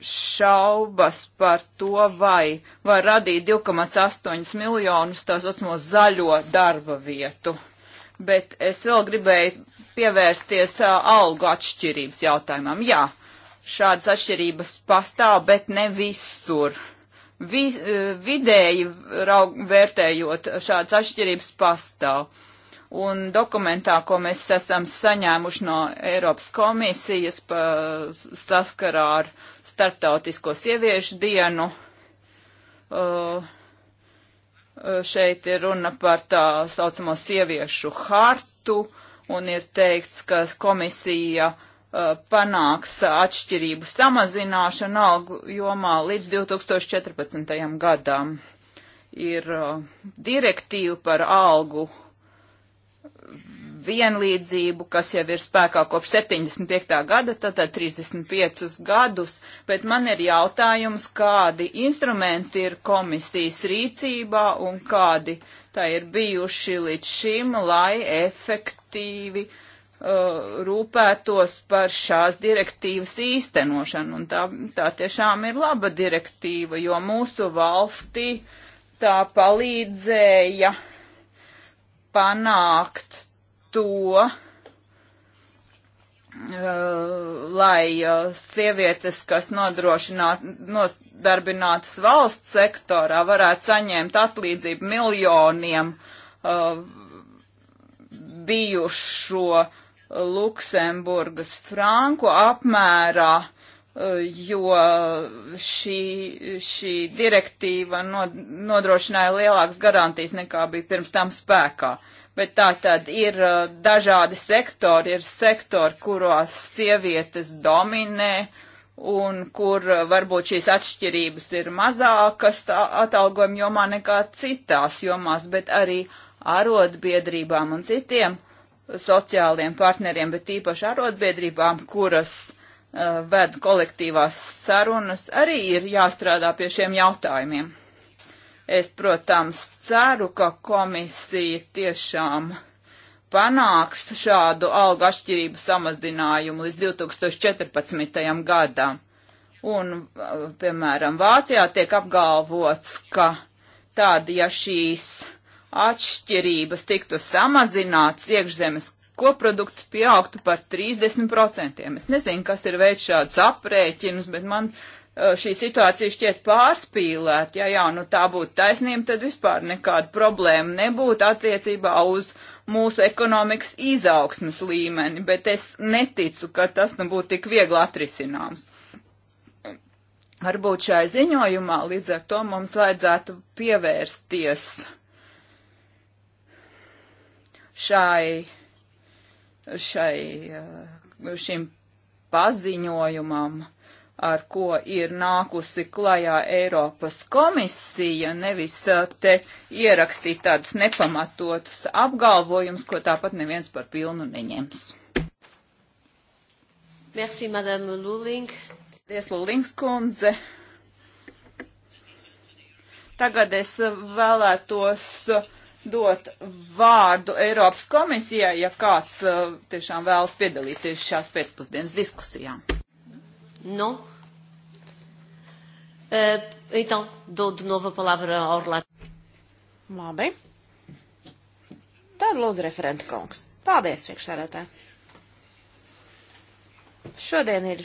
šaubas par to, vai var radīt 2,8 miljonus tās atsmo zaļo darba vietu. Uh, bet es vēl gribēju pievērsties algu atšķirības jautājumam. Jā, šādas atšķirības pastāv, bet ne visur. Vi, vidēji raug, vērtējot šādas atšķirības pastāv. Un dokumentā, ko mēs esam saņēmuši no Eiropas komisijas pa, saskarā ar Startautisko sieviešu dienu, uh, Eh, šeit ir runa par tā saucamo sieviešu hartu un ir teikts, ka komisija eh, panāks atšķirību samazināšanu algu jomā līdz 2014. gadam. Ir eh, direktīva par algu vienlīdzību, kas jau ir spēkā kopš 75. gada, tātad 35 gadus, bet man ir jautājums, kādi instrumenti ir komisijas rīcībā un kādi tā ir bijuši līdz šim, lai efektīvi uh, rūpētos par šās direktīvas īstenošanu. Un tā, tā tiešām ir laba direktīva, jo mūsu valstī tā palīdzēja panākt to, uh, lai uh, sievietes, kas nodarbinātas valsts sektorā, varētu saņemt atlīdzību miljoniem uh, bijušo Luksemburgas franku apmērā, jo šī, šī direktīva nodrošināja lielākas garantijas nekā bija pirms tam spēkā. Uh, Bet tā tad ir uh, dažādi sektori, ir sektori, kuros sievietes dominē un kur uh, varbūt šīs atšķirības ir mazākas atalgojuma jomā nekā citās jomās, bet arī arotbiedrībām un citiem sociāliem partneriem, bet īpaši arotbiedrībām, kuras uh, ved kolektīvās sarunas, arī ir jāstrādā pie šiem jautājumiem. Es, protams, ceru, ka komisija tiešām panāks šādu algu atšķirību samazinājumu līdz 2014. gadam. Un, piemēram, Vācijā tiek apgalvots, ka tādi, ja šīs atšķirības tiktu samazināts, iekšzemes koprodukts pieaugtu par 30%. Es nezinu, kas ir veids šāds aprēķinus, bet man Eh, šī situācija šķiet pārspīlēta. Ja jā, nu tā būtu taisnība, tad vispār nekāda problēma nebūtu attiecībā uz mūsu ekonomikas izaugsmas līmeni, bet es neticu, ka tas nu būtu tik viegli atrisināms. Varbūt šai ziņojumā līdz ar to mums vajadzētu pievērsties šai, šai, eh, šim paziņojumam ar ko ir nākusi klajā Eiropas komisija, nevis te ierakstīt tādus nepamatotus apgalvojumus, ko tāpat neviens par pilnu neņems. Merci, Madame Luling. Paldies, Lulings kundze. Tagad es vēlētos dot vārdu Eiropas komisijai, ja kāds tiešām vēlas piedalīties šās pēcpusdienas diskusijām. Não? Uh, então, dou de novo a palavra ao relator. Labi. Tad lūdzu referenta kungs. Paldies, priekšsēdētāji. Šodien ir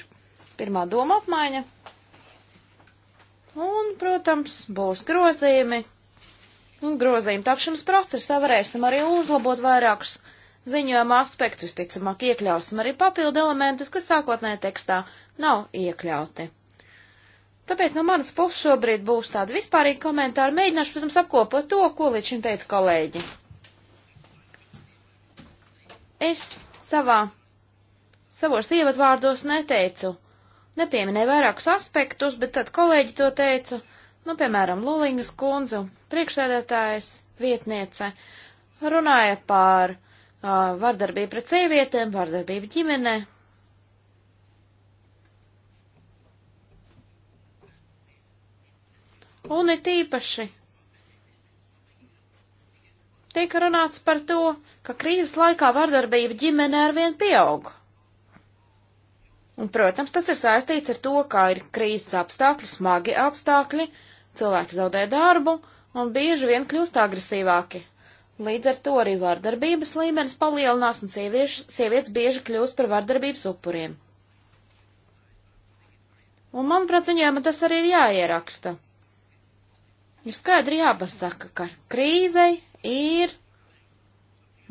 pirmā doma apmaiņa. Un, protams, būs grozījumi. Un grozījuma tapšanas procesā varēsim arī uzlabot vairākus ziņojuma aspektus, ticamāk iekļausim arī papildu elementus, kas sākotnēji tekstā nav iekļauti. Tāpēc no manas puses šobrīd būs tāda vispārīga komentāra. Mēģināšu, protams, apkopot to, ko līdz šim teica kolēģi. Es savā, savos ievadvārdos neteicu, nepieminēju vairākus aspektus, bet tad kolēģi to teica, nu, piemēram, Lulingas kundze, priekšsēdētājs, vietniece, runāja par uh, vardarbību pret sievietēm, vardarbību ģimenei Un it īpaši tika runāts par to, ka krīzes laikā vardarbība ģimenē arvien pieaug. Un, protams, tas ir saistīts ar to, kā ir krīzes apstākļi, smagi apstākļi, cilvēki zaudē darbu un bieži vien kļūst agresīvāki. Līdz ar to arī vardarbības līmenis palielinās un sieviešu, sievietes bieži kļūst par vardarbības upuriem. Un, manuprāt, ziņojumā tas arī ir jāieraksta. Ir skaidri jāpasaka, ka krīzei ir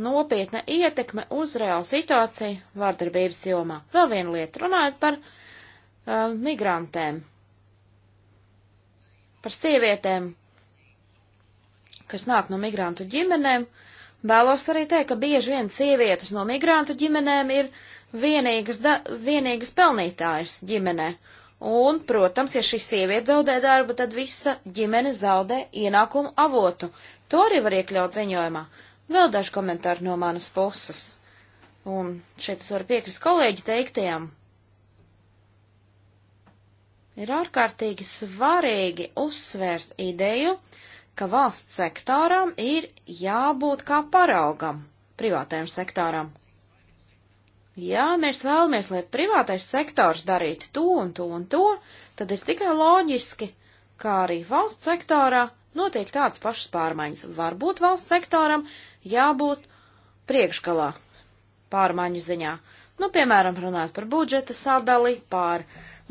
nopietna ietekme uz reālu situāciju vārdarbības jomā. Vēl viena lieta, runājot par uh, migrantēm, par sievietēm, kas nāk no migrantu ģimenēm, vēlos arī teikt, ka bieži vien sievietes no migrantu ģimenēm ir vienīgas, da, vienīgas pelnītājas ģimenē, Un, protams, ja šī sieviete zaudē darbu, tad visa ģimene zaudē ienākumu avotu. To arī var iekļaut ziņojumā. Vēl daži komentāri no manas puses. Un šeit es varu piekrist kolēģi teiktajam. Ir ārkārtīgi svarīgi uzsvērt ideju, ka valsts sektoram ir jābūt kā paraugam privātajam sektoram. Ja mēs vēlamies, lai privātais sektors darītu to un to un to, tad ir tikai loģiski, kā arī valsts sektorā notiek tādas pašas pārmaiņas. Varbūt valsts sektoram jābūt priekšgalā pārmaiņu ziņā. Nu, piemēram, runāt par budžeta sadali, par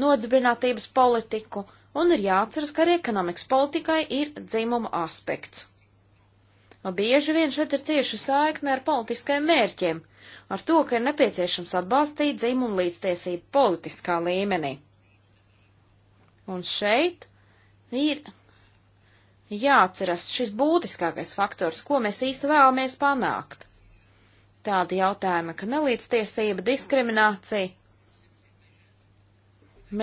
nodarbinātības politiku, un ir jāatceras, ka arī ekonomikas politikai ir dzimuma aspekts. Un nu, bieži vien šeit ir cieši saikne ar politiskajiem mērķiem – ar to, ka ir nepieciešams atbalstīt dzimumu līdztiesību politiskā līmenī. Un šeit ir jāatceras šis būtiskākais faktors, ko mēs īsti vēlamies panākt. Tādi jautājumi, ka nelīdztiesība, diskriminācija.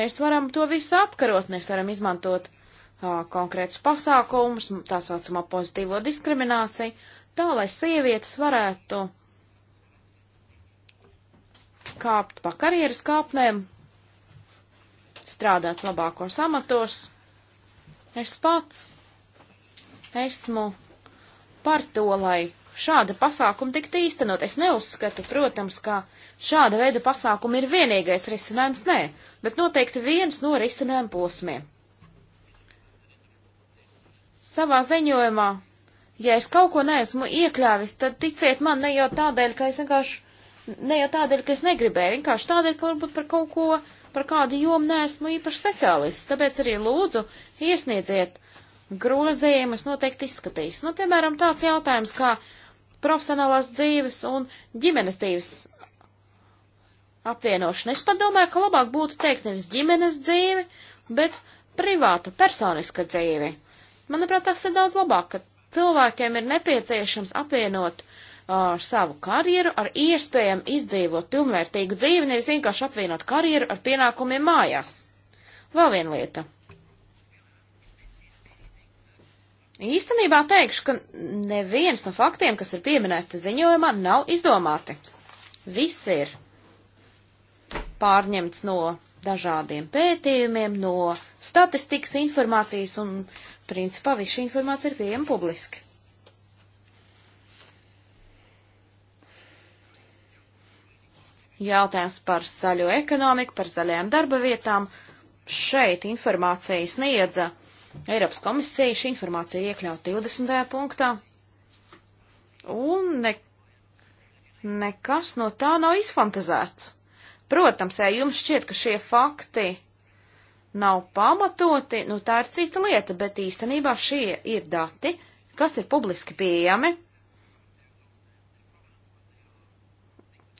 Mēs varam to visu apkarot, mēs varam izmantot uh, konkrētus pasākumus, tā saucamā pozitīvo diskrimināciju, tā lai sievietes varētu kāpt pa karjeras kāpnēm, strādāt labākos amatos. Es pats esmu par to, lai šāda pasākuma tiktu īstenot. Es neuzskatu, protams, ka šāda veida pasākuma ir vienīgais risinājums, nē, bet noteikti viens no risinājuma posmiem. Savā ziņojumā, ja es kaut ko neesmu iekļāvis, tad ticiet man ne jau tādēļ, ka es vienkārši Ne jau tādēļ, ka es negribēju, vienkārši tādēļ, ka varbūt par kaut ko, par kādu jomu neesmu īpaši speciālists. Tāpēc arī lūdzu iesniedziet grozījumus, noteikti izskatīs. Nu, piemēram, tāds jautājums kā profesionālās dzīves un ģimenes dzīves apvienošana. Es pat domāju, ka labāk būtu teikt nevis ģimenes dzīvi, bet privāta, personiska dzīve. Manuprāt, tas ir daudz labāk, ka cilvēkiem ir nepieciešams apvienot uh, ar savu karjeru, ar iespējām izdzīvot pilnvērtīgu dzīvi, nevis vienkārši apvienot karjeru ar pienākumiem mājās. Vēl viena lieta. Īstenībā teikšu, ka neviens no faktiem, kas ir pieminēti ziņojumā, nav izdomāti. Viss ir pārņemts no dažādiem pētījumiem, no statistikas informācijas un, principā, viss šī informācija ir pieejama publiski. jautājums par zaļo ekonomiku, par zaļajām darba vietām. Šeit informācija sniedza Eiropas komisija, šī informācija iekļaut 20. punktā. Un ne, nekas no tā nav izfantazēts. Protams, ja jums šķiet, ka šie fakti nav pamatoti, nu tā ir cita lieta, bet īstenībā šie ir dati, kas ir publiski pieejami,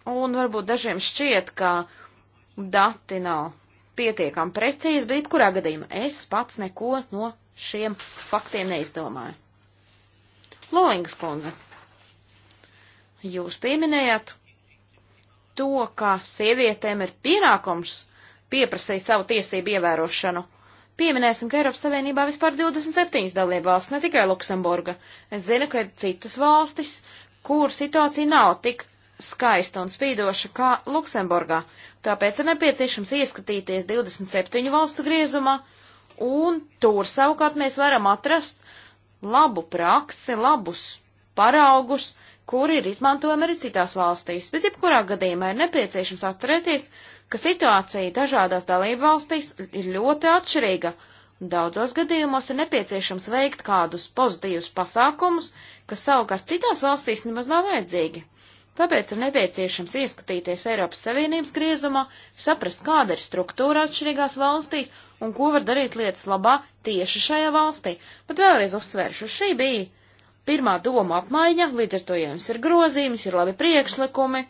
un varbūt dažiem šķiet, ka dati nav pietiekami precīzi, bet jebkurā gadījumā es pats neko no šiem faktiem neizdomāju. Lolingas kundze, jūs pieminējāt to, ka sievietēm ir pienākums pieprasīt savu tiesību ievērošanu. Pieminēsim, ka Eiropas Savienībā vispār 27 dalībvalsts, ne tikai Luksemburga. Es zinu, ka ir citas valstis, kur situācija nav tik skaista un spīdoša kā Luksemburgā, tāpēc ir nepieciešams ieskatīties 27 valstu griezumā, un tur savukārt mēs varam atrast labu praksi, labus paraugus, kuri ir izmantojami arī citās valstīs, bet jebkurā gadījumā ir nepieciešams atcerēties, ka situācija dažādās dalību valstīs ir ļoti atšķirīga. Daudzos gadījumos ir nepieciešams veikt kādus pozitīvus pasākumus, kas savukārt citās valstīs nemaz nav vajadzīgi. Tāpēc ir nepieciešams ieskatīties Eiropas Savienības griezumā, saprast, kāda ir struktūra atšķirīgās valstīs un ko var darīt lietas labā tieši šajā valstī. Bet vēlreiz uzsvēršu, šī bija pirmā doma apmaiņa, līdz ar to jums ir grozījums, ir labi priekšlikumi.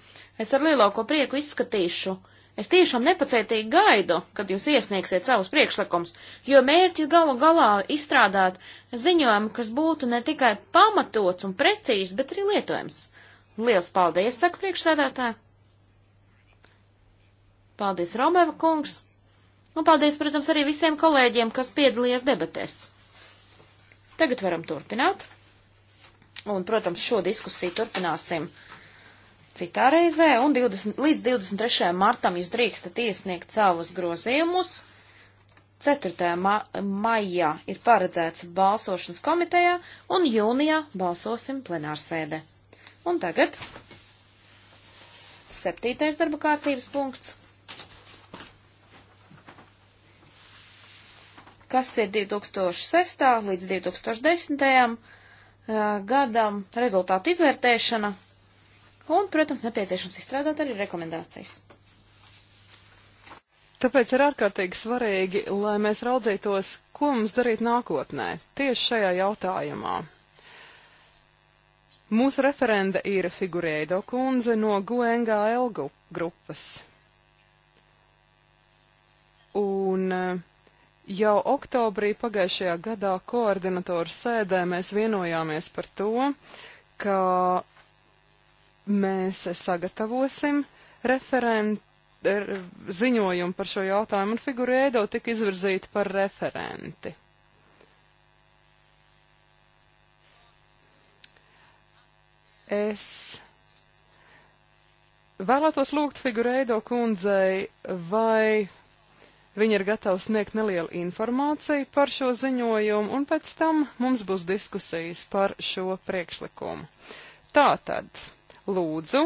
Es ar lielāko prieku izskatīšu. Es tiešām nepacietīgi gaidu, kad jūs iesniegsiet savus priekšlikumus, jo mērķis galu galā izstrādāt ziņojumu, kas būtu ne tikai pamatots un precīzs, bet arī lietojams. Liels paldies, saka priekšsēdētāji. Paldies, Romeva kungs. Un paldies, protams, arī visiem kolēģiem, kas piedalījās debatēs. Tagad varam turpināt. Un, protams, šo diskusiju turpināsim citā reizē, un 20, līdz 23. martam jūs drīkstat iesniegt savus grozījumus. 4. Ma maijā ir paredzēts balsošanas komitejā, un jūnijā balsosim plenārsēdē. Un tagad septītais darba kārtības punkts. Kas ir 2006. līdz 2010. gadam rezultātu izvērtēšana un, protams, nepieciešams izstrādāt arī rekomendācijas. Tāpēc ir ārkārtīgi svarīgi, lai mēs raudzītos, ko mums darīt nākotnē, tieši šajā jautājumā. Mūsu referenda ir Figurēdo kundze no GNGL grupas. Un eh, jau oktobrī pagājušajā gadā koordinatoru sēdē mēs vienojāmies par to, ka mēs sagatavosim referent, er, ziņojumu par šo jautājumu, un figurēdo tika izvirzīta par referenti. Es vēlētos lūgt Figureido kundzei, vai Viņa ir gatava sniegt nelielu informāciju par šo ziņojumu, un pēc tam mums būs diskusijas par šo priekšlikumu. Tātad, lūdzu,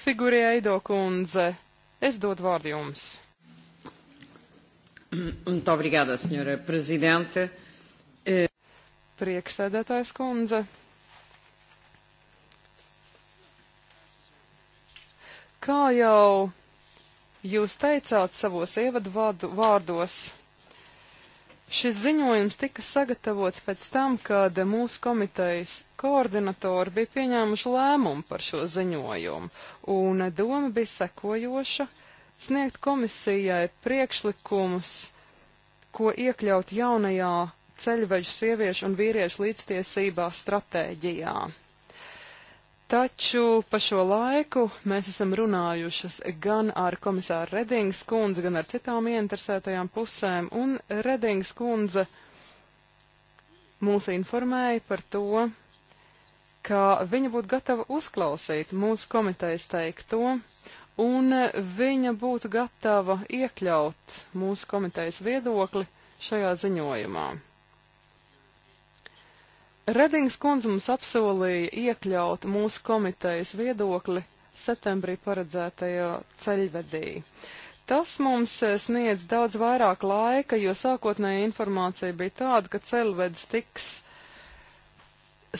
figurija Eido kundze, es dodu vārdu jums. Muito obrigada, senhora prezidente. Prieksēdētājs kundze. Kā jau jūs teicāt savos ievadu vārdos, šis ziņojums tika sagatavots pēc tam, kad mūsu komitejas koordinatori bija pieņēmuši lēmumu par šo ziņojumu, un doma bija sekojoša - sniegt komisijai priekšlikumus, ko iekļaut jaunajā ceļvežu sieviešu un vīriešu līdztiesībā stratēģijā. Taču pa šo laiku mēs esam runājušas gan ar komisāru Redings kundzi, gan ar citām ieinteresētajām pusēm, un Redings kundze mūs informēja par to, ka viņa būtu gatava uzklausīt mūsu komitejas teikto, un viņa būtu gatava iekļaut mūsu komitejas viedokli šajā ziņojumā. Redings kundze mums apsolīja iekļaut mūsu komitejas viedokli septembrī paredzētajā ceļvedī. Tas mums eh, sniedz daudz vairāk laika, jo sākotnēja informācija bija tāda, ka ceļvedis tiks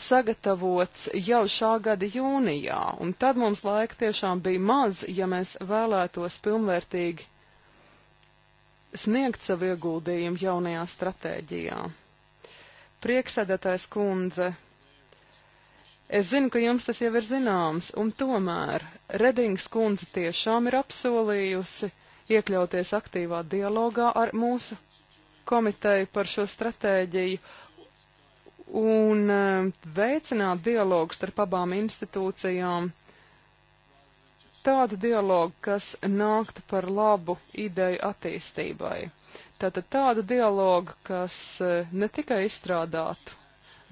sagatavots jau šā gada jūnijā, un tad mums laika tiešām bija maz, ja mēs vēlētos pilnvērtīgi sniegt savu ieguldījumu jaunajā stratēģijā. Prieksēdētājs kundze, es zinu, ka jums tas jau ir zināms, un tomēr Redings kundze tiešām ir apsolījusi iekļauties aktīvā dialogā ar mūsu komiteju par šo stratēģiju un eh, veicināt dialogu starp abām institūcijām. Tādu dialogu, kas nāktu par labu ideju attīstībai. Tātad tādu dialogu, kas eh, ne tikai izstrādātu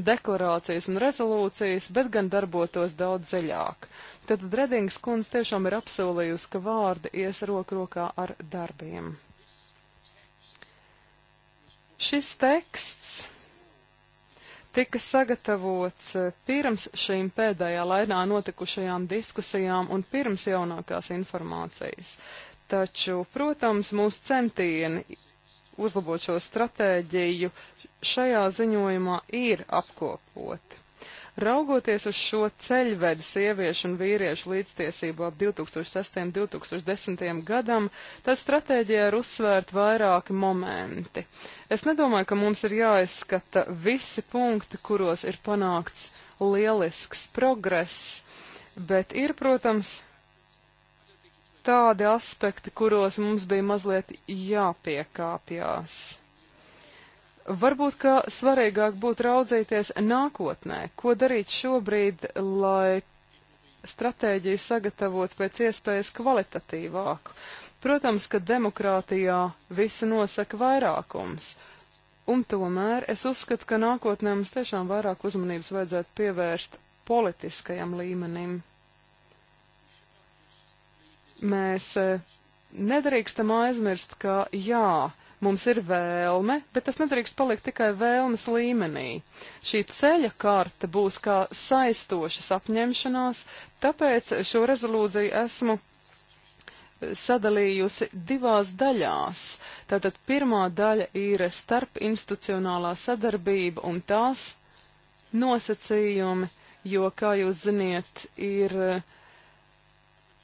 deklarācijas un rezolūcijas, bet gan darbotos daudz dziļāk. Tad Redings kundze tiešām ir apsolījusi, ka vārdi ies roku rokā ar darbiem. Šis teksts tika sagatavots eh, pirms šīm pēdējā lainā notikušajām diskusijām un pirms jaunākās informācijas. Taču, protams, mūsu centieni uzlabot šo stratēģiju, šajā ziņojumā ir apkopoti. Raugoties uz šo ceļvedi sieviešu un vīriešu līdztiesību ap 2006. un 2010. gadam, tad stratēģijā ir uzsvērt vairāki momenti. Es nedomāju, ka mums ir jāizskata visi punkti, kuros ir panākts lielisks progress, bet ir, protams, tādi aspekti, kuros mums bija mazliet jāpiekāpjās. Varbūt, ka svarīgāk būtu raudzīties nākotnē, ko darīt šobrīd, lai stratēģiju sagatavot pēc iespējas kvalitatīvāku. Protams, ka demokrātijā visu nosaka vairākums, un tomēr es uzskatu, ka nākotnē mums tiešām vairāk uzmanības vajadzētu pievērst politiskajam līmenim mēs e, nedrīkstam aizmirst, ka jā, mums ir vēlme, bet tas nedrīkst palikt tikai vēlmes līmenī. Šī ceļa karta būs kā saistošas apņemšanās, tāpēc šo rezolūciju esmu e, sadalījusi divās daļās. Tātad pirmā daļa ir starp institucionālā sadarbība un tās nosacījumi, jo, kā jūs ziniet, ir uh,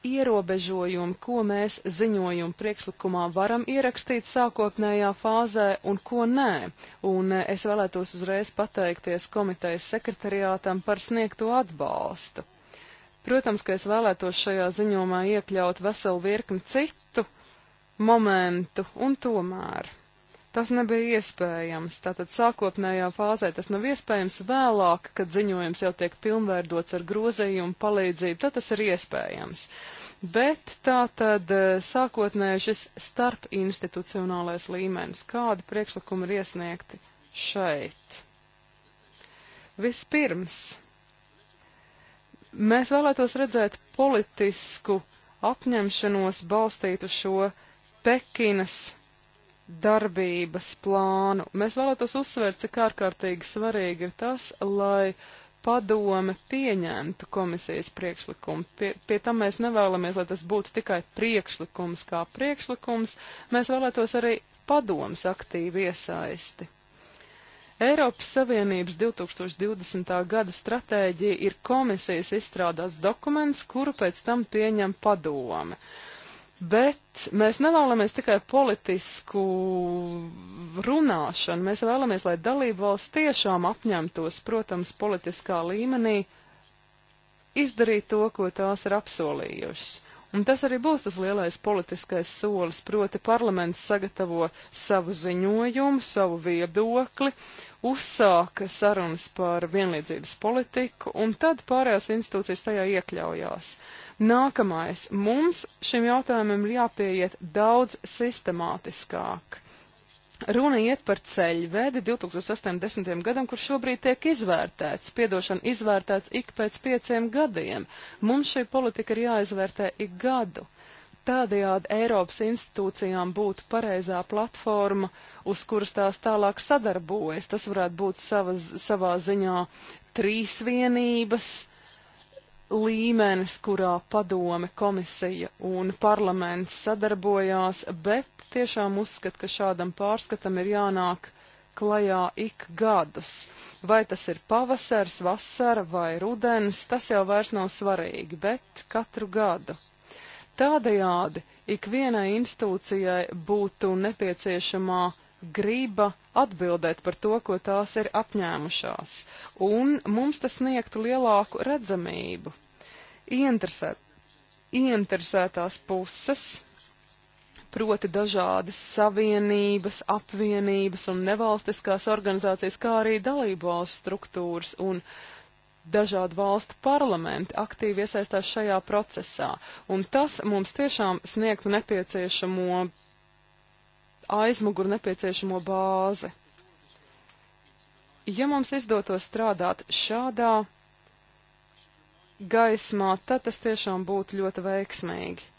ierobežojumi, ko mēs ziņojumu priekšlikumā varam ierakstīt sākotnējā fāzē un ko nē. Un eh, es vēlētos uzreiz pateikties komitejas sekretariātam par sniegto atbalstu. Protams, ka es vēlētos šajā ziņojumā iekļaut veselu virkni citu momentu un tomēr. Tas nebija iespējams. Tātad sākotnējā fāzē tas nav iespējams. Vēlāk, kad ziņojums jau tiek pilnvērdots ar grozījumu palīdzību, tad tas ir iespējams. Bet tātad e, sākotnēji šis starpinstitucionālais līmenis, kādi priekšlikumi ir iesniegti šeit? Vispirms, mēs vēlētos redzēt politisku apņemšanos balstītu šo Pekinas darbības plānu. Mēs vēlētos uzsvērt, cik ārkārtīgi svarīgi ir tas, lai padome pieņemtu komisijas priekšlikumu. Pie, pie tam mēs nevēlamies, lai tas būtu tikai priekšlikums kā priekšlikums, mēs vēlētos arī padomas aktīvi iesaisti. Eiropas Savienības 2020. gada stratēģija ir komisijas izstrādāts dokuments, kuru pēc tam pieņem padome. Uh, Bet mēs nevēlamies tikai politisku runāšanu, mēs vēlamies, lai dalību valsts tiešām apņemtos, protams, politiskā līmenī izdarīt to, ko tās ir apsolījušas. Un tas arī būs tas lielais politiskais solis, proti parlaments sagatavo savu ziņojumu, savu viedokli, uzsāka sarunas par vienlīdzības politiku, un tad pārējās institūcijas tajā iekļaujās. Nākamais. Mums šim jautājumam ir jāpieiet daudz sistemātiskāk. Runa iet par ceļvedi 2008. gadam, kurš šobrīd tiek izvērtēts, piedošana izvērtēts ik pēc pieciem gadiem. Mums šī politika ir jāizvērtē ik gadu. Tādējādi Eiropas institūcijām būtu pareizā platforma, uz kuras tās tālāk sadarbojas. Tas varētu būt savas, savā ziņā trīsvienības līmenis, kurā padome, komisija un parlaments sadarbojās, bet tiešām uzskat, ka šādam pārskatam ir jānāk klajā ik gadus. Vai tas ir pavasars, vasara vai rudens, tas jau vairs nav svarīgi, bet katru gadu. Tādējādi ikvienai institūcijai būtu nepieciešamā griba atbildēt par to, ko tās ir apņēmušās, un mums tas sniegtu lielāku redzamību. Ieinteresēt, ieinteresētās puses, proti dažādas savienības, apvienības un nevalstiskās organizācijas, kā arī dalību valsts struktūras un uh, dažādu valstu parlamenti aktīvi iesaistās šajā procesā, un tas mums tiešām sniegtu nepieciešamo aizmuguru nepieciešamo bāzi. Ja mums izdotos strādāt šādā gaismā, tad tas tiešām būtu ļoti veiksmīgi.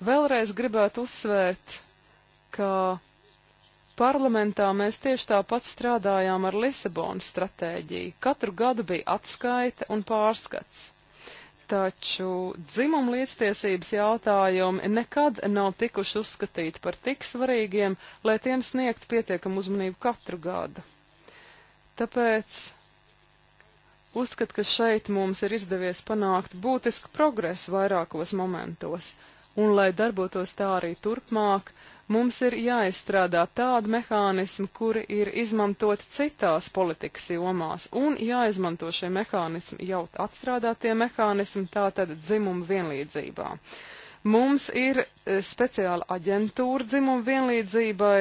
Vēlreiz gribētu uzsvērt, ka Parlamentā mēs tieši tāpat strādājām ar Lisabonas stratēģiju. Katru gadu bija atskaita un pārskats. Taču dzimuma līdztiesības jautājumi nekad nav tikuši uzskatīti par tik svarīgiem, lai tiem sniegt pietiekamu uzmanību katru gadu. Tāpēc uzskat, ka šeit mums ir izdevies panākt būtisku progresu vairākos momentos, un lai darbotos tā arī turpmāk, Mums ir jāizstrādā tādu mehānismu, kuri ir izmantot citās politikas jomās, un jāizmanto šie mehānismi jau atstrādātie mehānismi, tātad dzimumu vienlīdzībā. Mums ir e, speciāla aģentūra dzimumu vienlīdzībai,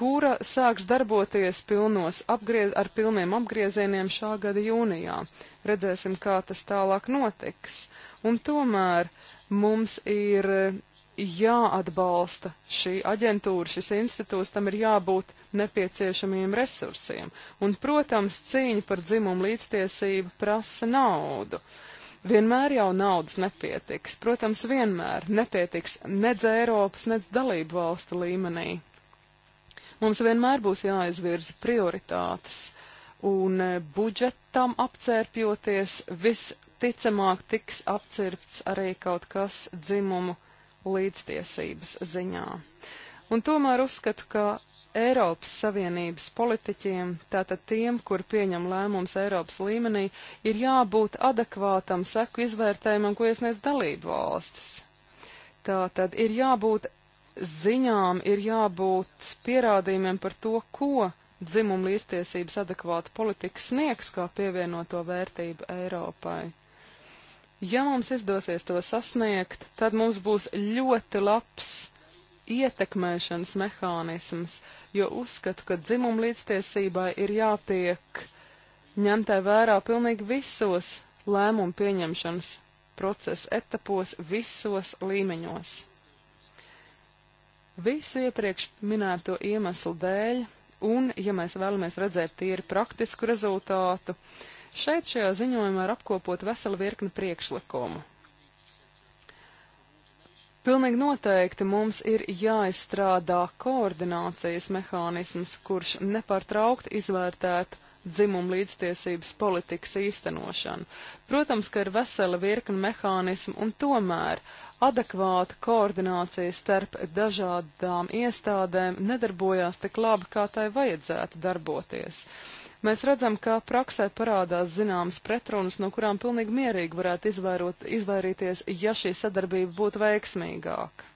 kura sāks darboties pilnos apgriez, ar pilniem apgriezieniem šā gada jūnijā. Redzēsim, kā tas tālāk notiks. Un tomēr mums ir jāatbalsta šī aģentūra, šis institūts, tam ir jābūt nepieciešamiem resursiem. Un, protams, cīņa par dzimumu līdztiesību prasa naudu. Vienmēr jau naudas nepietiks, protams, vienmēr nepietiks nedz Eiropas, nedz dalību valstu līmenī. Mums vienmēr būs jāizvirza prioritātes, un e, budžetam apcērpjoties visticamāk tiks apcirpts arī kaut kas dzimumu līdztiesības ziņā. Un tomēr uzskatu, ka Eiropas Savienības politiķiem, tātad tiem, kur pieņem lēmums Eiropas līmenī, ir jābūt adekvātam seku izvērtējumam, ko iesniedz dalību valstis. Tātad ir jābūt ziņām, ir jābūt pierādījumiem par to, ko dzimuma līdztiesības adekvāta politika sniegs kā pievienoto vērtību Eiropai. Ja mums izdosies to sasniegt, tad mums būs ļoti labs ietekmēšanas mehānisms, jo uzskatu, ka dzimuma līdztiesībai ir jātiek ņemtē vērā pilnīgi visos lēmumu pieņemšanas procesa etapos, visos līmeņos. Visu iepriekš minēto iemeslu dēļ, un, ja mēs vēlamies redzēt tīri praktisku rezultātu, uh, Šeit šajā ziņojumā ir apkopot veselu virkni priekšlikumu. Pilnīgi noteikti mums ir jāizstrādā koordinācijas mehānisms, kurš nepārtraukti izvērtētu dzimumu līdztiesības politikas īstenošanu. Protams, ka ir vesela virkna mehānismu un tomēr adekvāta koordinācija starp dažādām iestādēm nedarbojās tik labi, kā tai vajadzētu darboties. Uh, Mēs redzam, ka praksē parādās zināmas pretrunas, no kurām pilnīgi mierīgi varētu izvairot, izvairīties, ja šī sadarbība būtu veiksmīgāka.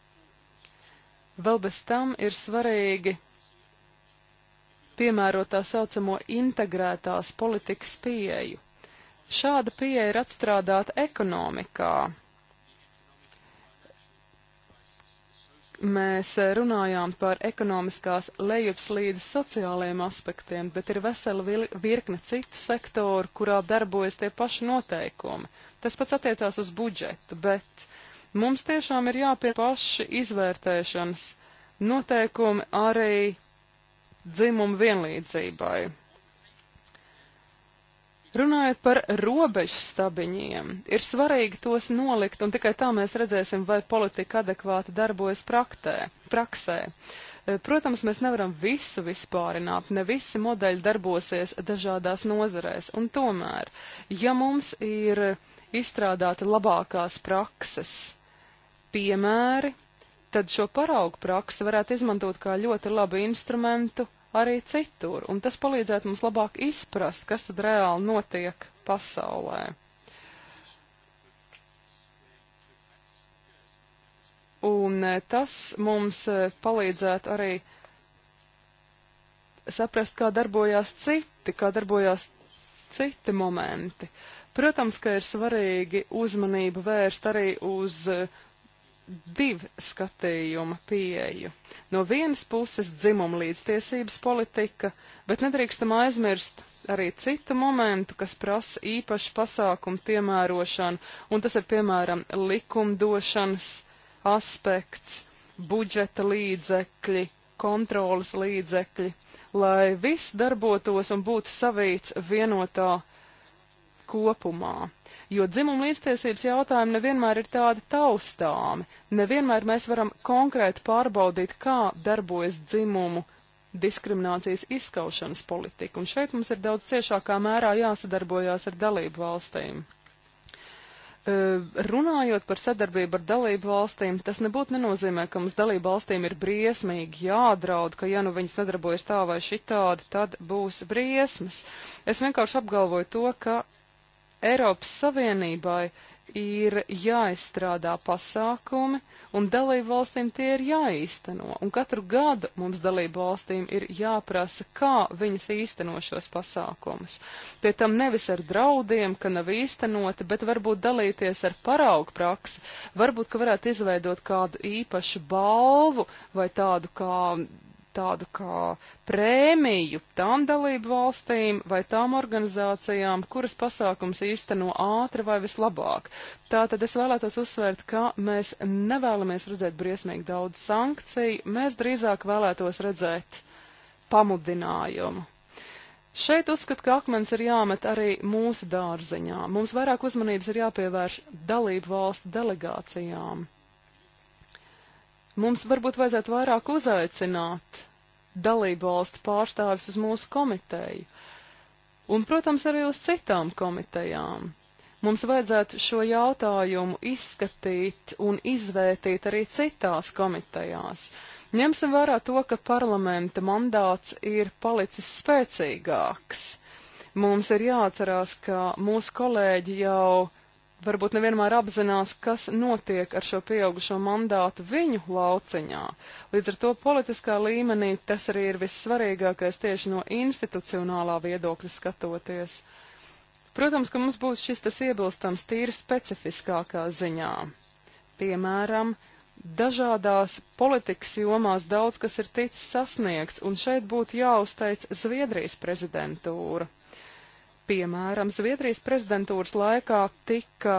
Vēl bez tam ir svarīgi piemērot tā saucamo integrētās politikas pieeju. Šāda pieeja ir atstrādāta ekonomikā mēs eh, runājām par ekonomiskās lejupslīdes sociālajiem aspektiem, bet ir vesela virkne citu sektoru, kurā darbojas tie paši noteikumi. Tas pats attiecās uz budžetu, bet mums tiešām ir jāpie paši izvērtēšanas noteikumi arī dzimumu vienlīdzībai. Runājot par robežu stabiņiem, ir svarīgi tos nolikt, un tikai tā mēs redzēsim, vai politika adekvāti darbojas praktē, praksē. E, protams, mēs nevaram visu vispārināt, ne visi modeļi darbosies dažādās nozarēs, un tomēr, ja mums ir izstrādāti labākās prakses piemēri, tad šo paraugu praksi varētu izmantot kā ļoti labu instrumentu arī citur, un tas palīdzētu mums labāk izprast, kas tad reāli notiek pasaulē. Un e, tas mums e, palīdzētu arī saprast, kā darbojās citi, kā darbojās citi momenti. Protams, ka ir svarīgi uzmanību vērst arī uz uh, divu skatījumu pieeju. No vienas puses dzimuma līdztiesības politika, bet nedrīkstam aizmirst arī citu momentu, kas prasa īpašu pasākumu piemērošanu, un tas ir piemēram likumdošanas aspekts, budžeta līdzekļi, kontrolas līdzekļi, lai viss darbotos un būtu savīts vienotā kopumā jo dzimuma līdztiesības jautājumi nevienmēr ir tādi taustāmi, nevienmēr mēs varam konkrēti pārbaudīt, kā darbojas dzimumu diskriminācijas izskaušanas politika, un šeit mums ir daudz ciešākā mērā jāsadarbojās ar dalību valstīm. E, runājot par sadarbību ar dalību valstīm, tas nebūtu nenozīmē, ka mums dalību valstīm ir briesmīgi jādraud, ka ja nu viņas nedarbojas tā vai šitādi, tad būs briesmas. Es vienkārši apgalvoju to, ka Eiropas Savienībai ir jāizstrādā pasākumi, un dalību valstīm tie ir jāīsteno. Un katru gadu mums dalību valstīm ir jāprasa, kā viņas īsteno šos pasākumus. Pie tam nevis ar draudiem, ka nav īstenoti, bet varbūt dalīties ar paraugu praksi. Varbūt, ka varētu izveidot kādu īpašu balvu vai tādu kā tādu kā prēmiju tām dalību valstīm vai tām organizācijām, kuras pasākums īsteno ātri vai vislabāk. Tātad es vēlētos uzsvērt, ka mēs nevēlamies redzēt briesmīgi daudz sankciju, mēs drīzāk vēlētos redzēt pamudinājumu. Šeit uzskat, ka akmens ir jāmet arī mūsu dārziņā. Mums vairāk uzmanības ir jāpievērš dalību valstu delegācijām. Mums varbūt vajadzētu vairāk uzaicināt dalību valstu pārstāvis uz mūsu komiteju. Un, protams, arī uz citām komitejām. Mums vajadzētu šo jautājumu izskatīt un izvērtīt arī citās komitejās. Ņemsim vērā to, ka parlamenta mandāts ir palicis spēcīgāks. Mums ir jāatcerās, ka mūsu kolēģi jau varbūt nevienmēr apzinās, kas notiek ar šo pieaugušo mandātu viņu lauciņā. Līdz ar to politiskā līmenī tas arī ir vissvarīgākais tieši no institucionālā viedokļa skatoties. Protams, ka mums būs šis tas iebilstams tīri specifiskākā ziņā. Piemēram, dažādās politikas jomās daudz kas ir ticis sasniegts, un šeit būtu jāuzteic Zviedrijas prezidentūra. Piemēram, Zviedrijas prezidentūras laikā tika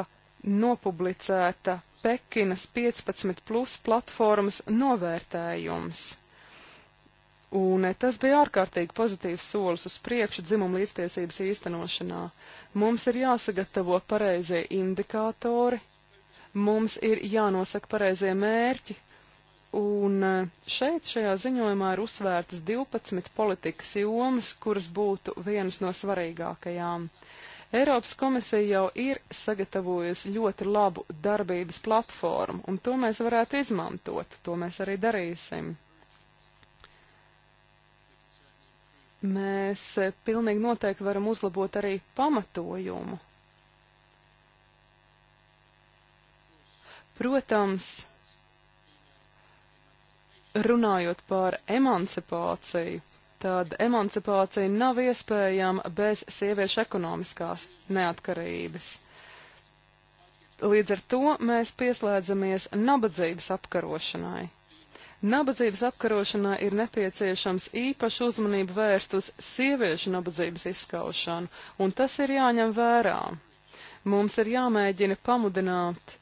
nopublicēta Pekinas 15 plus platformas novērtējums. Un tas bija ārkārtīgi pozitīvs solis uz priekšu dzimumu līdztiesības īstenošanā. Mums ir jāsagatavo pareizie indikātori, mums ir jānosaka pareizie mērķi, Un eh, šeit šajā ziņojumā ir uzsvērtas 12 politikas jomas, kuras būtu vienas no svarīgākajām. Eiropas komisija jau ir sagatavojusi ļoti labu darbības platformu, un to mēs varētu izmantot, to mēs arī darīsim. Mēs eh, pilnīgi noteikti varam uzlabot arī pamatojumu. Protams, runājot par emancipāciju, tad emancipācija nav iespējama bez sieviešu ekonomiskās neatkarības. Līdz ar to mēs pieslēdzamies nabadzības apkarošanai. Nabadzības apkarošanā ir nepieciešams īpaši uzmanību vērst uz sieviešu nabadzības izskaušanu, un tas ir jāņem vērā. Mums ir jāmēģina pamudināt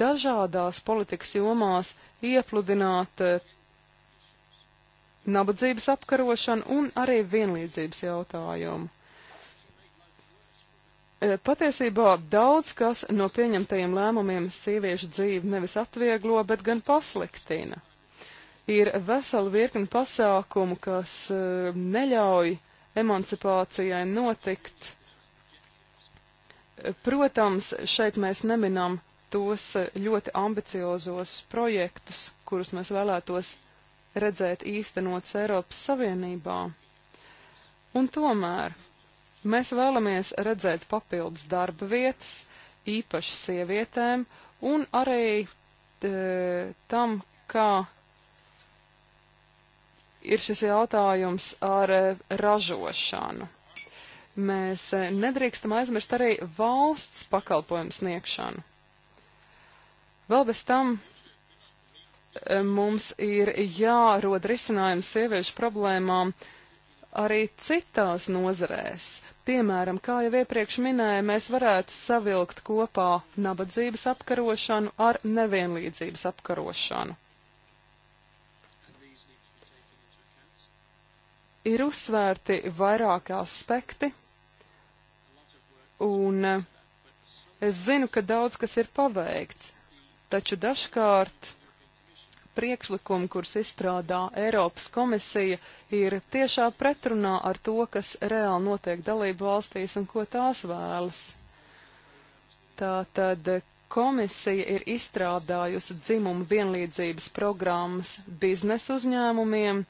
dažādās politikas jomās iepludināt eh, nabadzības apkarošanu un arī vienlīdzības jautājumu. Eh, patiesībā daudz kas no pieņemtajiem lēmumiem sieviešu dzīvi nevis atvieglo, bet gan pasliktina. Ir vesela virkni pasākumu, kas eh, neļauj emancipācijai notikt. Protams, šeit mēs neminam tos ļoti ambiciozos projektus, kurus mēs vēlētos redzēt īstenots Eiropas Savienībā. Un tomēr mēs vēlamies redzēt papildus darba vietas, īpaši sievietēm, un arī t, e, tam, kā ir šis jautājums ar e, ražošanu. Mēs e, nedrīkstam aizmirst arī valsts pakalpojumu sniegšanu. Vēl bez tam eh, mums ir jārod risinājums sieviešu problēmām arī citās nozarēs. Piemēram, kā jau iepriekš minēju, mēs varētu savilkt kopā nabadzības apkarošanu ar nevienlīdzības apkarošanu. ir uzsvērti vairāki aspekti, un eh, es zinu, ka daudz kas ir paveikts, taču dažkārt priekšlikumi, kurus izstrādā Eiropas komisija, ir tiešā pretrunā ar to, kas reāli notiek dalību valstīs un ko tās vēlas. Tātad komisija ir izstrādājusi dzimumu vienlīdzības programmas biznesa uzņēmumiem.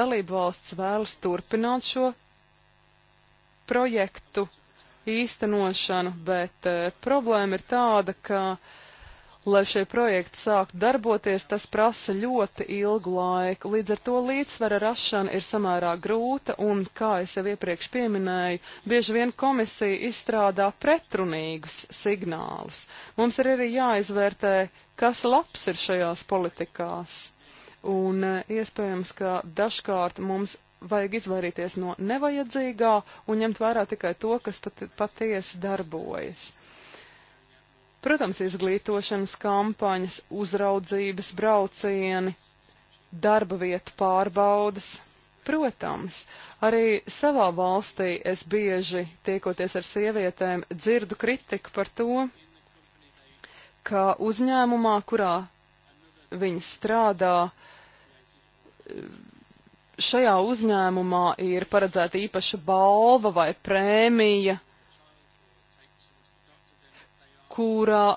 Dalību valsts vēlas turpināt šo projektu īstenošanu, bet e, problēma ir tāda, ka uh, lai šie projekti sāktu darboties, tas prasa ļoti ilgu laiku. Līdz ar to līdzsvera rašana ir samērā grūta, un, kā es jau iepriekš pieminēju, bieži vien komisija izstrādā pretrunīgus signālus. Mums ir arī jāizvērtē, kas labs ir šajās politikās. Un eh, iespējams, ka dažkārt mums vajag izvairīties no nevajadzīgā un ņemt vērā tikai to, kas pat, patiesi darbojas. Protams, izglītošanas kampaņas, uzraudzības braucieni, darba vietu pārbaudas. Protams, arī savā valstī es bieži tiekoties ar sievietēm dzirdu kritiku par to, ka uzņēmumā, kurā viņi strādā, šajā uzņēmumā ir paredzēta īpaša balva vai prēmija kurā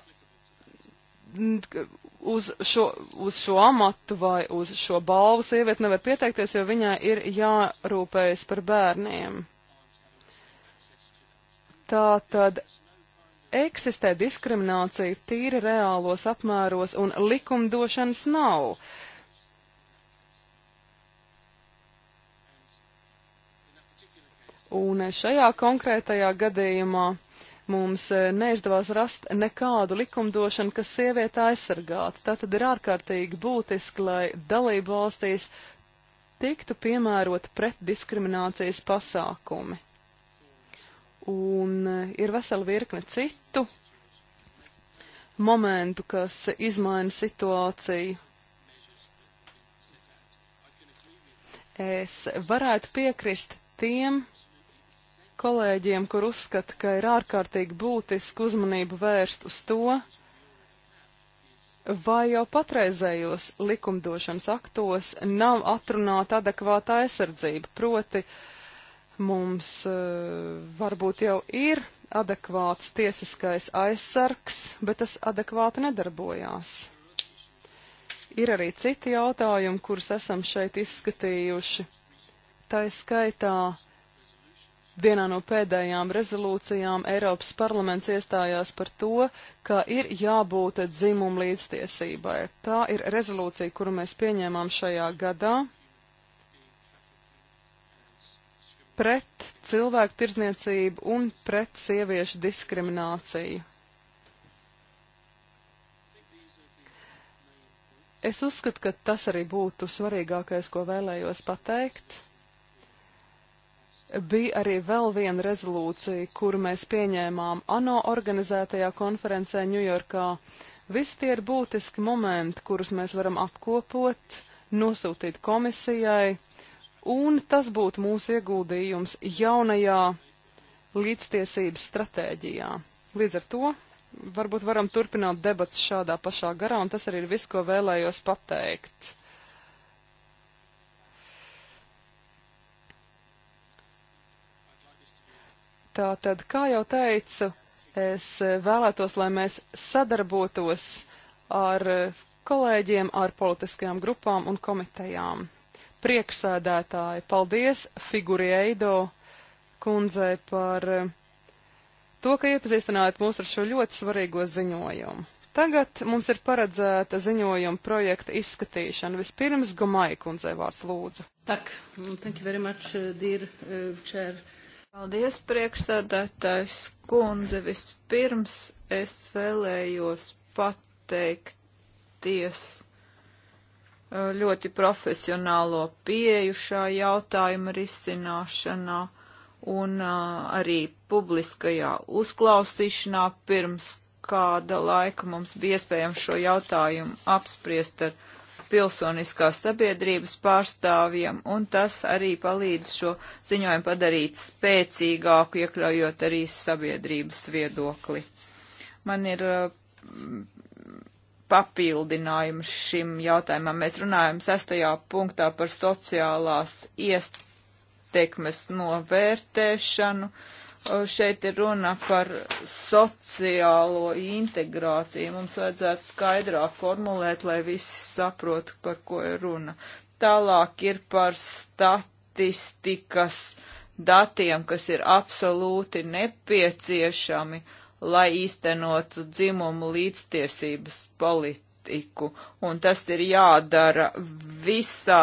uz šo, uz šo amatu vai uz šo balvu sievieti nevar pieteikties, jo viņai ir jārūpējas par bērniem. Tā tad eksistē diskriminācija tīri reālos apmēros un likumdošanas nav. Un šajā konkrētajā gadījumā mums eh, neizdevās rast nekādu likumdošanu, kas sievieti aizsargātu. Tātad ir ārkārtīgi būtiski, lai dalību valstīs tiktu piemērot pretdiskriminācijas pasākumi. Un eh, ir vesela virkne citu momentu, kas izmaina situāciju. Es varētu piekrist tiem kolēģiem, kur uzskata, ka ir ārkārtīgi būtiski uzmanību vērst uz to, vai jau patreizējos likumdošanas aktos nav atrunāta adekvāta aizsardzība. Proti, mums eh, varbūt jau ir adekvāts tiesiskais aizsargs, bet tas adekvāti nedarbojās. Ir arī citi jautājumi, kurus esam šeit izskatījuši. Tā ir skaitā Vienā no pēdējām rezolūcijām Eiropas parlaments iestājās par to, ka ir jābūt dzimumu līdztiesībai. Tā ir rezolūcija, kuru mēs pieņēmām šajā gadā pret cilvēku tirdzniecību un pret sieviešu diskrimināciju. Es uzskatu, ka tas arī būtu svarīgākais, ko vēlējos pateikt bija arī vēl viena rezolūcija, kuru mēs pieņēmām ANO organizētajā konferencē Ņujorkā. Visi tie ir būtiski momenti, kurus mēs varam apkopot, nosūtīt komisijai, un tas būtu mūsu ieguldījums jaunajā līdztiesības stratēģijā. Līdz ar to varbūt varam turpināt debats šādā pašā garā, un tas arī ir viss, ko vēlējos pateikt. Tātad, kā jau teicu, es vēlētos, lai mēs sadarbotos ar kolēģiem, ar politiskajām grupām un komitejām. Priekšsēdētāji, paldies Figurieido kundzei par eh, to, ka iepazīstinājāt mūs ar šo ļoti svarīgo ziņojumu. Tagad mums ir paredzēta ziņojuma projekta izskatīšana. Vispirms Gomai kundzei vārds lūdzu. Tak, thank you very much, uh, dear uh, chair. Paldies, priekšsādātājs kundze. Vispirms es vēlējos pateikties ļoti profesionālo pieju šā jautājuma risināšanā un arī publiskajā uzklausīšanā pirms kāda laika mums bija iespējams šo jautājumu apspriest ar pilsoniskās sabiedrības pārstāvjiem, un tas arī palīdz šo ziņojumu padarīt spēcīgāku, iekļaujot arī sabiedrības viedokli. Man ir mm, papildinājums šim jautājumam. Mēs runājam sestajā punktā par sociālās ietekmes novērtēšanu. Uh, šeit ir runa par sociālo integrāciju. Mums vajadzētu skaidrāk formulēt, lai visi saprotu, par ko ir runa. Tālāk ir par statistikas datiem, kas ir absolūti nepieciešami, lai īstenotu dzimumu līdztiesības politiku. Un tas ir jādara visā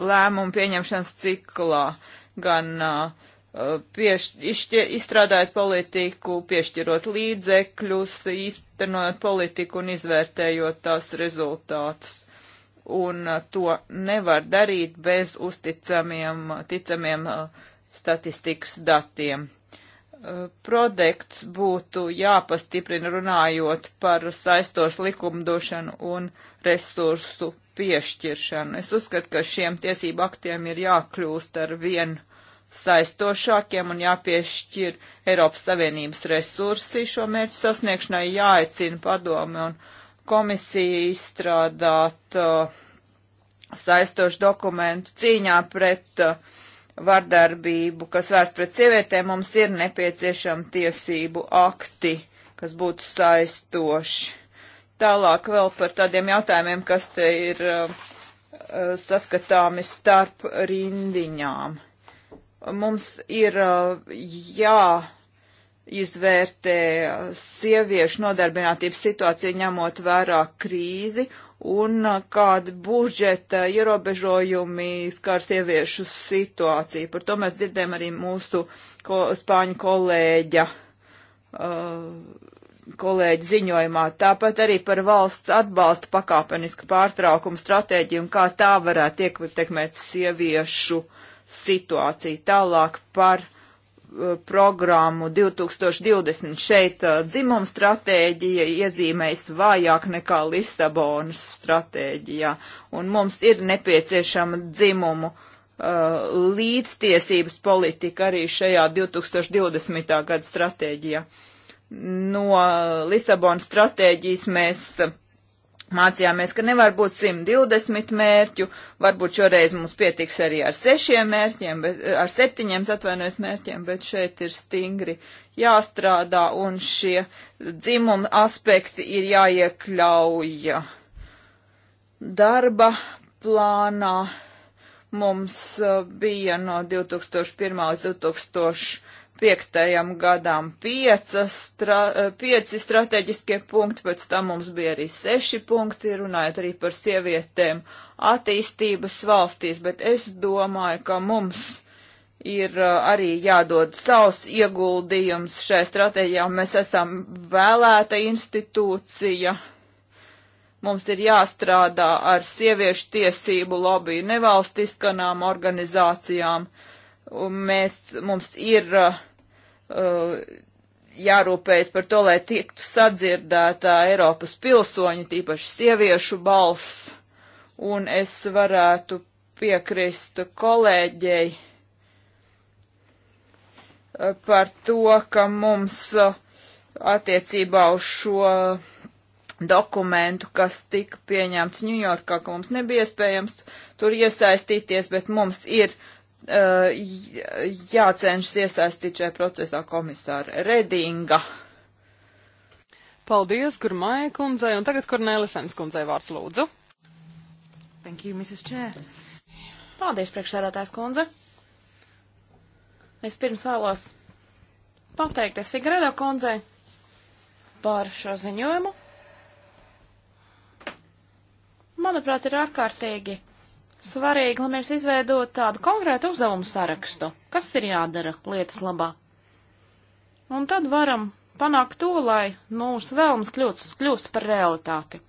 lēmumu pieņemšanas ciklā, gan uh, pieš, izšķie, izstrādājot politiku, piešķirot līdzekļus, īstenojot politiku un izvērtējot tās rezultātus. Un uh, to nevar darīt bez uzticamiem, ticamiem uh, statistikas datiem. Uh, Projekts būtu jāpastiprina runājot par saistos likumdošanu un resursu piešķiršanu. Es uzskatu, ka šiem tiesību aktiem ir jākļūst ar vienu saistošākiem un jāpiešķir Eiropas Savienības resursi šo mērķu sasniegšanai, jāaicina padome un komisija izstrādāt uh, saistošu dokumentu cīņā pret uh, vardarbību, kas vērst pret sievietēm, mums ir nepieciešami tiesību akti, kas būtu saistoši. Tālāk vēl par tādiem jautājumiem, kas te ir uh, uh saskatāmi starp rindiņām mums ir uh, jāizvērtē sieviešu nodarbinātības situācija ņemot vērā krīzi un uh, kādi budžeta ierobežojumi skar sieviešu situāciju. Par to mēs dzirdējam arī mūsu ko, spāņu kolēģa. Uh, kolēģi ziņojumā, tāpat arī par valsts atbalsta pakāpenisku pārtraukumu stratēģiju un kā tā varētu iekvitēkmēt sieviešu uh, situāciju. Tālāk par uh, programmu 2020 šeit uh, dzimuma stratēģija iezīmējas vājāk nekā Lisabonas stratēģijā, un mums ir nepieciešama dzimumu uh, līdztiesības politika arī šajā 2020. gada stratēģijā. No Lisabonas stratēģijas mēs Mācījāmies, ka nevar būt 120 mērķu, varbūt šoreiz mums pietiks arī ar sešiem mērķiem, bet, eh, ar septiņiem atvainojas mērķiem, bet šeit ir stingri jāstrādā un šie dzimuma aspekti ir jāiekļauj darba plānā. Mums eh, bija no 2001 līdz 2000 piektajam gadām piecas, stra, pieci strateģiskie punkti, pēc tam mums bija arī seši punkti, runājot arī par sievietēm attīstības valstīs, bet es domāju, ka mums ir uh, arī jādod savs ieguldījums šai stratēģijā. Mēs esam vēlēta institūcija. Mums ir jāstrādā ar sieviešu tiesību lobby nevalstiskanām organizācijām. Uh, Un mēs, mums ir uh, uh, jārūpējas par to, lai tiktu sadzirdētā Eiropas pilsoņu, tīpaši sieviešu balss, un es varētu piekrist kolēģei uh, par to, ka mums uh, attiecībā uz šo dokumentu, kas tika pieņemts Ņujorkā, ka mums nebija iespējams tur iesaistīties, bet mums ir uh, Uh, jācenšas iesaistīt šajā procesā komisāra Redinga. Paldies, Gurmai kundzei, un tagad Kornēlisens kundzei vārds lūdzu. Thank you, Mrs. Chair. Paldies, priekšsēdētājs kundze. Es pirms vēlos pateikties Figredo kundzei par šo ziņojumu. Manuprāt, ir ārkārtīgi Svarīgi, lai mēs izveidot tādu konkrētu uzdevumu sarakstu, kas ir jādara lietas labā. Un tad varam panākt to, lai mūsu vēlmes kļūst, kļūst par realitāti.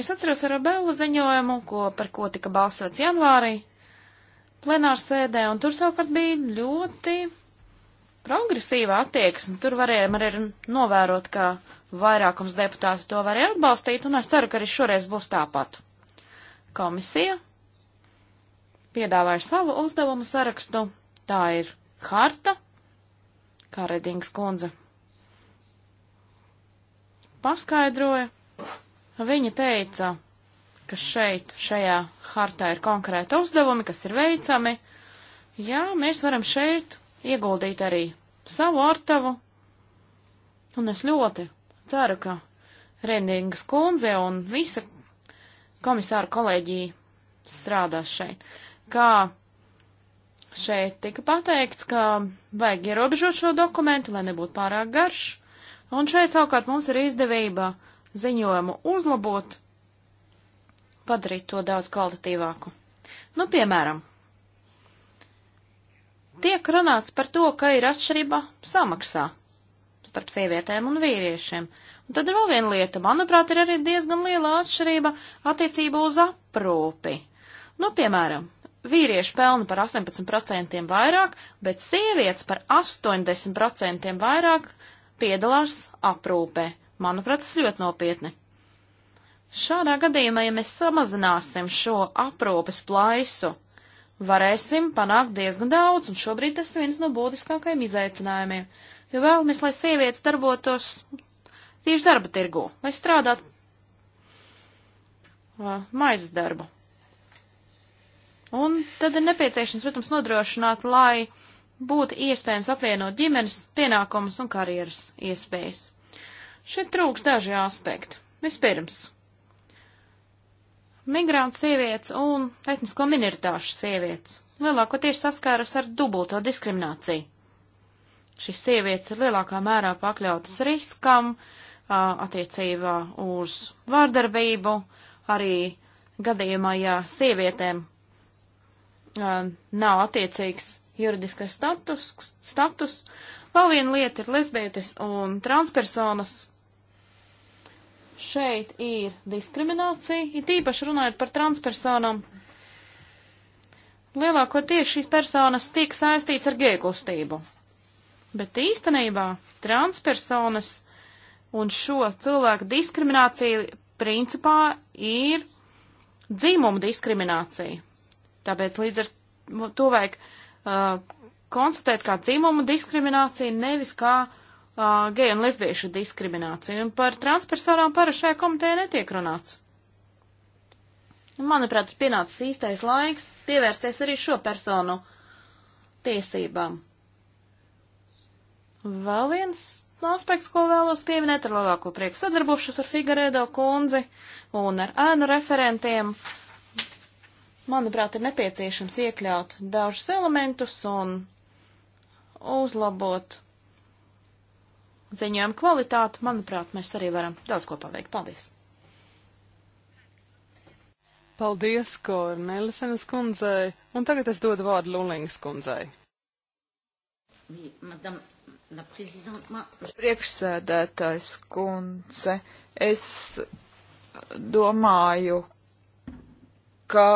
Es atceros ar Abelu ziņojumu, ko, par ko tika balsots janvārī plenārs sēdē, un tur savukārt bija ļoti progresīva attieksme. Tur varējām arī novērot, ka vairākums deputātu to varēja atbalstīt, un es ceru, ka arī šoreiz būs tāpat. Komisija piedāvāju savu uzdevumu sarakstu. Tā ir harta, kā Redings kundze paskaidroja. Viņa teica, ka šeit, šajā hartā ir konkrēti uzdevumi, kas ir veicami. Jā, mēs varam šeit ieguldīt arī savu ortavu. Un es ļoti ceru, ka Rendingas kundze un visa komisāra kolēģija strādās šeit kā šeit tika pateikts, ka vajag ierobežot šo dokumentu, lai nebūtu pārāk garš, un šeit savukārt mums ir izdevība ziņojumu uzlabot, padarīt to daudz kvalitatīvāku. Nu, piemēram, tiek runāts par to, ka ir atšķirība samaksā starp sievietēm un vīriešiem. Un tad ir vēl viena lieta, manuprāt, ir arī diezgan liela atšķirība attiecībā uz aprūpi. Nu, piemēram, vīrieši pelna par 18% vairāk, bet sievietes par 80% vairāk piedalās aprūpē. Manuprāt, tas ļoti nopietni. Šādā gadījumā, ja mēs samazināsim šo aprūpes plaisu, varēsim panākt diezgan daudz, un šobrīd tas ir viens no būtiskākajiem izaicinājumiem, jo vēlamies, lai sievietes darbotos tieši darba tirgu, lai strādātu uh, maizes darbu. Un tad ir nepieciešams, protams, nodrošināt, lai būtu iespējams apvienot ģimenes pienākumus un karjeras iespējas. Šeit trūks daži aspekti. Vispirms, migrāntu sievietes un etnisko minoritāšu sievietes lielākoties saskāras ar dubulto diskrimināciju. Šis sievietes ir lielākā mērā pakļautas riskam, attiecībā uz vārdarbību, arī gadījumā, ja sievietēm nav attiecīgs juridiskais status, status. Vēl viena lieta ir lesbietis un transpersonas. Šeit ir diskriminācija, it īpaši runājot par transpersonām. Lielākoties šīs personas tiek saistīts ar geju kustību. Bet īstenībā transpersonas un šo cilvēku diskriminācija principā ir dzimuma diskriminācija. Tāpēc līdz ar to vajag uh, konstatēt kā dzimumu diskrimināciju, nevis kā uh, geju un lesbiešu diskrimināciju. Un par transpersonām parasti šajā komitē netiek runāts. Manuprāt, ir pienācis īstais laiks pievērsties arī šo personu tiesībām. Vēl viens aspekts, ko vēlos pieminēt, ar lielāko prieku sadarbošos ar Figarēdo kundzi un ar ēnu referentiem. Uh, Manuprāt, ir nepieciešams iekļaut dažus elementus un uzlabot ziņojumu kvalitāti. Manuprāt, mēs arī varam daudz ko paveikt. Paldies! Paldies, Kornelisenes kundzei, un tagad es dodu vārdu Lulīngas kundzei. Priekšsēdētājs kundze, es domāju, ka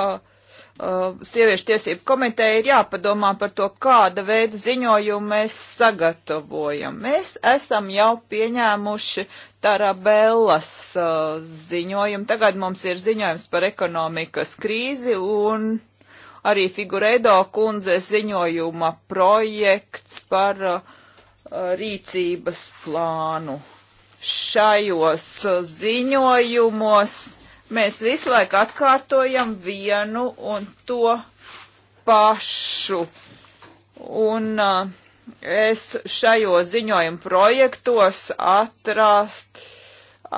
uh, sieviešu tiesību komiteja ir jāpadomā par to, kāda veida ziņojumu mēs sagatavojam. Mēs esam jau pieņēmuši Tarabellas uh, ziņojumu. Tagad mums ir ziņojums par ekonomikas krīzi un arī Figureido kundze ziņojuma projekts par uh, rīcības plānu. Šajos uh, ziņojumos Mēs visu laiku atkārtojam vienu un to pašu. Un uh, es šajos ziņojumu projektos atrast,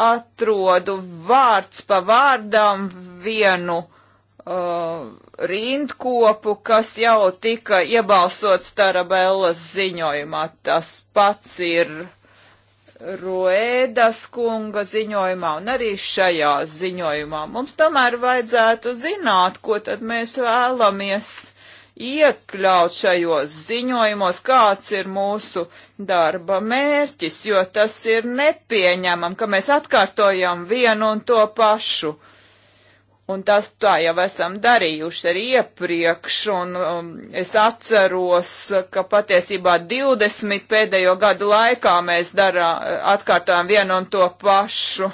atrodu vārds pa vārdam vienu uh, rindkopu, kas jau tika iebalsots Tarabellas ziņojumā. Tas pats ir Roēdas kunga ziņojumā un arī šajā ziņojumā. Mums tomēr vajadzētu zināt, ko tad mēs vēlamies iekļaut šajos ziņojumos, kāds ir mūsu darba mērķis, jo tas ir nepieņemam, ka mēs atkārtojam vienu un to pašu. Uh, Un tas tā jau esam darījuši arī iepriekš, un um, es atceros, ka patiesībā 20 pēdējo gadu laikā mēs darām, atkārtojam vienu un to pašu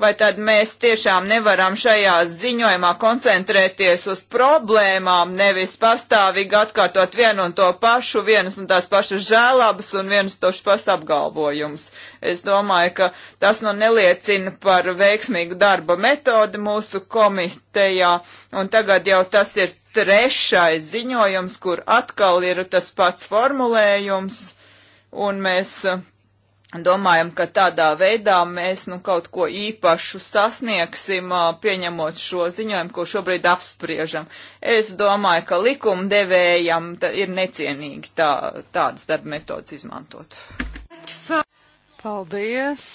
vai tad mēs tiešām nevaram šajā ziņojumā koncentrēties uz problēmām, nevis pastāvīgi atkārtot vienu un to pašu, vienas un tās pašas žēlabas un vienas tošas pašas apgalvojums. Es domāju, ka tas nu neliecina par veiksmīgu darba metodi mūsu komitejā, un tagad jau tas ir trešais ziņojums, kur atkal ir tas pats formulējums, un mēs Domājam, ka tādā veidā mēs nu, kaut ko īpašu sasniegsim, pieņemot šo ziņojumu, ko šobrīd apspriežam. Es domāju, ka likumdevējam ir necienīgi tā, tādas darba metodas izmantot. Paldies!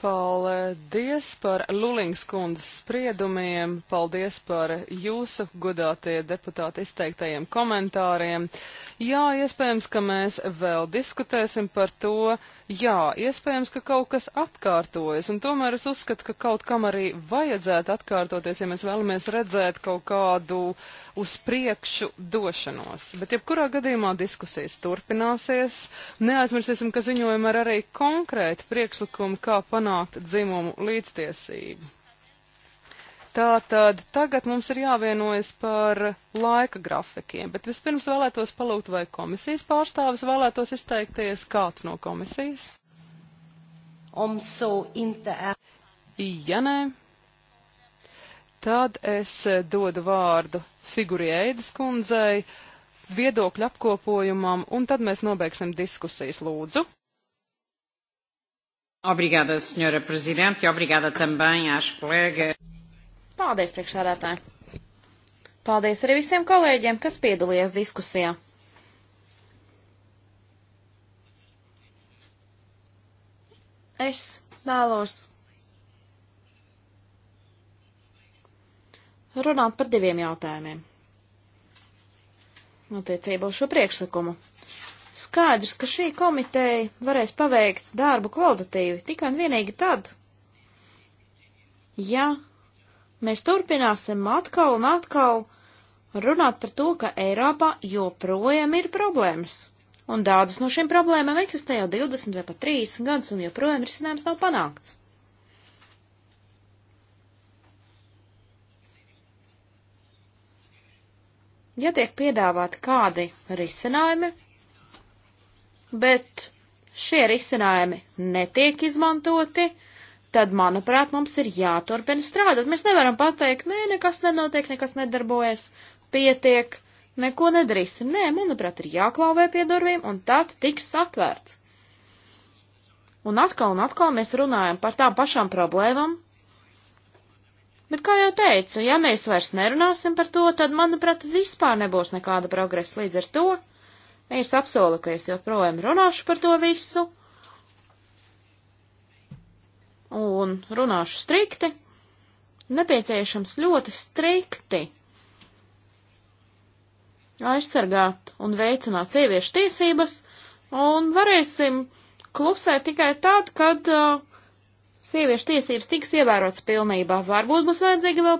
Paldies par Lulings kundzes spriedumiem, paldies par jūsu godātie deputāti izteiktajiem komentāriem. Uh, Jā, iespējams, ka mēs vēl diskutēsim par to. Jā, iespējams, ka kaut kas atkārtojas, un tomēr es uzskatu, ka kaut kam arī vajadzētu atkārtoties, ja mēs vēlamies redzēt kaut kādu uz priekšu došanos. Bet jebkurā gadījumā diskusijas turpināsies. Neaizmirsīsim, ka ziņojumā ir arī konkrēti priekšlikumi, kā panākt dzimumu līdztiesību. Tātad tagad mums ir jāvienojas par laika grafikiem, bet vispirms vēlētos palūgt, vai komisijas pārstāvis vēlētos izteikties kāds no komisijas? Ja nē, tad es dodu vārdu Figurieidas kundzei viedokļu apkopojumam, un tad mēs nobeigsim diskusijas lūdzu. Obrigada, senhora Presidente, e obrigada também às colegas. Paldies, priekšsādātāji! Paldies arī visiem kolēģiem, kas piedalījās diskusijā. Es vēlos runāt par diviem jautājumiem. Attiecībā uz šo priekšlikumu. Skaidrs, ka šī komiteja varēs paveikt darbu kvalitatīvi tikai un vienīgi tad, ja mēs turpināsim atkal un atkal runāt par to, ka Eiropā joprojām ir problēmas. Un daudzas no šīm problēmām eksistē jau 20 vai pat 30 gadus, un joprojām risinājums nav panākts. Ja tiek piedāvāti kādi risinājumi, bet šie risinājumi netiek izmantoti, tad, manuprāt, mums ir jāturpina strādāt. Mēs nevaram pateikt, nē, nekas nenotiek, nekas nedarbojas, pietiek, neko nedarīsim. Nē, manuprāt, ir jāklāvē pie durvīm, un tad tiks atvērts. Un atkal un atkal mēs runājam par tām pašām problēmām. Bet, kā jau teicu, ja mēs vairs nerunāsim par to, tad, manuprāt, vispār nebūs nekāda progresa līdz ar to. Es apsolu, ka es joprojām runāšu par to visu un runāšu strikti, nepieciešams ļoti strikti aizsargāt un veicināt sieviešu tiesības, un varēsim klusēt tikai tad, kad uh, sieviešu tiesības tiks ievērotas pilnībā. Varbūt būs vajadzīga vēl